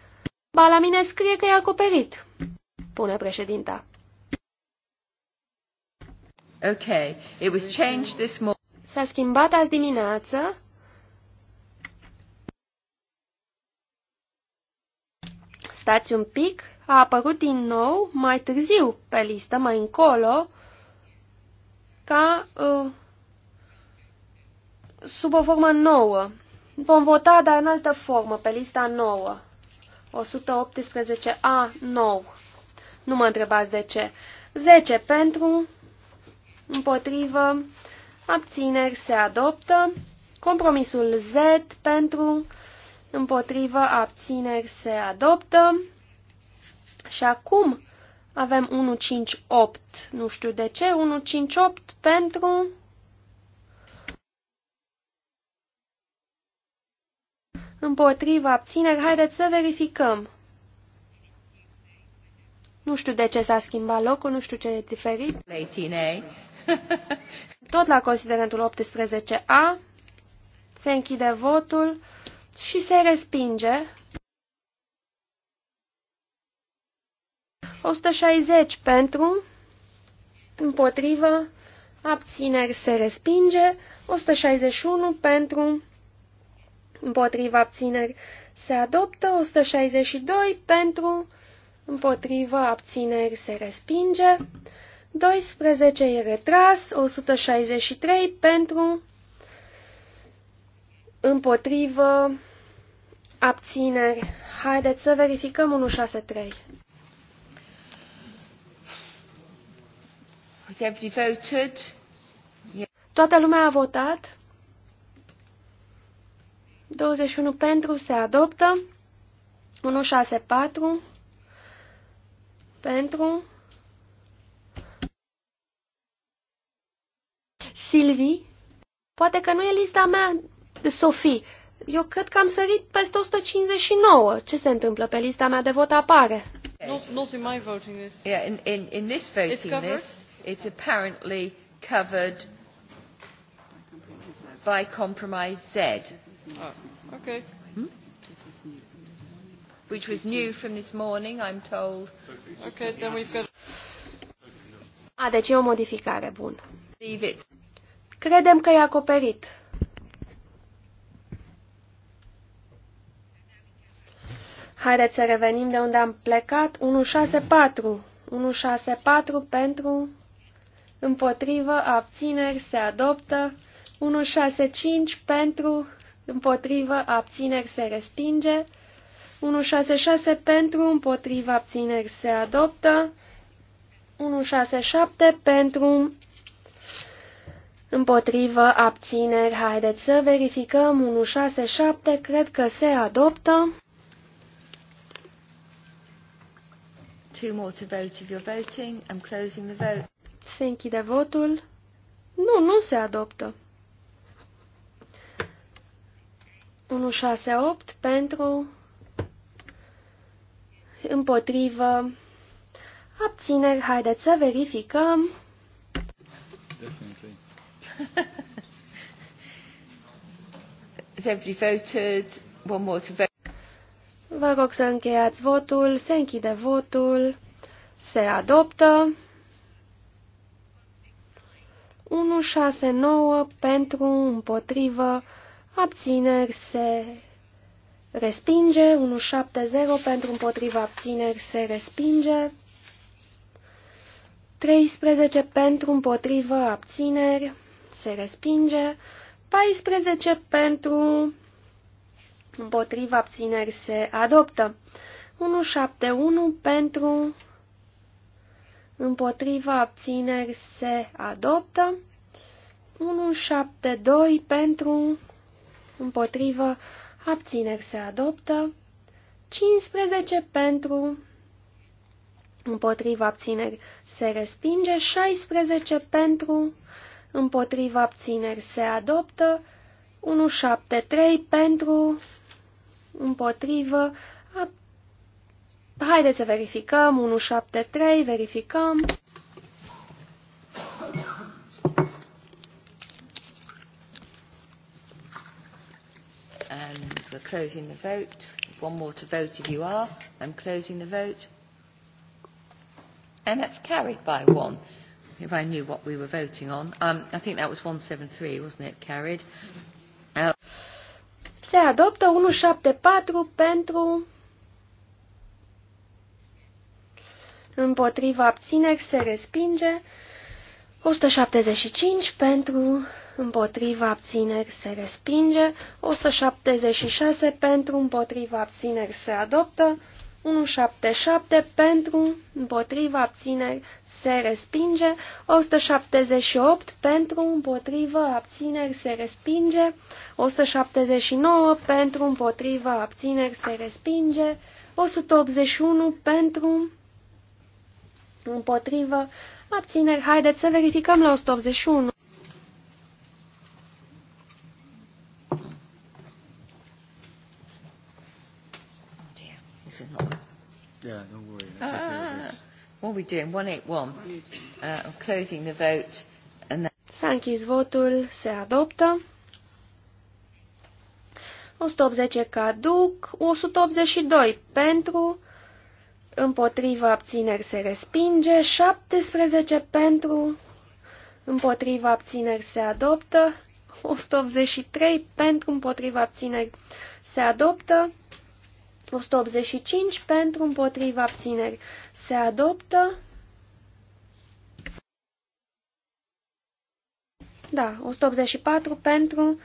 Ba, la mine scrie că e acoperit, pune președinta. Ok, it was changed this morning. S-a schimbat azi dimineață. Stați un pic, a apărut din nou, mai târziu, pe listă, mai încolo, ca uh, sub o formă nouă. Vom vota, dar în altă formă, pe lista nouă. 118A, 9. Nu mă întrebați de ce. 10 pentru, împotrivă, abțineri se adoptă. Compromisul Z pentru, împotrivă, abțineri se adoptă. Și acum avem 158, nu știu de ce, 158 pentru, Împotriva abțineri, haideți să verificăm. Nu știu de ce s-a schimbat locul, nu știu ce e diferit. Tot la considerentul 18a se închide votul și se respinge. 160 pentru, împotrivă, abțineri se respinge, 161 pentru, împotriva abțineri se adoptă, 162 pentru, împotriva abțineri se respinge, 12 e retras, 163 pentru, împotrivă, abțineri. Haideți să verificăm 163. Toată lumea a votat? 21 pentru se adoptă. 164 pentru Silvi. Poate că nu e lista mea de Sofie. Eu cred că am sărit peste 159. Ce se întâmplă pe lista mea de vot apare? Not, in my voting list. Yeah, in, in, in this voting it's list, it's apparently covered by compromise Z. Ah, hmm? Which was new from this morning, I'm told. Okay, then we've got... A, deci e o modificare, bun. Leave it. Credem că e acoperit. Haideți să revenim de unde am plecat. 164. 164 pentru împotrivă, abțineri, se adoptă. 165 pentru împotrivă, abțineri se respinge. 166 pentru, împotrivă, abțineri se adoptă. 167 pentru, împotrivă, abțineri. Haideți să verificăm. 167 cred că se adoptă. Two more to vote if you're voting. I'm closing the vote. Se închide votul. Nu, nu se adoptă. 168 pentru, împotrivă, abțineri. Haideți să verificăm. Vă rog să încheiați votul, se închide votul, se adoptă. 169 pentru, împotrivă, abțineri se respinge, 170 pentru împotriva abțineri se respinge, 13 pentru împotriva abțineri se respinge, 14 pentru împotriva abțineri se adoptă, 171 pentru împotriva abțineri se adoptă, 172 pentru împotrivă, abțineri se adoptă, 15 pentru, împotrivă abțineri se respinge, 16 pentru, împotrivă abțineri se adoptă, 173 pentru, împotrivă, ab... haideți să verificăm, 173, verificăm. We're closing the vote. One more to vote if you are. I'm closing the vote. And that's carried by one. If I knew what we were voting on. Um, I think that was 173, wasn't it, carried? Uh, Se adoptă 174 pentru împotriva abțineri se respinge 175 pentru împotriva abțineri se respinge, 176 pentru împotriva abțineri se adoptă, 177 pentru împotriva abțineri se respinge, 178 pentru împotriva abțineri se respinge, 179 pentru împotriva abțineri se respinge, 181 pentru împotriva abțineri. Haideți să verificăm la 181. we doing? 181. Uh, I'm closing the vote. And then... S-a închis votul, se adoptă. 180 caduc, 182 pentru, împotriva abțineri se respinge, 17 pentru, împotriva abțineri se adoptă, 183 pentru, împotriva abțineri se adoptă, 185 pentru împotriva abțineri se adoptă. Da, 184 pentru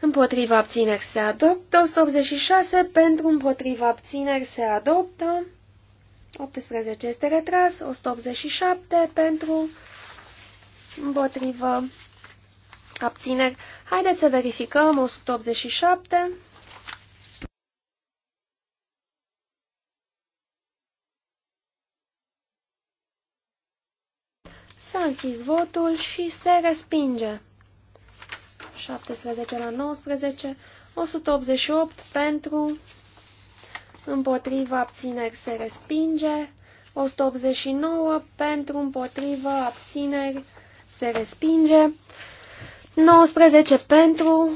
împotriva abțineri se adoptă, 186 pentru împotriva abțineri se adoptă, 18 este retras, 187 pentru împotriva abțineri. Haideți să verificăm 187. închis votul și se respinge. 17 la 19, 188 pentru, împotriva abțineri se respinge, 189 pentru, împotriva abțineri se respinge, 19 pentru,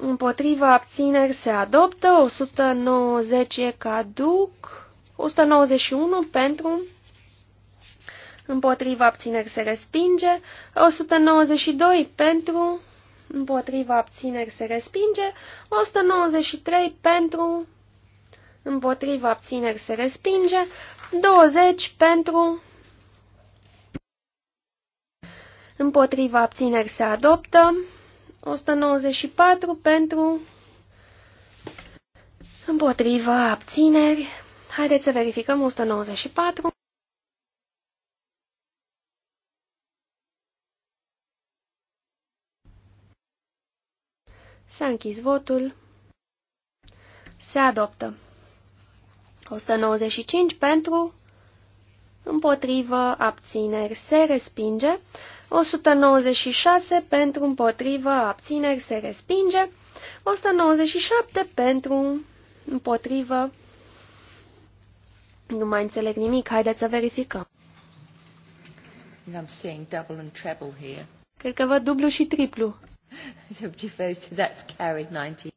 împotriva abțineri se adoptă, 190 e caduc, 191 pentru, împotriva abțineri se respinge, 192 pentru, împotriva abțineri se respinge, 193 pentru, împotriva abțineri se respinge, 20 pentru, împotriva abțineri se adoptă, 194 pentru, împotriva abțineri, haideți să verificăm 194, S-a închis votul. Se adoptă. 195 pentru, împotrivă, abțineri, se respinge. 196 pentru, împotrivă, abțineri, se respinge. 197 pentru, împotrivă, nu mai înțeleg nimic, haideți să verificăm. I'm double and treble here. Cred că văd dublu și triplu. That's carried 90.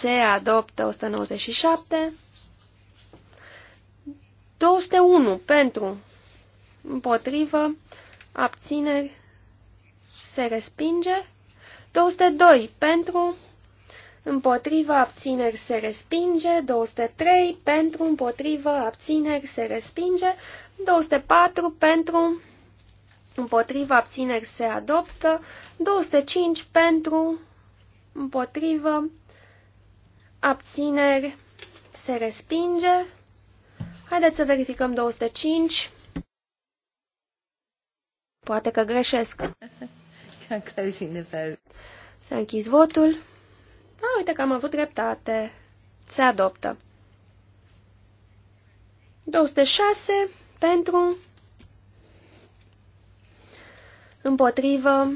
Se adoptă 197. 201 pentru, împotrivă, abțineri, se respinge. 202 pentru, împotrivă, abțineri, se respinge. 203 pentru, împotrivă, abțineri, se respinge. 204 pentru, împotriva abțineri se adoptă, 205 pentru, împotrivă, abțineri se respinge. Haideți să verificăm 205. Poate că greșesc. S-a închis votul. A, uite că am avut dreptate. Se adoptă. 206 pentru împotrivă,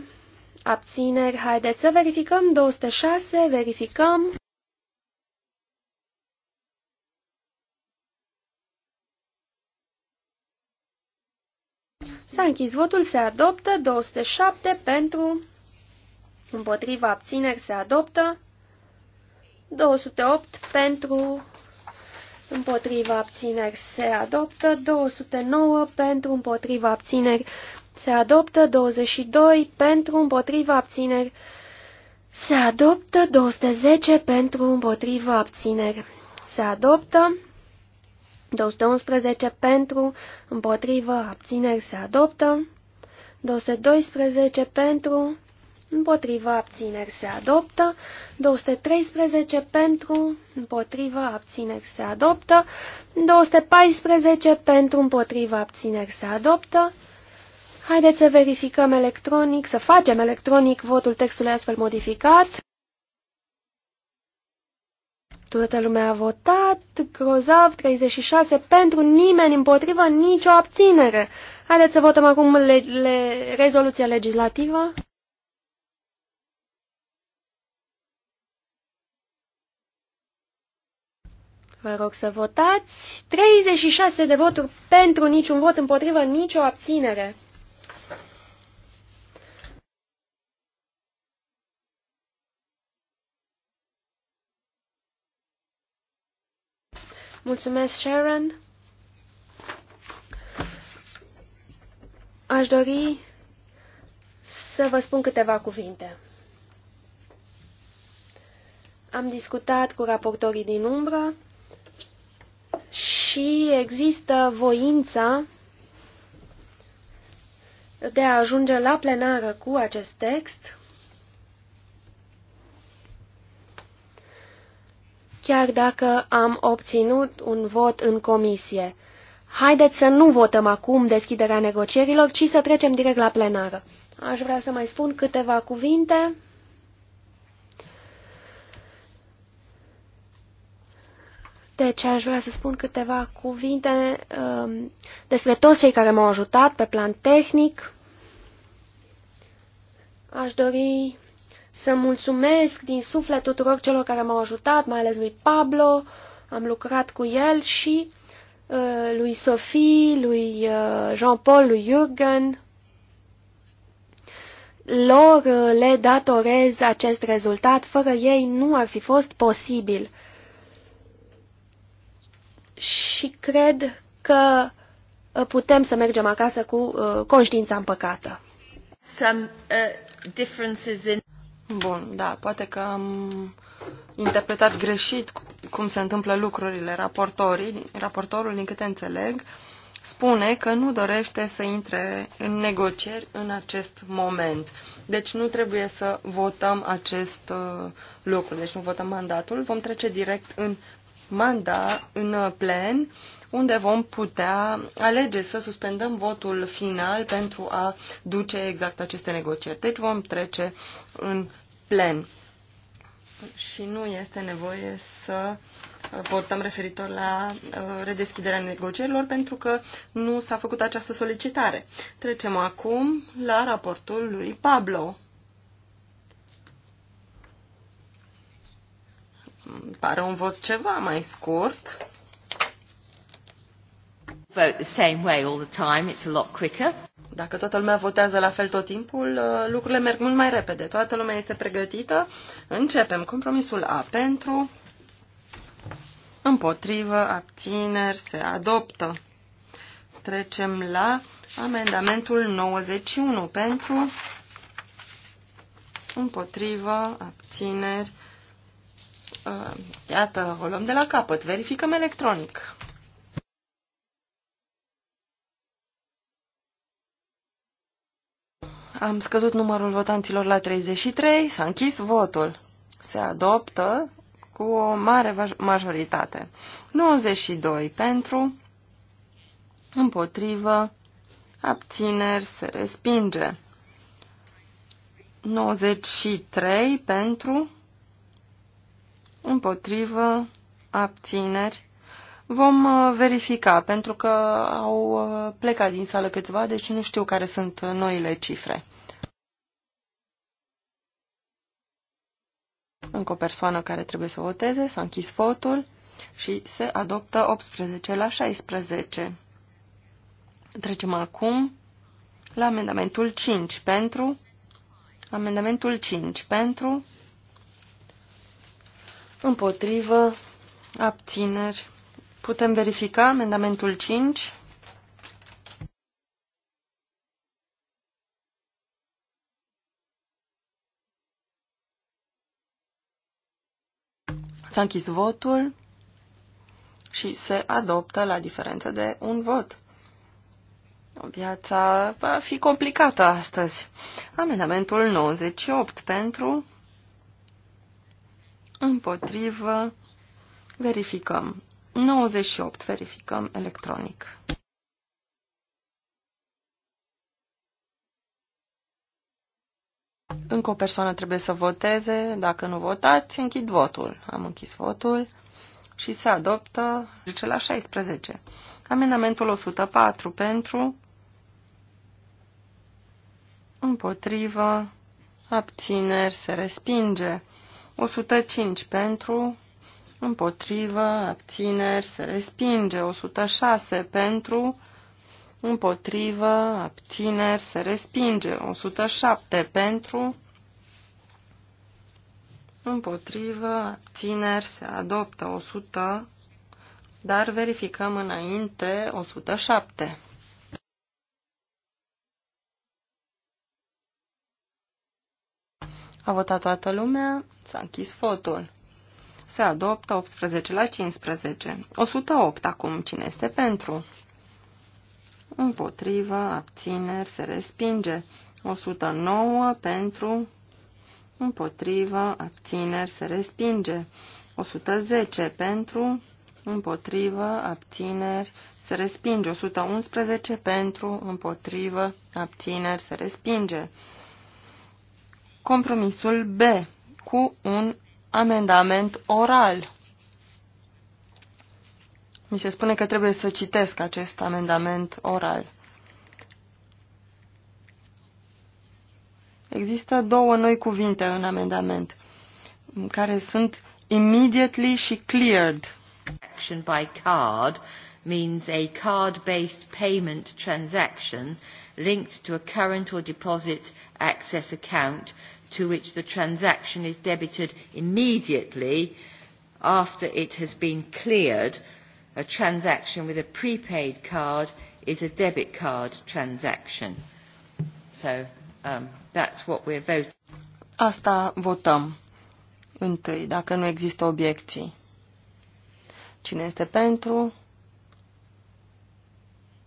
abțineri. Haideți să verificăm 206, verificăm. S-a închis votul, se adoptă 207 pentru, împotrivă, abțineri se adoptă 208 pentru, împotriva abțineri se adoptă 209 pentru, împotriva abțineri se adoptă 22 pentru împotriva abțineri, se adoptă 210 pentru împotriva abțineri, se adoptă 211 pentru împotriva abțineri, se adoptă 212 pentru împotriva abțineri, se adoptă 213 pentru împotriva abțineri, se adoptă 214 pentru împotriva abțineri, se adoptă Haideți să verificăm electronic, să facem electronic votul textului astfel modificat. Toată lumea a votat, grozav, 36 pentru, nimeni împotrivă, nicio abținere. Haideți să votăm acum le, le, rezoluția legislativă. Vă rog să votați. 36 de voturi pentru, niciun vot împotrivă, nicio abținere. Mulțumesc, Sharon. Aș dori să vă spun câteva cuvinte. Am discutat cu raportorii din umbră și există voința de a ajunge la plenară cu acest text chiar dacă am obținut un vot în comisie. Haideți să nu votăm acum deschiderea negocierilor, ci să trecem direct la plenară. Aș vrea să mai spun câteva cuvinte. Deci aș vrea să spun câteva cuvinte um, despre toți cei care m-au ajutat pe plan tehnic. Aș dori să mulțumesc din suflet tuturor celor care m-au ajutat, mai ales lui Pablo, am lucrat cu el și uh, lui Sophie, lui uh, Jean-Paul, lui Jürgen. Lor uh, le datorez acest rezultat, fără ei nu ar fi fost posibil. Și cred că uh, putem să mergem acasă cu uh, conștiința împăcată. Some, uh, differences in... Bun, da, poate că am interpretat greșit cum se întâmplă lucrurile. Raportorii, raportorul, din câte înțeleg, spune că nu dorește să intre în negocieri în acest moment. Deci nu trebuie să votăm acest uh, lucru, deci nu votăm mandatul, vom trece direct în manda, în uh, plen, unde vom putea alege să suspendăm votul final pentru a duce exact aceste negocieri. Deci vom trece în plen. Și nu este nevoie să uh, votăm referitor la uh, redeschiderea negocierilor pentru că nu s-a făcut această solicitare. Trecem acum la raportul lui Pablo. Pare un vot ceva mai scurt. Vote the same way all the time, it's a lot quicker. Dacă toată lumea votează la fel tot timpul, uh, lucrurile merg mult mai repede. Toată lumea este pregătită. Începem compromisul A pentru, împotrivă, abțineri, se adoptă. Trecem la amendamentul 91 pentru, împotrivă, abțineri. Uh, iată, o luăm de la capăt. Verificăm electronic. Am scăzut numărul votanților la 33, s-a închis votul. Se adoptă cu o mare majoritate. 92 pentru, împotrivă, abțineri, se respinge. 93 pentru, împotrivă, abțineri, Vom uh, verifica, pentru că au uh, plecat din sală câțiva, deci nu știu care sunt uh, noile cifre. Încă o persoană care trebuie să voteze, s-a închis votul și se adoptă 18 la 16. Trecem acum la amendamentul 5 pentru amendamentul 5 pentru împotrivă abțineri Putem verifica amendamentul 5. S-a închis votul și se adoptă la diferență de un vot. Viața va fi complicată astăzi. Amendamentul 98 pentru, împotrivă, verificăm. 98. Verificăm electronic. Încă o persoană trebuie să voteze. Dacă nu votați, închid votul. Am închis votul și se adoptă 10 la 16. Amendamentul 104 pentru, împotrivă, abțineri, se respinge. 105 pentru, împotrivă, abțineri, se respinge. 106 pentru, împotrivă, abțineri, se respinge. 107 pentru, împotrivă, abțineri, se adoptă. 100, dar verificăm înainte 107. A votat toată lumea, s-a închis fotul. Se adoptă 18 la 15. 108 acum. Cine este pentru? Împotrivă, abțineri, se respinge. 109 pentru, împotrivă, abțineri, se respinge. 110 pentru, împotrivă, abțineri, se respinge. 111 pentru, împotrivă, abțineri, se respinge. Compromisul B cu un amendament oral. Mi se spune că trebuie să citesc acest amendament oral. Există două noi cuvinte în amendament, care sunt immediately și cleared. Action by card means a card-based payment transaction linked to a current or deposit access account to which the transaction is debited immediately after it has been cleared. A transaction with a prepaid card is a debit card transaction. So um, that's what we're voting. Asta votăm. Întâi, dacă nu există obiecții. Cine este pentru?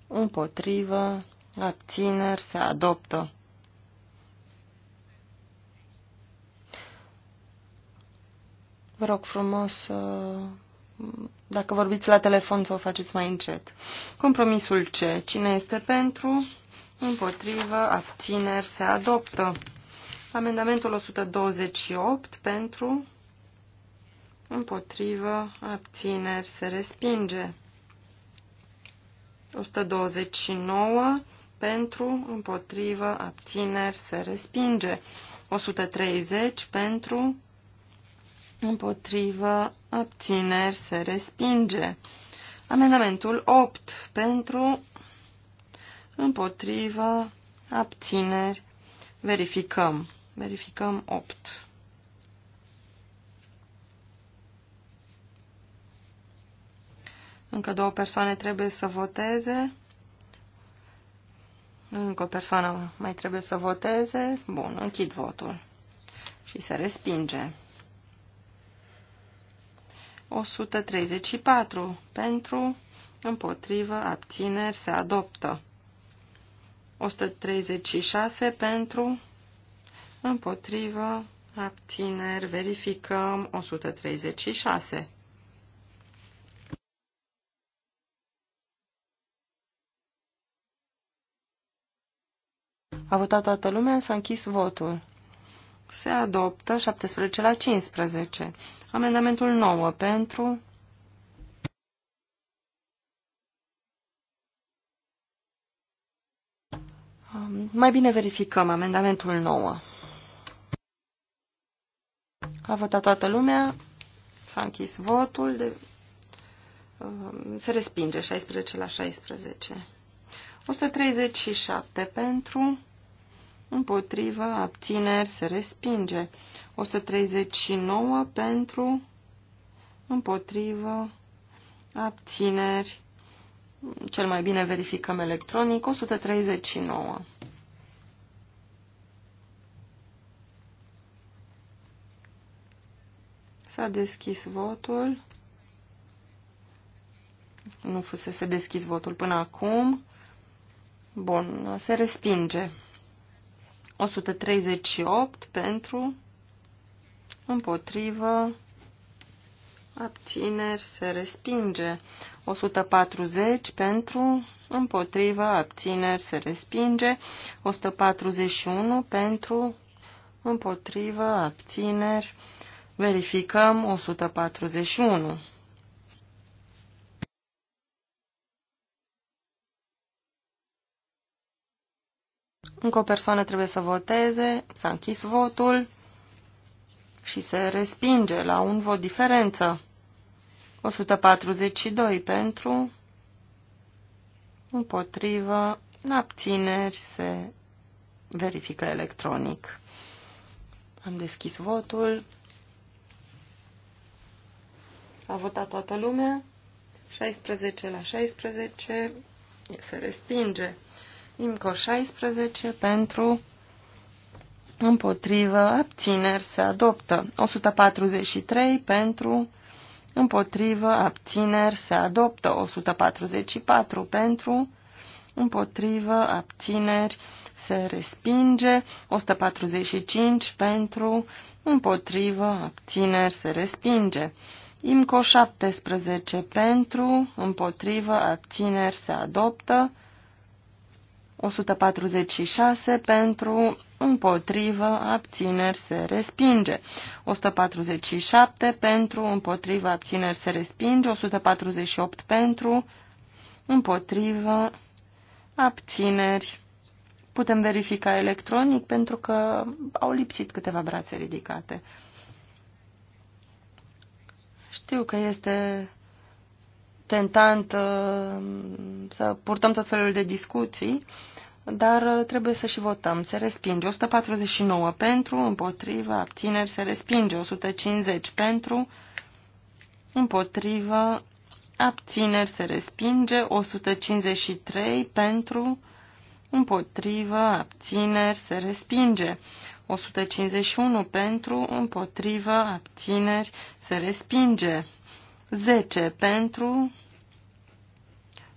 Împotrivă. Abțineri. Se adoptă. Vă rog frumos, uh, dacă vorbiți la telefon, să o faceți mai încet. Compromisul C. Cine este pentru? Împotrivă, abțineri, se adoptă. Amendamentul 128 pentru, împotrivă, abțineri, se respinge. 129 pentru, împotrivă, abțineri, se respinge. 130 pentru, împotrivă, abțineri, se respinge. Amendamentul 8 pentru, împotrivă, abțineri, verificăm. Verificăm 8. Încă două persoane trebuie să voteze. Încă o persoană mai trebuie să voteze. Bun, închid votul. Și se respinge. 134 pentru, împotrivă, abțineri, se adoptă. 136 pentru, împotrivă, abțineri, verificăm 136. A votat toată lumea, s-a închis votul se adoptă 17 la 15. Amendamentul 9 pentru um, Mai bine verificăm amendamentul 9. A votat toată lumea, s-a închis votul, de, um, se respinge 16 la 16. 137 pentru, împotrivă, abțineri, se respinge. 139 pentru, împotrivă, abțineri, cel mai bine verificăm electronic, 139. S-a deschis votul. Nu fusese deschis votul până acum. Bun, se respinge. 138 pentru, împotrivă, abțineri, se respinge. 140 pentru, împotrivă, abțineri, se respinge. 141 pentru, împotrivă, abțineri, verificăm 141. Încă o persoană trebuie să voteze, s-a închis votul și se respinge la un vot diferență. 142 pentru, împotrivă, abțineri, se verifică electronic. Am deschis votul. A votat toată lumea. 16 la 16 se respinge. IMCO 16 pentru împotrivă, abțineri se adoptă. 143 pentru împotrivă, abțineri se adoptă. 144 pentru împotrivă, abțineri se respinge. 145 pentru împotrivă, abțineri se respinge. IMCO 17 pentru, împotrivă, abțineri se adoptă. 146 pentru, împotrivă, abțineri se respinge. 147 pentru, împotrivă, abțineri se respinge. 148 pentru, împotrivă, abțineri. Putem verifica electronic pentru că au lipsit câteva brațe ridicate. Știu că este tentant uh, să purtăm tot felul de discuții, dar uh, trebuie să și votăm. Se respinge 149 pentru, împotrivă, abțineri, se respinge 150 pentru, împotrivă, abțineri, se respinge 153 pentru, împotrivă, abțineri, se respinge 151 pentru, împotrivă, abțineri, se respinge 10 pentru,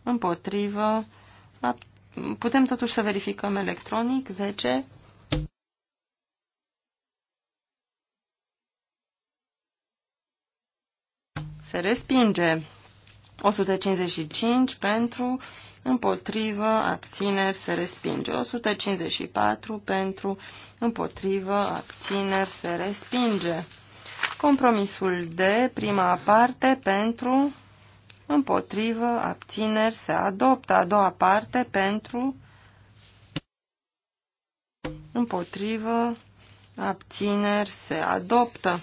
împotrivă, putem totuși să verificăm electronic, 10. Se respinge. 155 pentru, împotrivă, abțineri, se respinge. 154 pentru, împotrivă, abțineri, se respinge. Compromisul D, prima parte, pentru, împotrivă, abțineri, se adoptă. A doua parte, pentru, împotrivă, abțineri, se adoptă.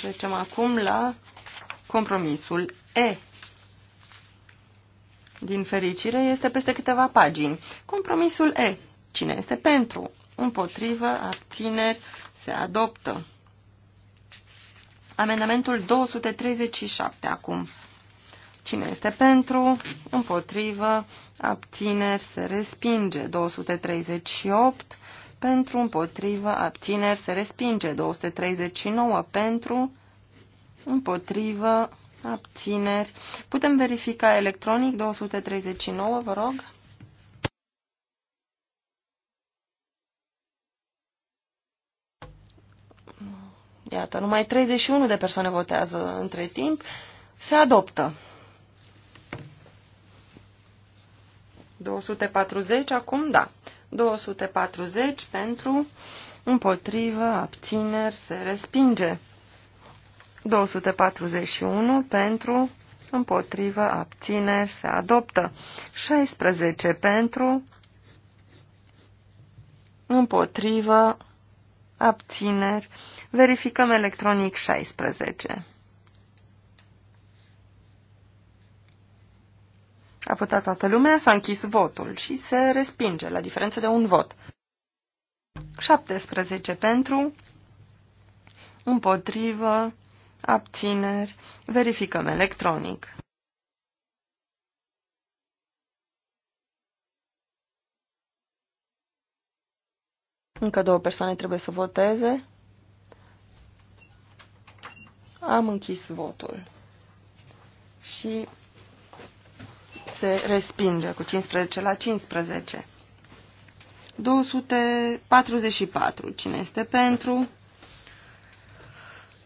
Trecem acum la compromisul E. Din fericire, este peste câteva pagini. Compromisul E. Cine este pentru? Împotrivă, abțineri, se adoptă. Amendamentul 237 acum. Cine este pentru? Împotrivă. Abțineri se respinge. 238 pentru, împotrivă, abțineri se respinge. 239 pentru, împotrivă, abțineri. Putem verifica electronic 239, vă rog. Iată, numai 31 de persoane votează între timp. Se adoptă. 240 acum, da. 240 pentru, împotrivă, abțineri, se respinge. 241 pentru, împotrivă, abțineri, se adoptă. 16 pentru, împotrivă, abțineri. Verificăm electronic 16. A votat toată lumea, s-a închis votul și se respinge, la diferență de un vot. 17 pentru, împotrivă, abțineri, verificăm electronic. Încă două persoane trebuie să voteze. Am închis votul. Și se respinge cu 15 la 15. 244. Cine este pentru?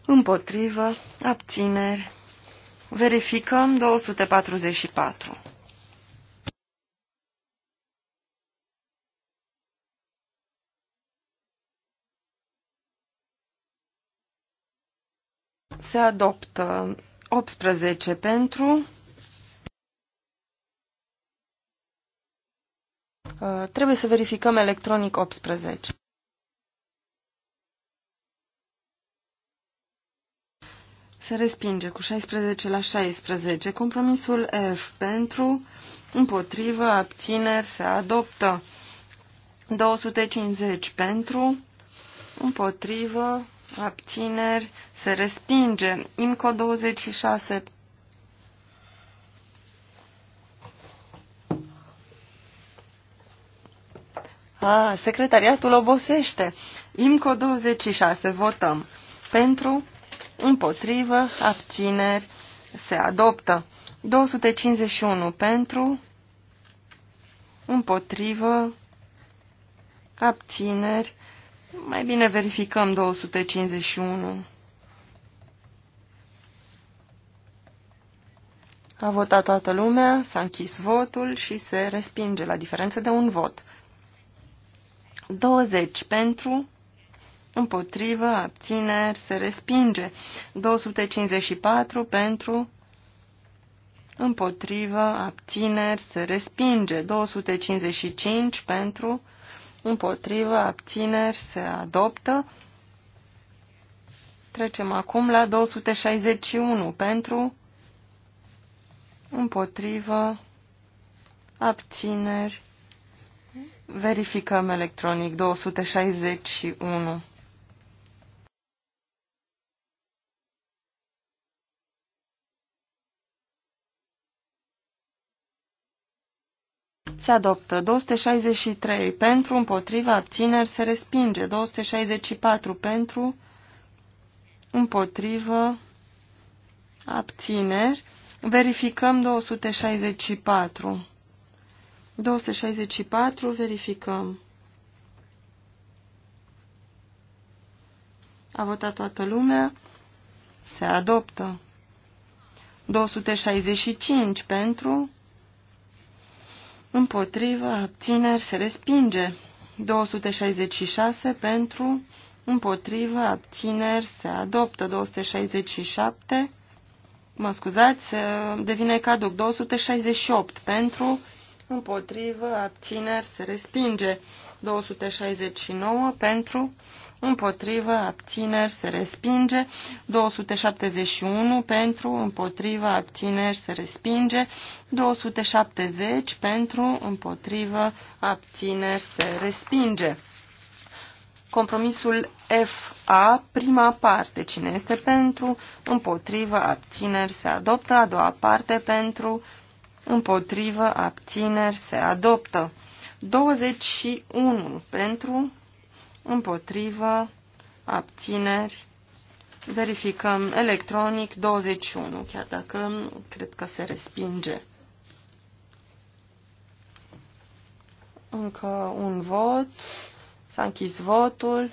Împotrivă. Abțineri. Verificăm 244. se adoptă 18 pentru, uh, trebuie să verificăm electronic 18. Se respinge cu 16 la 16. Compromisul F pentru, împotrivă, abțineri, se adoptă 250 pentru, împotrivă, abțineri, se respinge. IMCO 26 A, secretariatul obosește. IMCO 26, votăm. Pentru, împotrivă, abțineri, se adoptă. 251 pentru, împotrivă, abțineri, mai bine verificăm 251. A votat toată lumea, s-a închis votul și se respinge la diferență de un vot. 20 pentru, împotrivă, abțineri, se respinge. 254 pentru, împotrivă, abțineri, se respinge. 255 pentru, împotrivă, abțineri, se adoptă. Trecem acum la 261 pentru, împotrivă, abțineri, verificăm electronic 261. Se adoptă 263 pentru, împotriva, abțineri, se respinge. 264 pentru, împotrivă, abțineri. Verificăm 264. 264, verificăm. A votat toată lumea. Se adoptă. 265 pentru, împotrivă, abțineri, se respinge. 266 pentru, împotrivă, abțineri, se adoptă. 267, mă scuzați, devine caduc. 268 pentru, împotrivă, abțineri, se respinge. 269 pentru, împotrivă, abțineri, se respinge, 271 pentru, împotrivă, abțineri, se respinge, 270 pentru, împotrivă, abțineri, se respinge. Compromisul FA, prima parte, cine este pentru, împotrivă, abțineri, se adoptă, a doua parte pentru, împotrivă, abțineri, se adoptă. 21 pentru, împotrivă, abțineri. Verificăm electronic 21, chiar dacă cred că se respinge. Încă un vot, s-a închis votul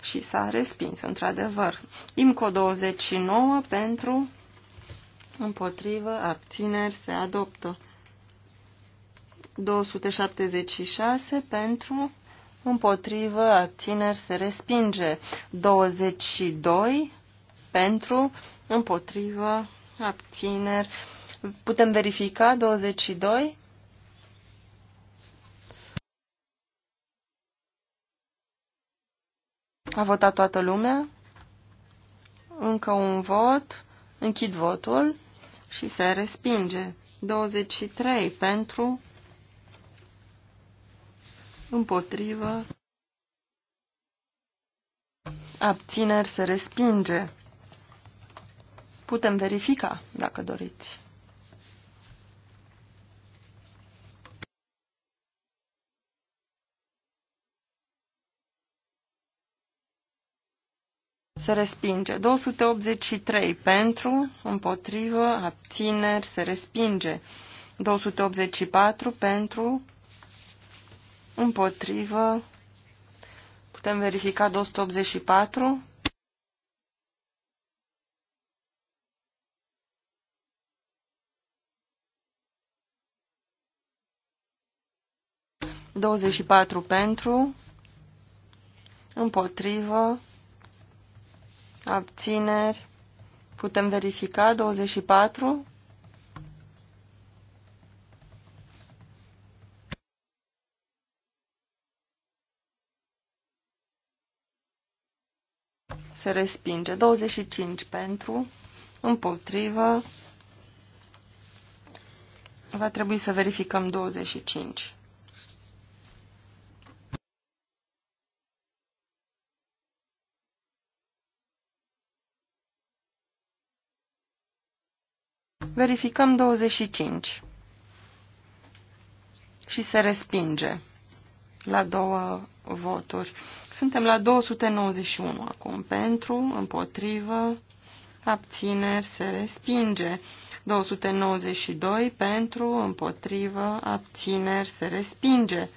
și s-a respins, într-adevăr. IMCO 29 pentru, împotrivă, abțineri, se adoptă. 276 pentru, împotrivă, abțineri, se respinge. 22 pentru, împotrivă, abțineri. Putem verifica 22? A votat toată lumea? Încă un vot. Închid votul și se respinge. 23 pentru, împotrivă, abțineri se respinge. Putem verifica, dacă doriți. se respinge. 283 pentru, împotrivă, abțineri, se respinge. 284 pentru, împotrivă, putem verifica 284. Douăzeci și patru pentru, împotrivă, abțineri, putem verifica, 24, se respinge. 25 pentru, împotrivă, va trebui să verificăm 25. Verificăm 25 și se respinge la două voturi. Suntem la 291 acum. Pentru, împotrivă, abțineri, se respinge. 292 pentru, împotrivă, abțineri, se respinge.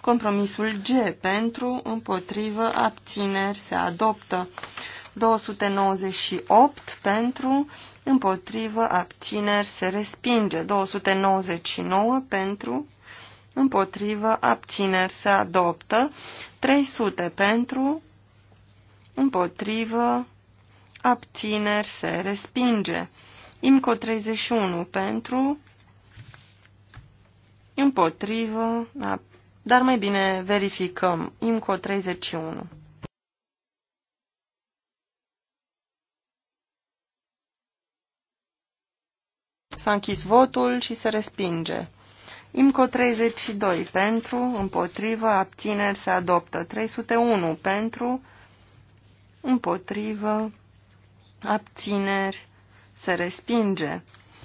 Compromisul G pentru, împotrivă, abțineri, se adoptă. 298 pentru, împotrivă, abțineri, se respinge. 299 pentru, împotrivă, abțineri se adoptă, 300 pentru, împotrivă, abțineri se respinge, IMCO 31 pentru, împotrivă, dar mai bine verificăm, IMCO 31. S-a închis votul și se respinge. IMCO 32 pentru, împotrivă, abțineri se adoptă. 301 pentru, împotrivă, abțineri se respinge.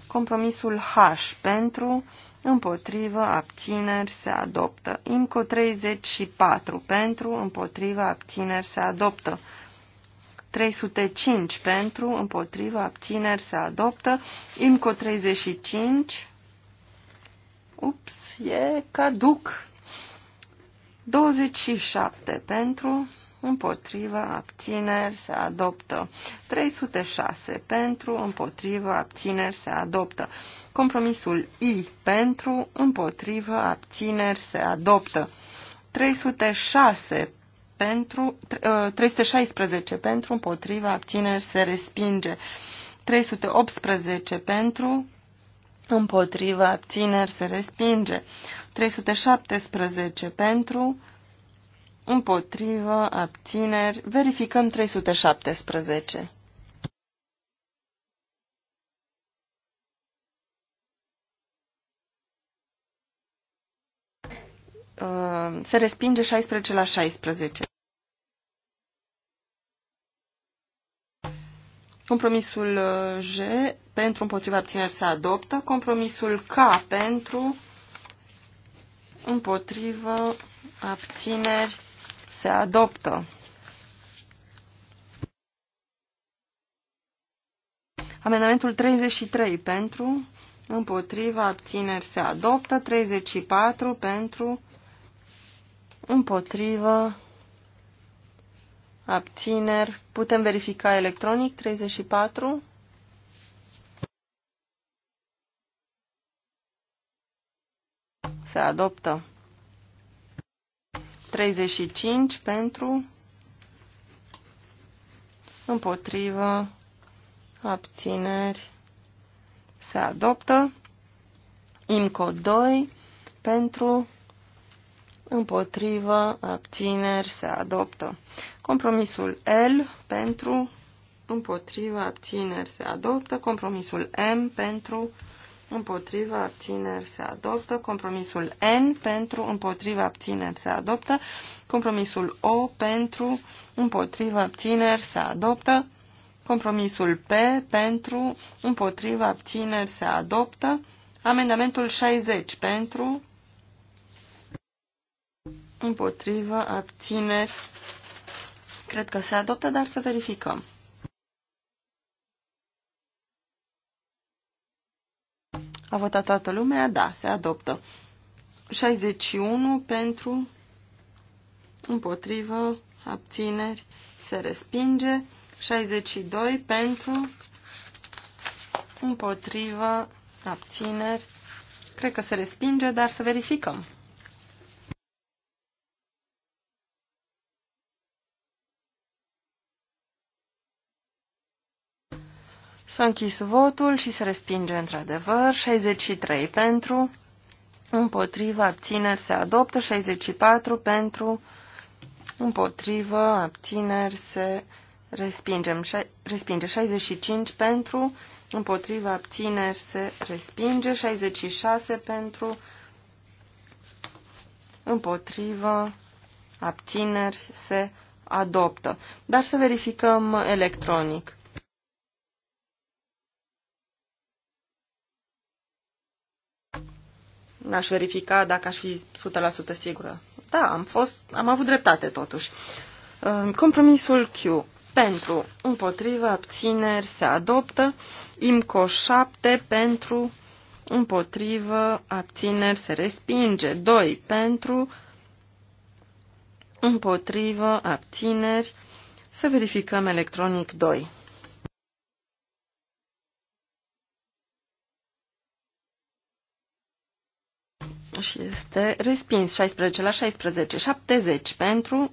Compromisul H pentru, împotrivă, abțineri se adoptă. IMCO 34 pentru, împotrivă, abțineri se adoptă. 305 pentru, împotrivă, abțineri se adoptă. IMCO 35 Ups, e caduc. 27 pentru, împotrivă, abțineri, se adoptă. 306 pentru, împotrivă, abțineri, se adoptă. Compromisul I pentru, împotrivă, abțineri, se adoptă. 306 pentru, 316 ă, pentru, împotrivă, abțineri, se respinge. 318 pentru, împotriva abțineri se respinge. 317 pentru, împotriva abțineri, verificăm 317. Uh, se respinge 16 la 16. Compromisul uh, G pentru împotriva abțineri se adoptă. Compromisul K pentru împotriva abțineri se adoptă. Amendamentul 33 pentru, împotriva, abțineri se adoptă, 34 pentru, împotriva abțineri, putem verifica electronic, 34. Se adoptă. 35 pentru, împotrivă, abțineri, se adoptă. IMCO 2 pentru, împotrivă, abțineri, se adoptă. Compromisul L pentru, împotrivă, abțineri, se adoptă. Compromisul M pentru, împotrivă, abțineri, se adoptă. Compromisul N pentru, împotrivă, abțineri, se adoptă. Compromisul O pentru, împotrivă, abțineri, se adoptă. Compromisul P pentru, împotrivă, abțineri, se adoptă. Amendamentul 60 pentru, împotrivă, abțineri. Cred că se adoptă, dar să verificăm. A votat toată lumea? Da, se adoptă. 61 pentru, împotrivă, abțineri, se respinge. 62 pentru, împotrivă, abțineri. Cred că se respinge, dar să verificăm. S-a închis votul și se respinge într-adevăr. 63 pentru, împotrivă, abțineri, se adoptă. 64 pentru, împotrivă, abțineri, se respingem. respinge. 65 pentru, împotrivă, abțineri, se respinge. 66 pentru, împotrivă, abțineri, se adoptă. Dar să verificăm electronic. n-aș verifica dacă aș fi 100% sigură. Da, am, fost, am avut dreptate totuși. Compromisul Q. Pentru, împotriva, abțineri, se adoptă. IMCO 7 pentru, împotrivă, abțineri, se respinge. 2 pentru, împotrivă, abțineri, să verificăm electronic 2. și este respins 16 la 16, 70 pentru,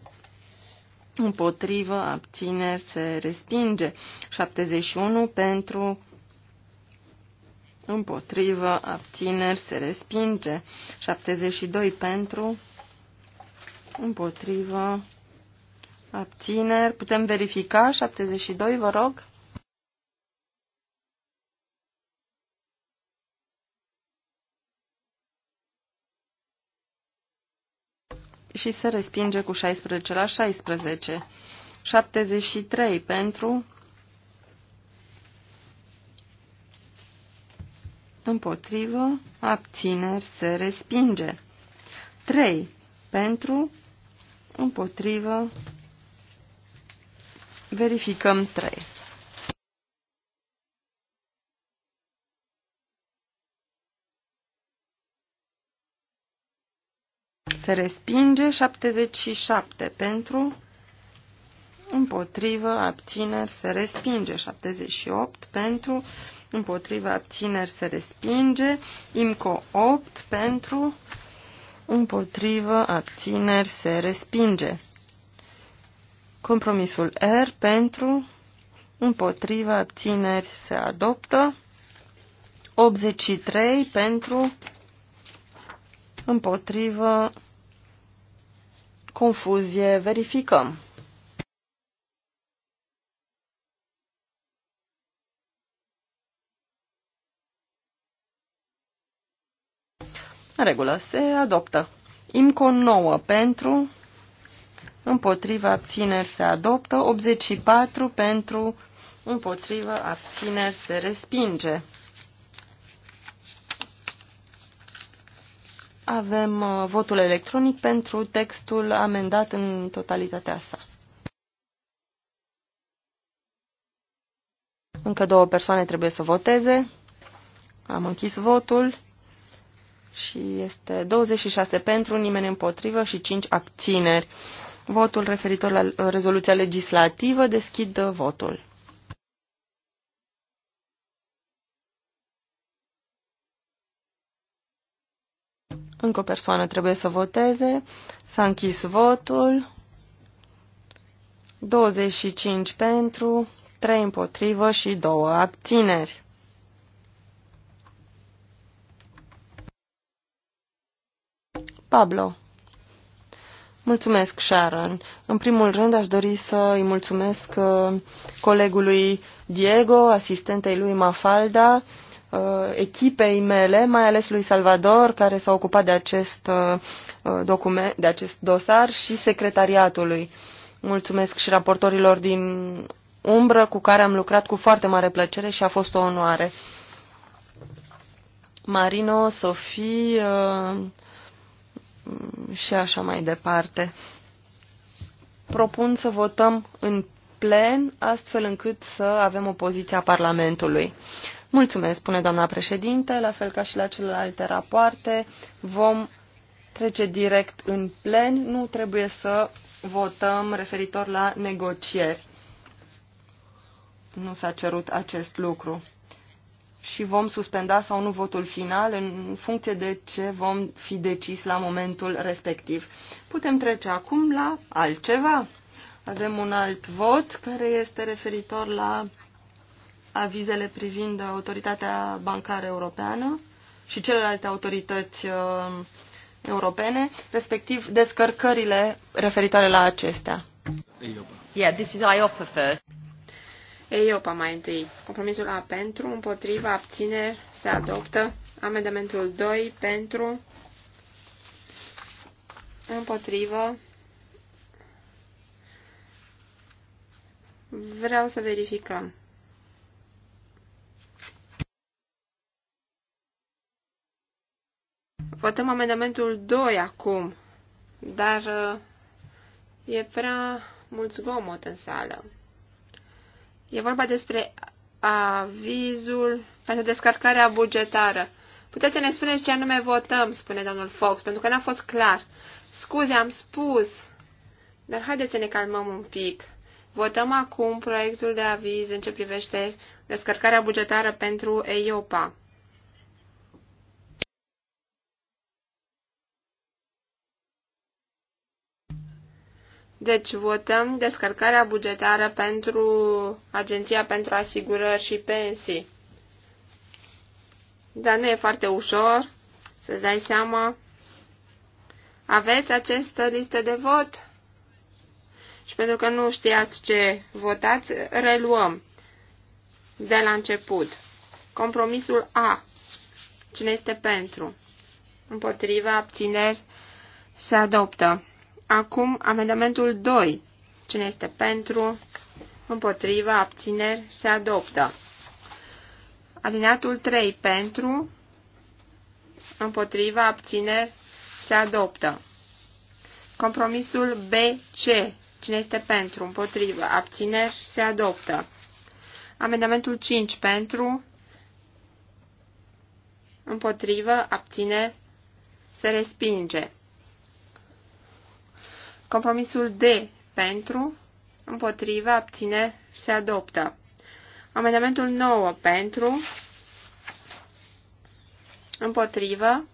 împotrivă, abțineri, se respinge 71 pentru, împotrivă, abțineri, se respinge 72 pentru, împotrivă, abțineri, putem verifica 72, vă rog. și se respinge cu 16 la 16. 73 pentru împotrivă, abțineri, se respinge. 3. Pentru, împotrivă, verificăm 3. se respinge, 77 pentru, împotrivă, abțineri, se respinge, 78 pentru, împotrivă, abțineri, se respinge, IMCO 8 pentru, împotrivă, abțineri, se respinge. Compromisul R pentru, împotrivă, abțineri, se adoptă, 83 pentru, împotrivă, confuzie verificăm. În regulă, se adoptă. IMCO 9 pentru, împotriva abțineri se adoptă, 84 pentru, împotriva abțineri se respinge. avem uh, votul electronic pentru textul amendat în totalitatea sa. Încă două persoane trebuie să voteze. Am închis votul și este 26 pentru, nimeni împotrivă și 5 abțineri. Votul referitor la uh, rezoluția legislativă deschid uh, votul. Încă o persoană trebuie să voteze. S-a închis votul. 25 pentru, 3 împotrivă și 2 abțineri. Pablo. Mulțumesc, Sharon. În primul rând, aș dori să îi mulțumesc uh, colegului Diego, asistentei lui Mafalda, Uh, echipei mele, mai ales lui Salvador, care s-a ocupat de acest, uh, uh, document, de acest dosar și secretariatului. Mulțumesc și raportorilor din umbră cu care am lucrat cu foarte mare plăcere și a fost o onoare. Marino, Sofie și așa mai departe. Propun să votăm în plen, astfel încât să avem o poziție a Parlamentului. Mulțumesc, spune doamna președinte, la fel ca și la celelalte rapoarte, vom trece direct în plen, nu trebuie să votăm referitor la negocieri. Nu s-a cerut acest lucru. Și vom suspenda sau nu votul final în funcție de ce vom fi decis la momentul respectiv. Putem trece acum la altceva. Avem un alt vot care este referitor la avizele privind autoritatea bancară europeană și celelalte autorități uh, europene, respectiv descărcările referitoare la acestea. EIOPA. Yeah, this is IOPA first. EIOPA mai întâi. Compromisul A pentru, împotriva, abține, se adoptă. Amendamentul 2 pentru, împotrivă. Vreau să verificăm. Votăm amendamentul 2 acum, dar uh, e prea mult zgomot în sală. E vorba despre avizul pentru descărcarea bugetară. Puteți să ne spuneți ce anume votăm, spune domnul Fox, pentru că n-a fost clar. Scuze, am spus. Dar haideți să ne calmăm un pic. Votăm acum proiectul de aviz în ce privește descărcarea bugetară pentru EIOPA. Deci votăm descărcarea bugetară pentru Agenția pentru Asigurări și Pensii. Dar nu e foarte ușor, să-ți dai seama. Aveți această listă de vot? Și pentru că nu știați ce votați, reluăm de la început. Compromisul A. Cine este pentru? Împotriva abțineri se adoptă. Acum amendamentul 2. Cine este pentru? Împotriva, abțineri, se adoptă. Alineatul 3. Pentru, împotriva, abțineri, se adoptă. Compromisul BC. Cine este pentru? Împotrivă. Abțineri? Se adoptă. Amendamentul 5 pentru. Împotrivă. Abțineri? Se respinge. Compromisul D pentru, împotriva, abține, se adoptă. Amendamentul 9 pentru, împotrivă,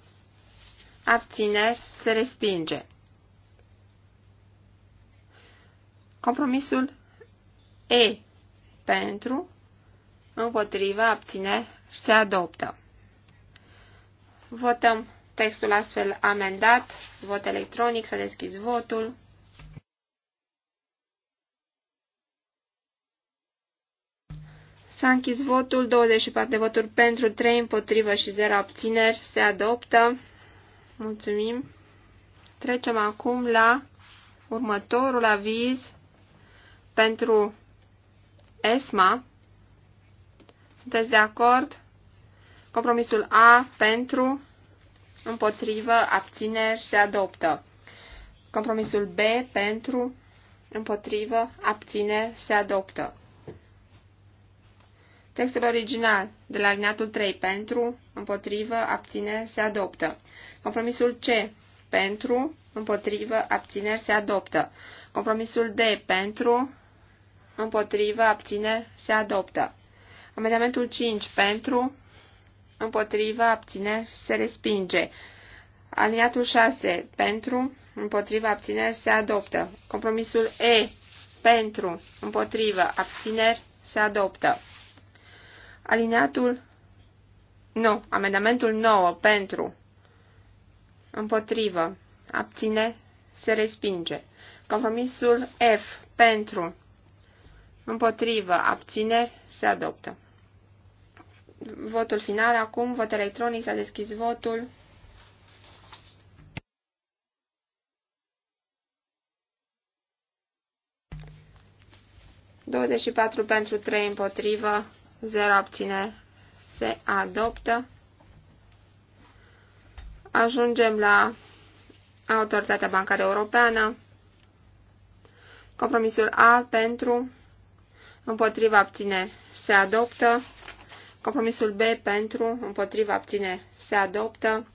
abțineri, se respinge. Compromisul E pentru, împotrivă, abțineri, se adoptă. Votăm textul astfel amendat, vot electronic, să deschizi votul. S-a închis votul, 24 de voturi pentru, 3 împotrivă și 0 abțineri. Se adoptă. Mulțumim. Trecem acum la următorul aviz pentru ESMA. Sunteți de acord? Compromisul A pentru, împotrivă, abțineri se adoptă. Compromisul B pentru, împotrivă, abțineri se adoptă. Textul original de la alineatul 3 pentru, împotrivă, abțineri se adoptă. Compromisul C pentru, împotrivă, abțineri se adoptă. Compromisul D pentru, împotrivă, abțineri se adoptă. Amendamentul 5 pentru, împotrivă, abțineri se respinge. Aliniatul 6 pentru, împotrivă, abțineri se adoptă. Compromisul E pentru, împotrivă, abțineri se adoptă. Alineatul nu, amendamentul 9 pentru împotrivă abține se respinge. Compromisul F pentru împotrivă abțineri se adoptă. Votul final acum, vot electronic, s-a deschis votul. ...24 pentru 3 împotrivă, 0 obține se adoptă. Ajungem la Autoritatea Bancară Europeană. Compromisul A pentru, împotriva obține se adoptă. Compromisul B pentru, împotriva obține se adoptă.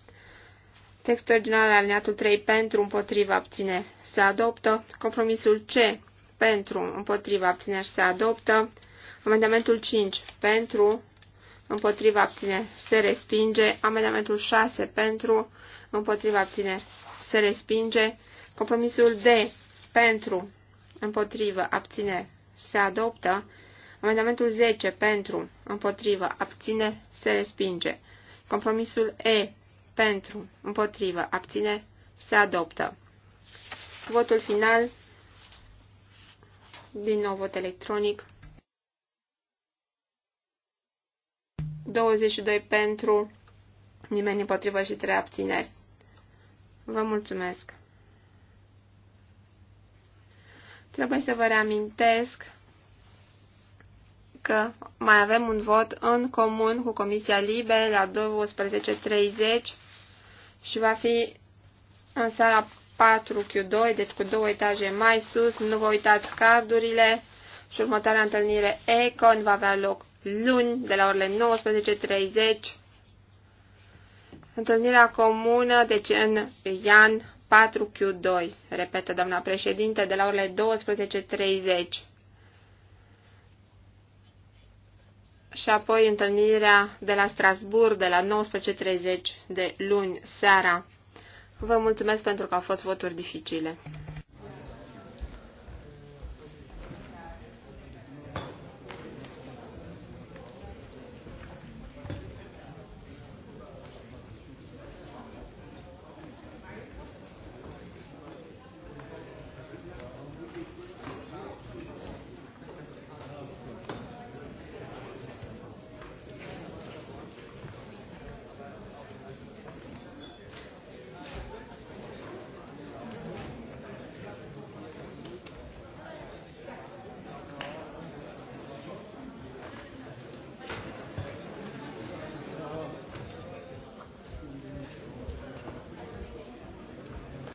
Textul original alineatul 3 pentru, împotriva obține se adoptă. Compromisul C pentru, împotriva obține se adoptă. Amendamentul 5 pentru, împotriva abține, se respinge. Amendamentul 6 pentru, împotriva abține, se respinge. Compromisul D pentru, împotrivă, abține, se adoptă. Amendamentul 10 pentru, împotrivă, abține, se respinge. Compromisul E pentru, împotrivă, abține, se adoptă. Votul final, din nou vot electronic. 22 pentru, nimeni împotrivă și 3 abțineri. Vă mulțumesc! Trebuie să vă reamintesc că mai avem un vot în comun cu Comisia Libe la 12.30 și va fi în sala 4Q2, deci cu două etaje mai sus. Nu vă uitați cardurile și următoarea întâlnire Econ va avea loc luni, de la orele 19.30, întâlnirea comună, deci în Ian 4Q2, repetă doamna președinte, de la orele 12.30. Și apoi întâlnirea de la Strasburg, de la 19.30 de luni seara. Vă mulțumesc pentru că au fost voturi dificile.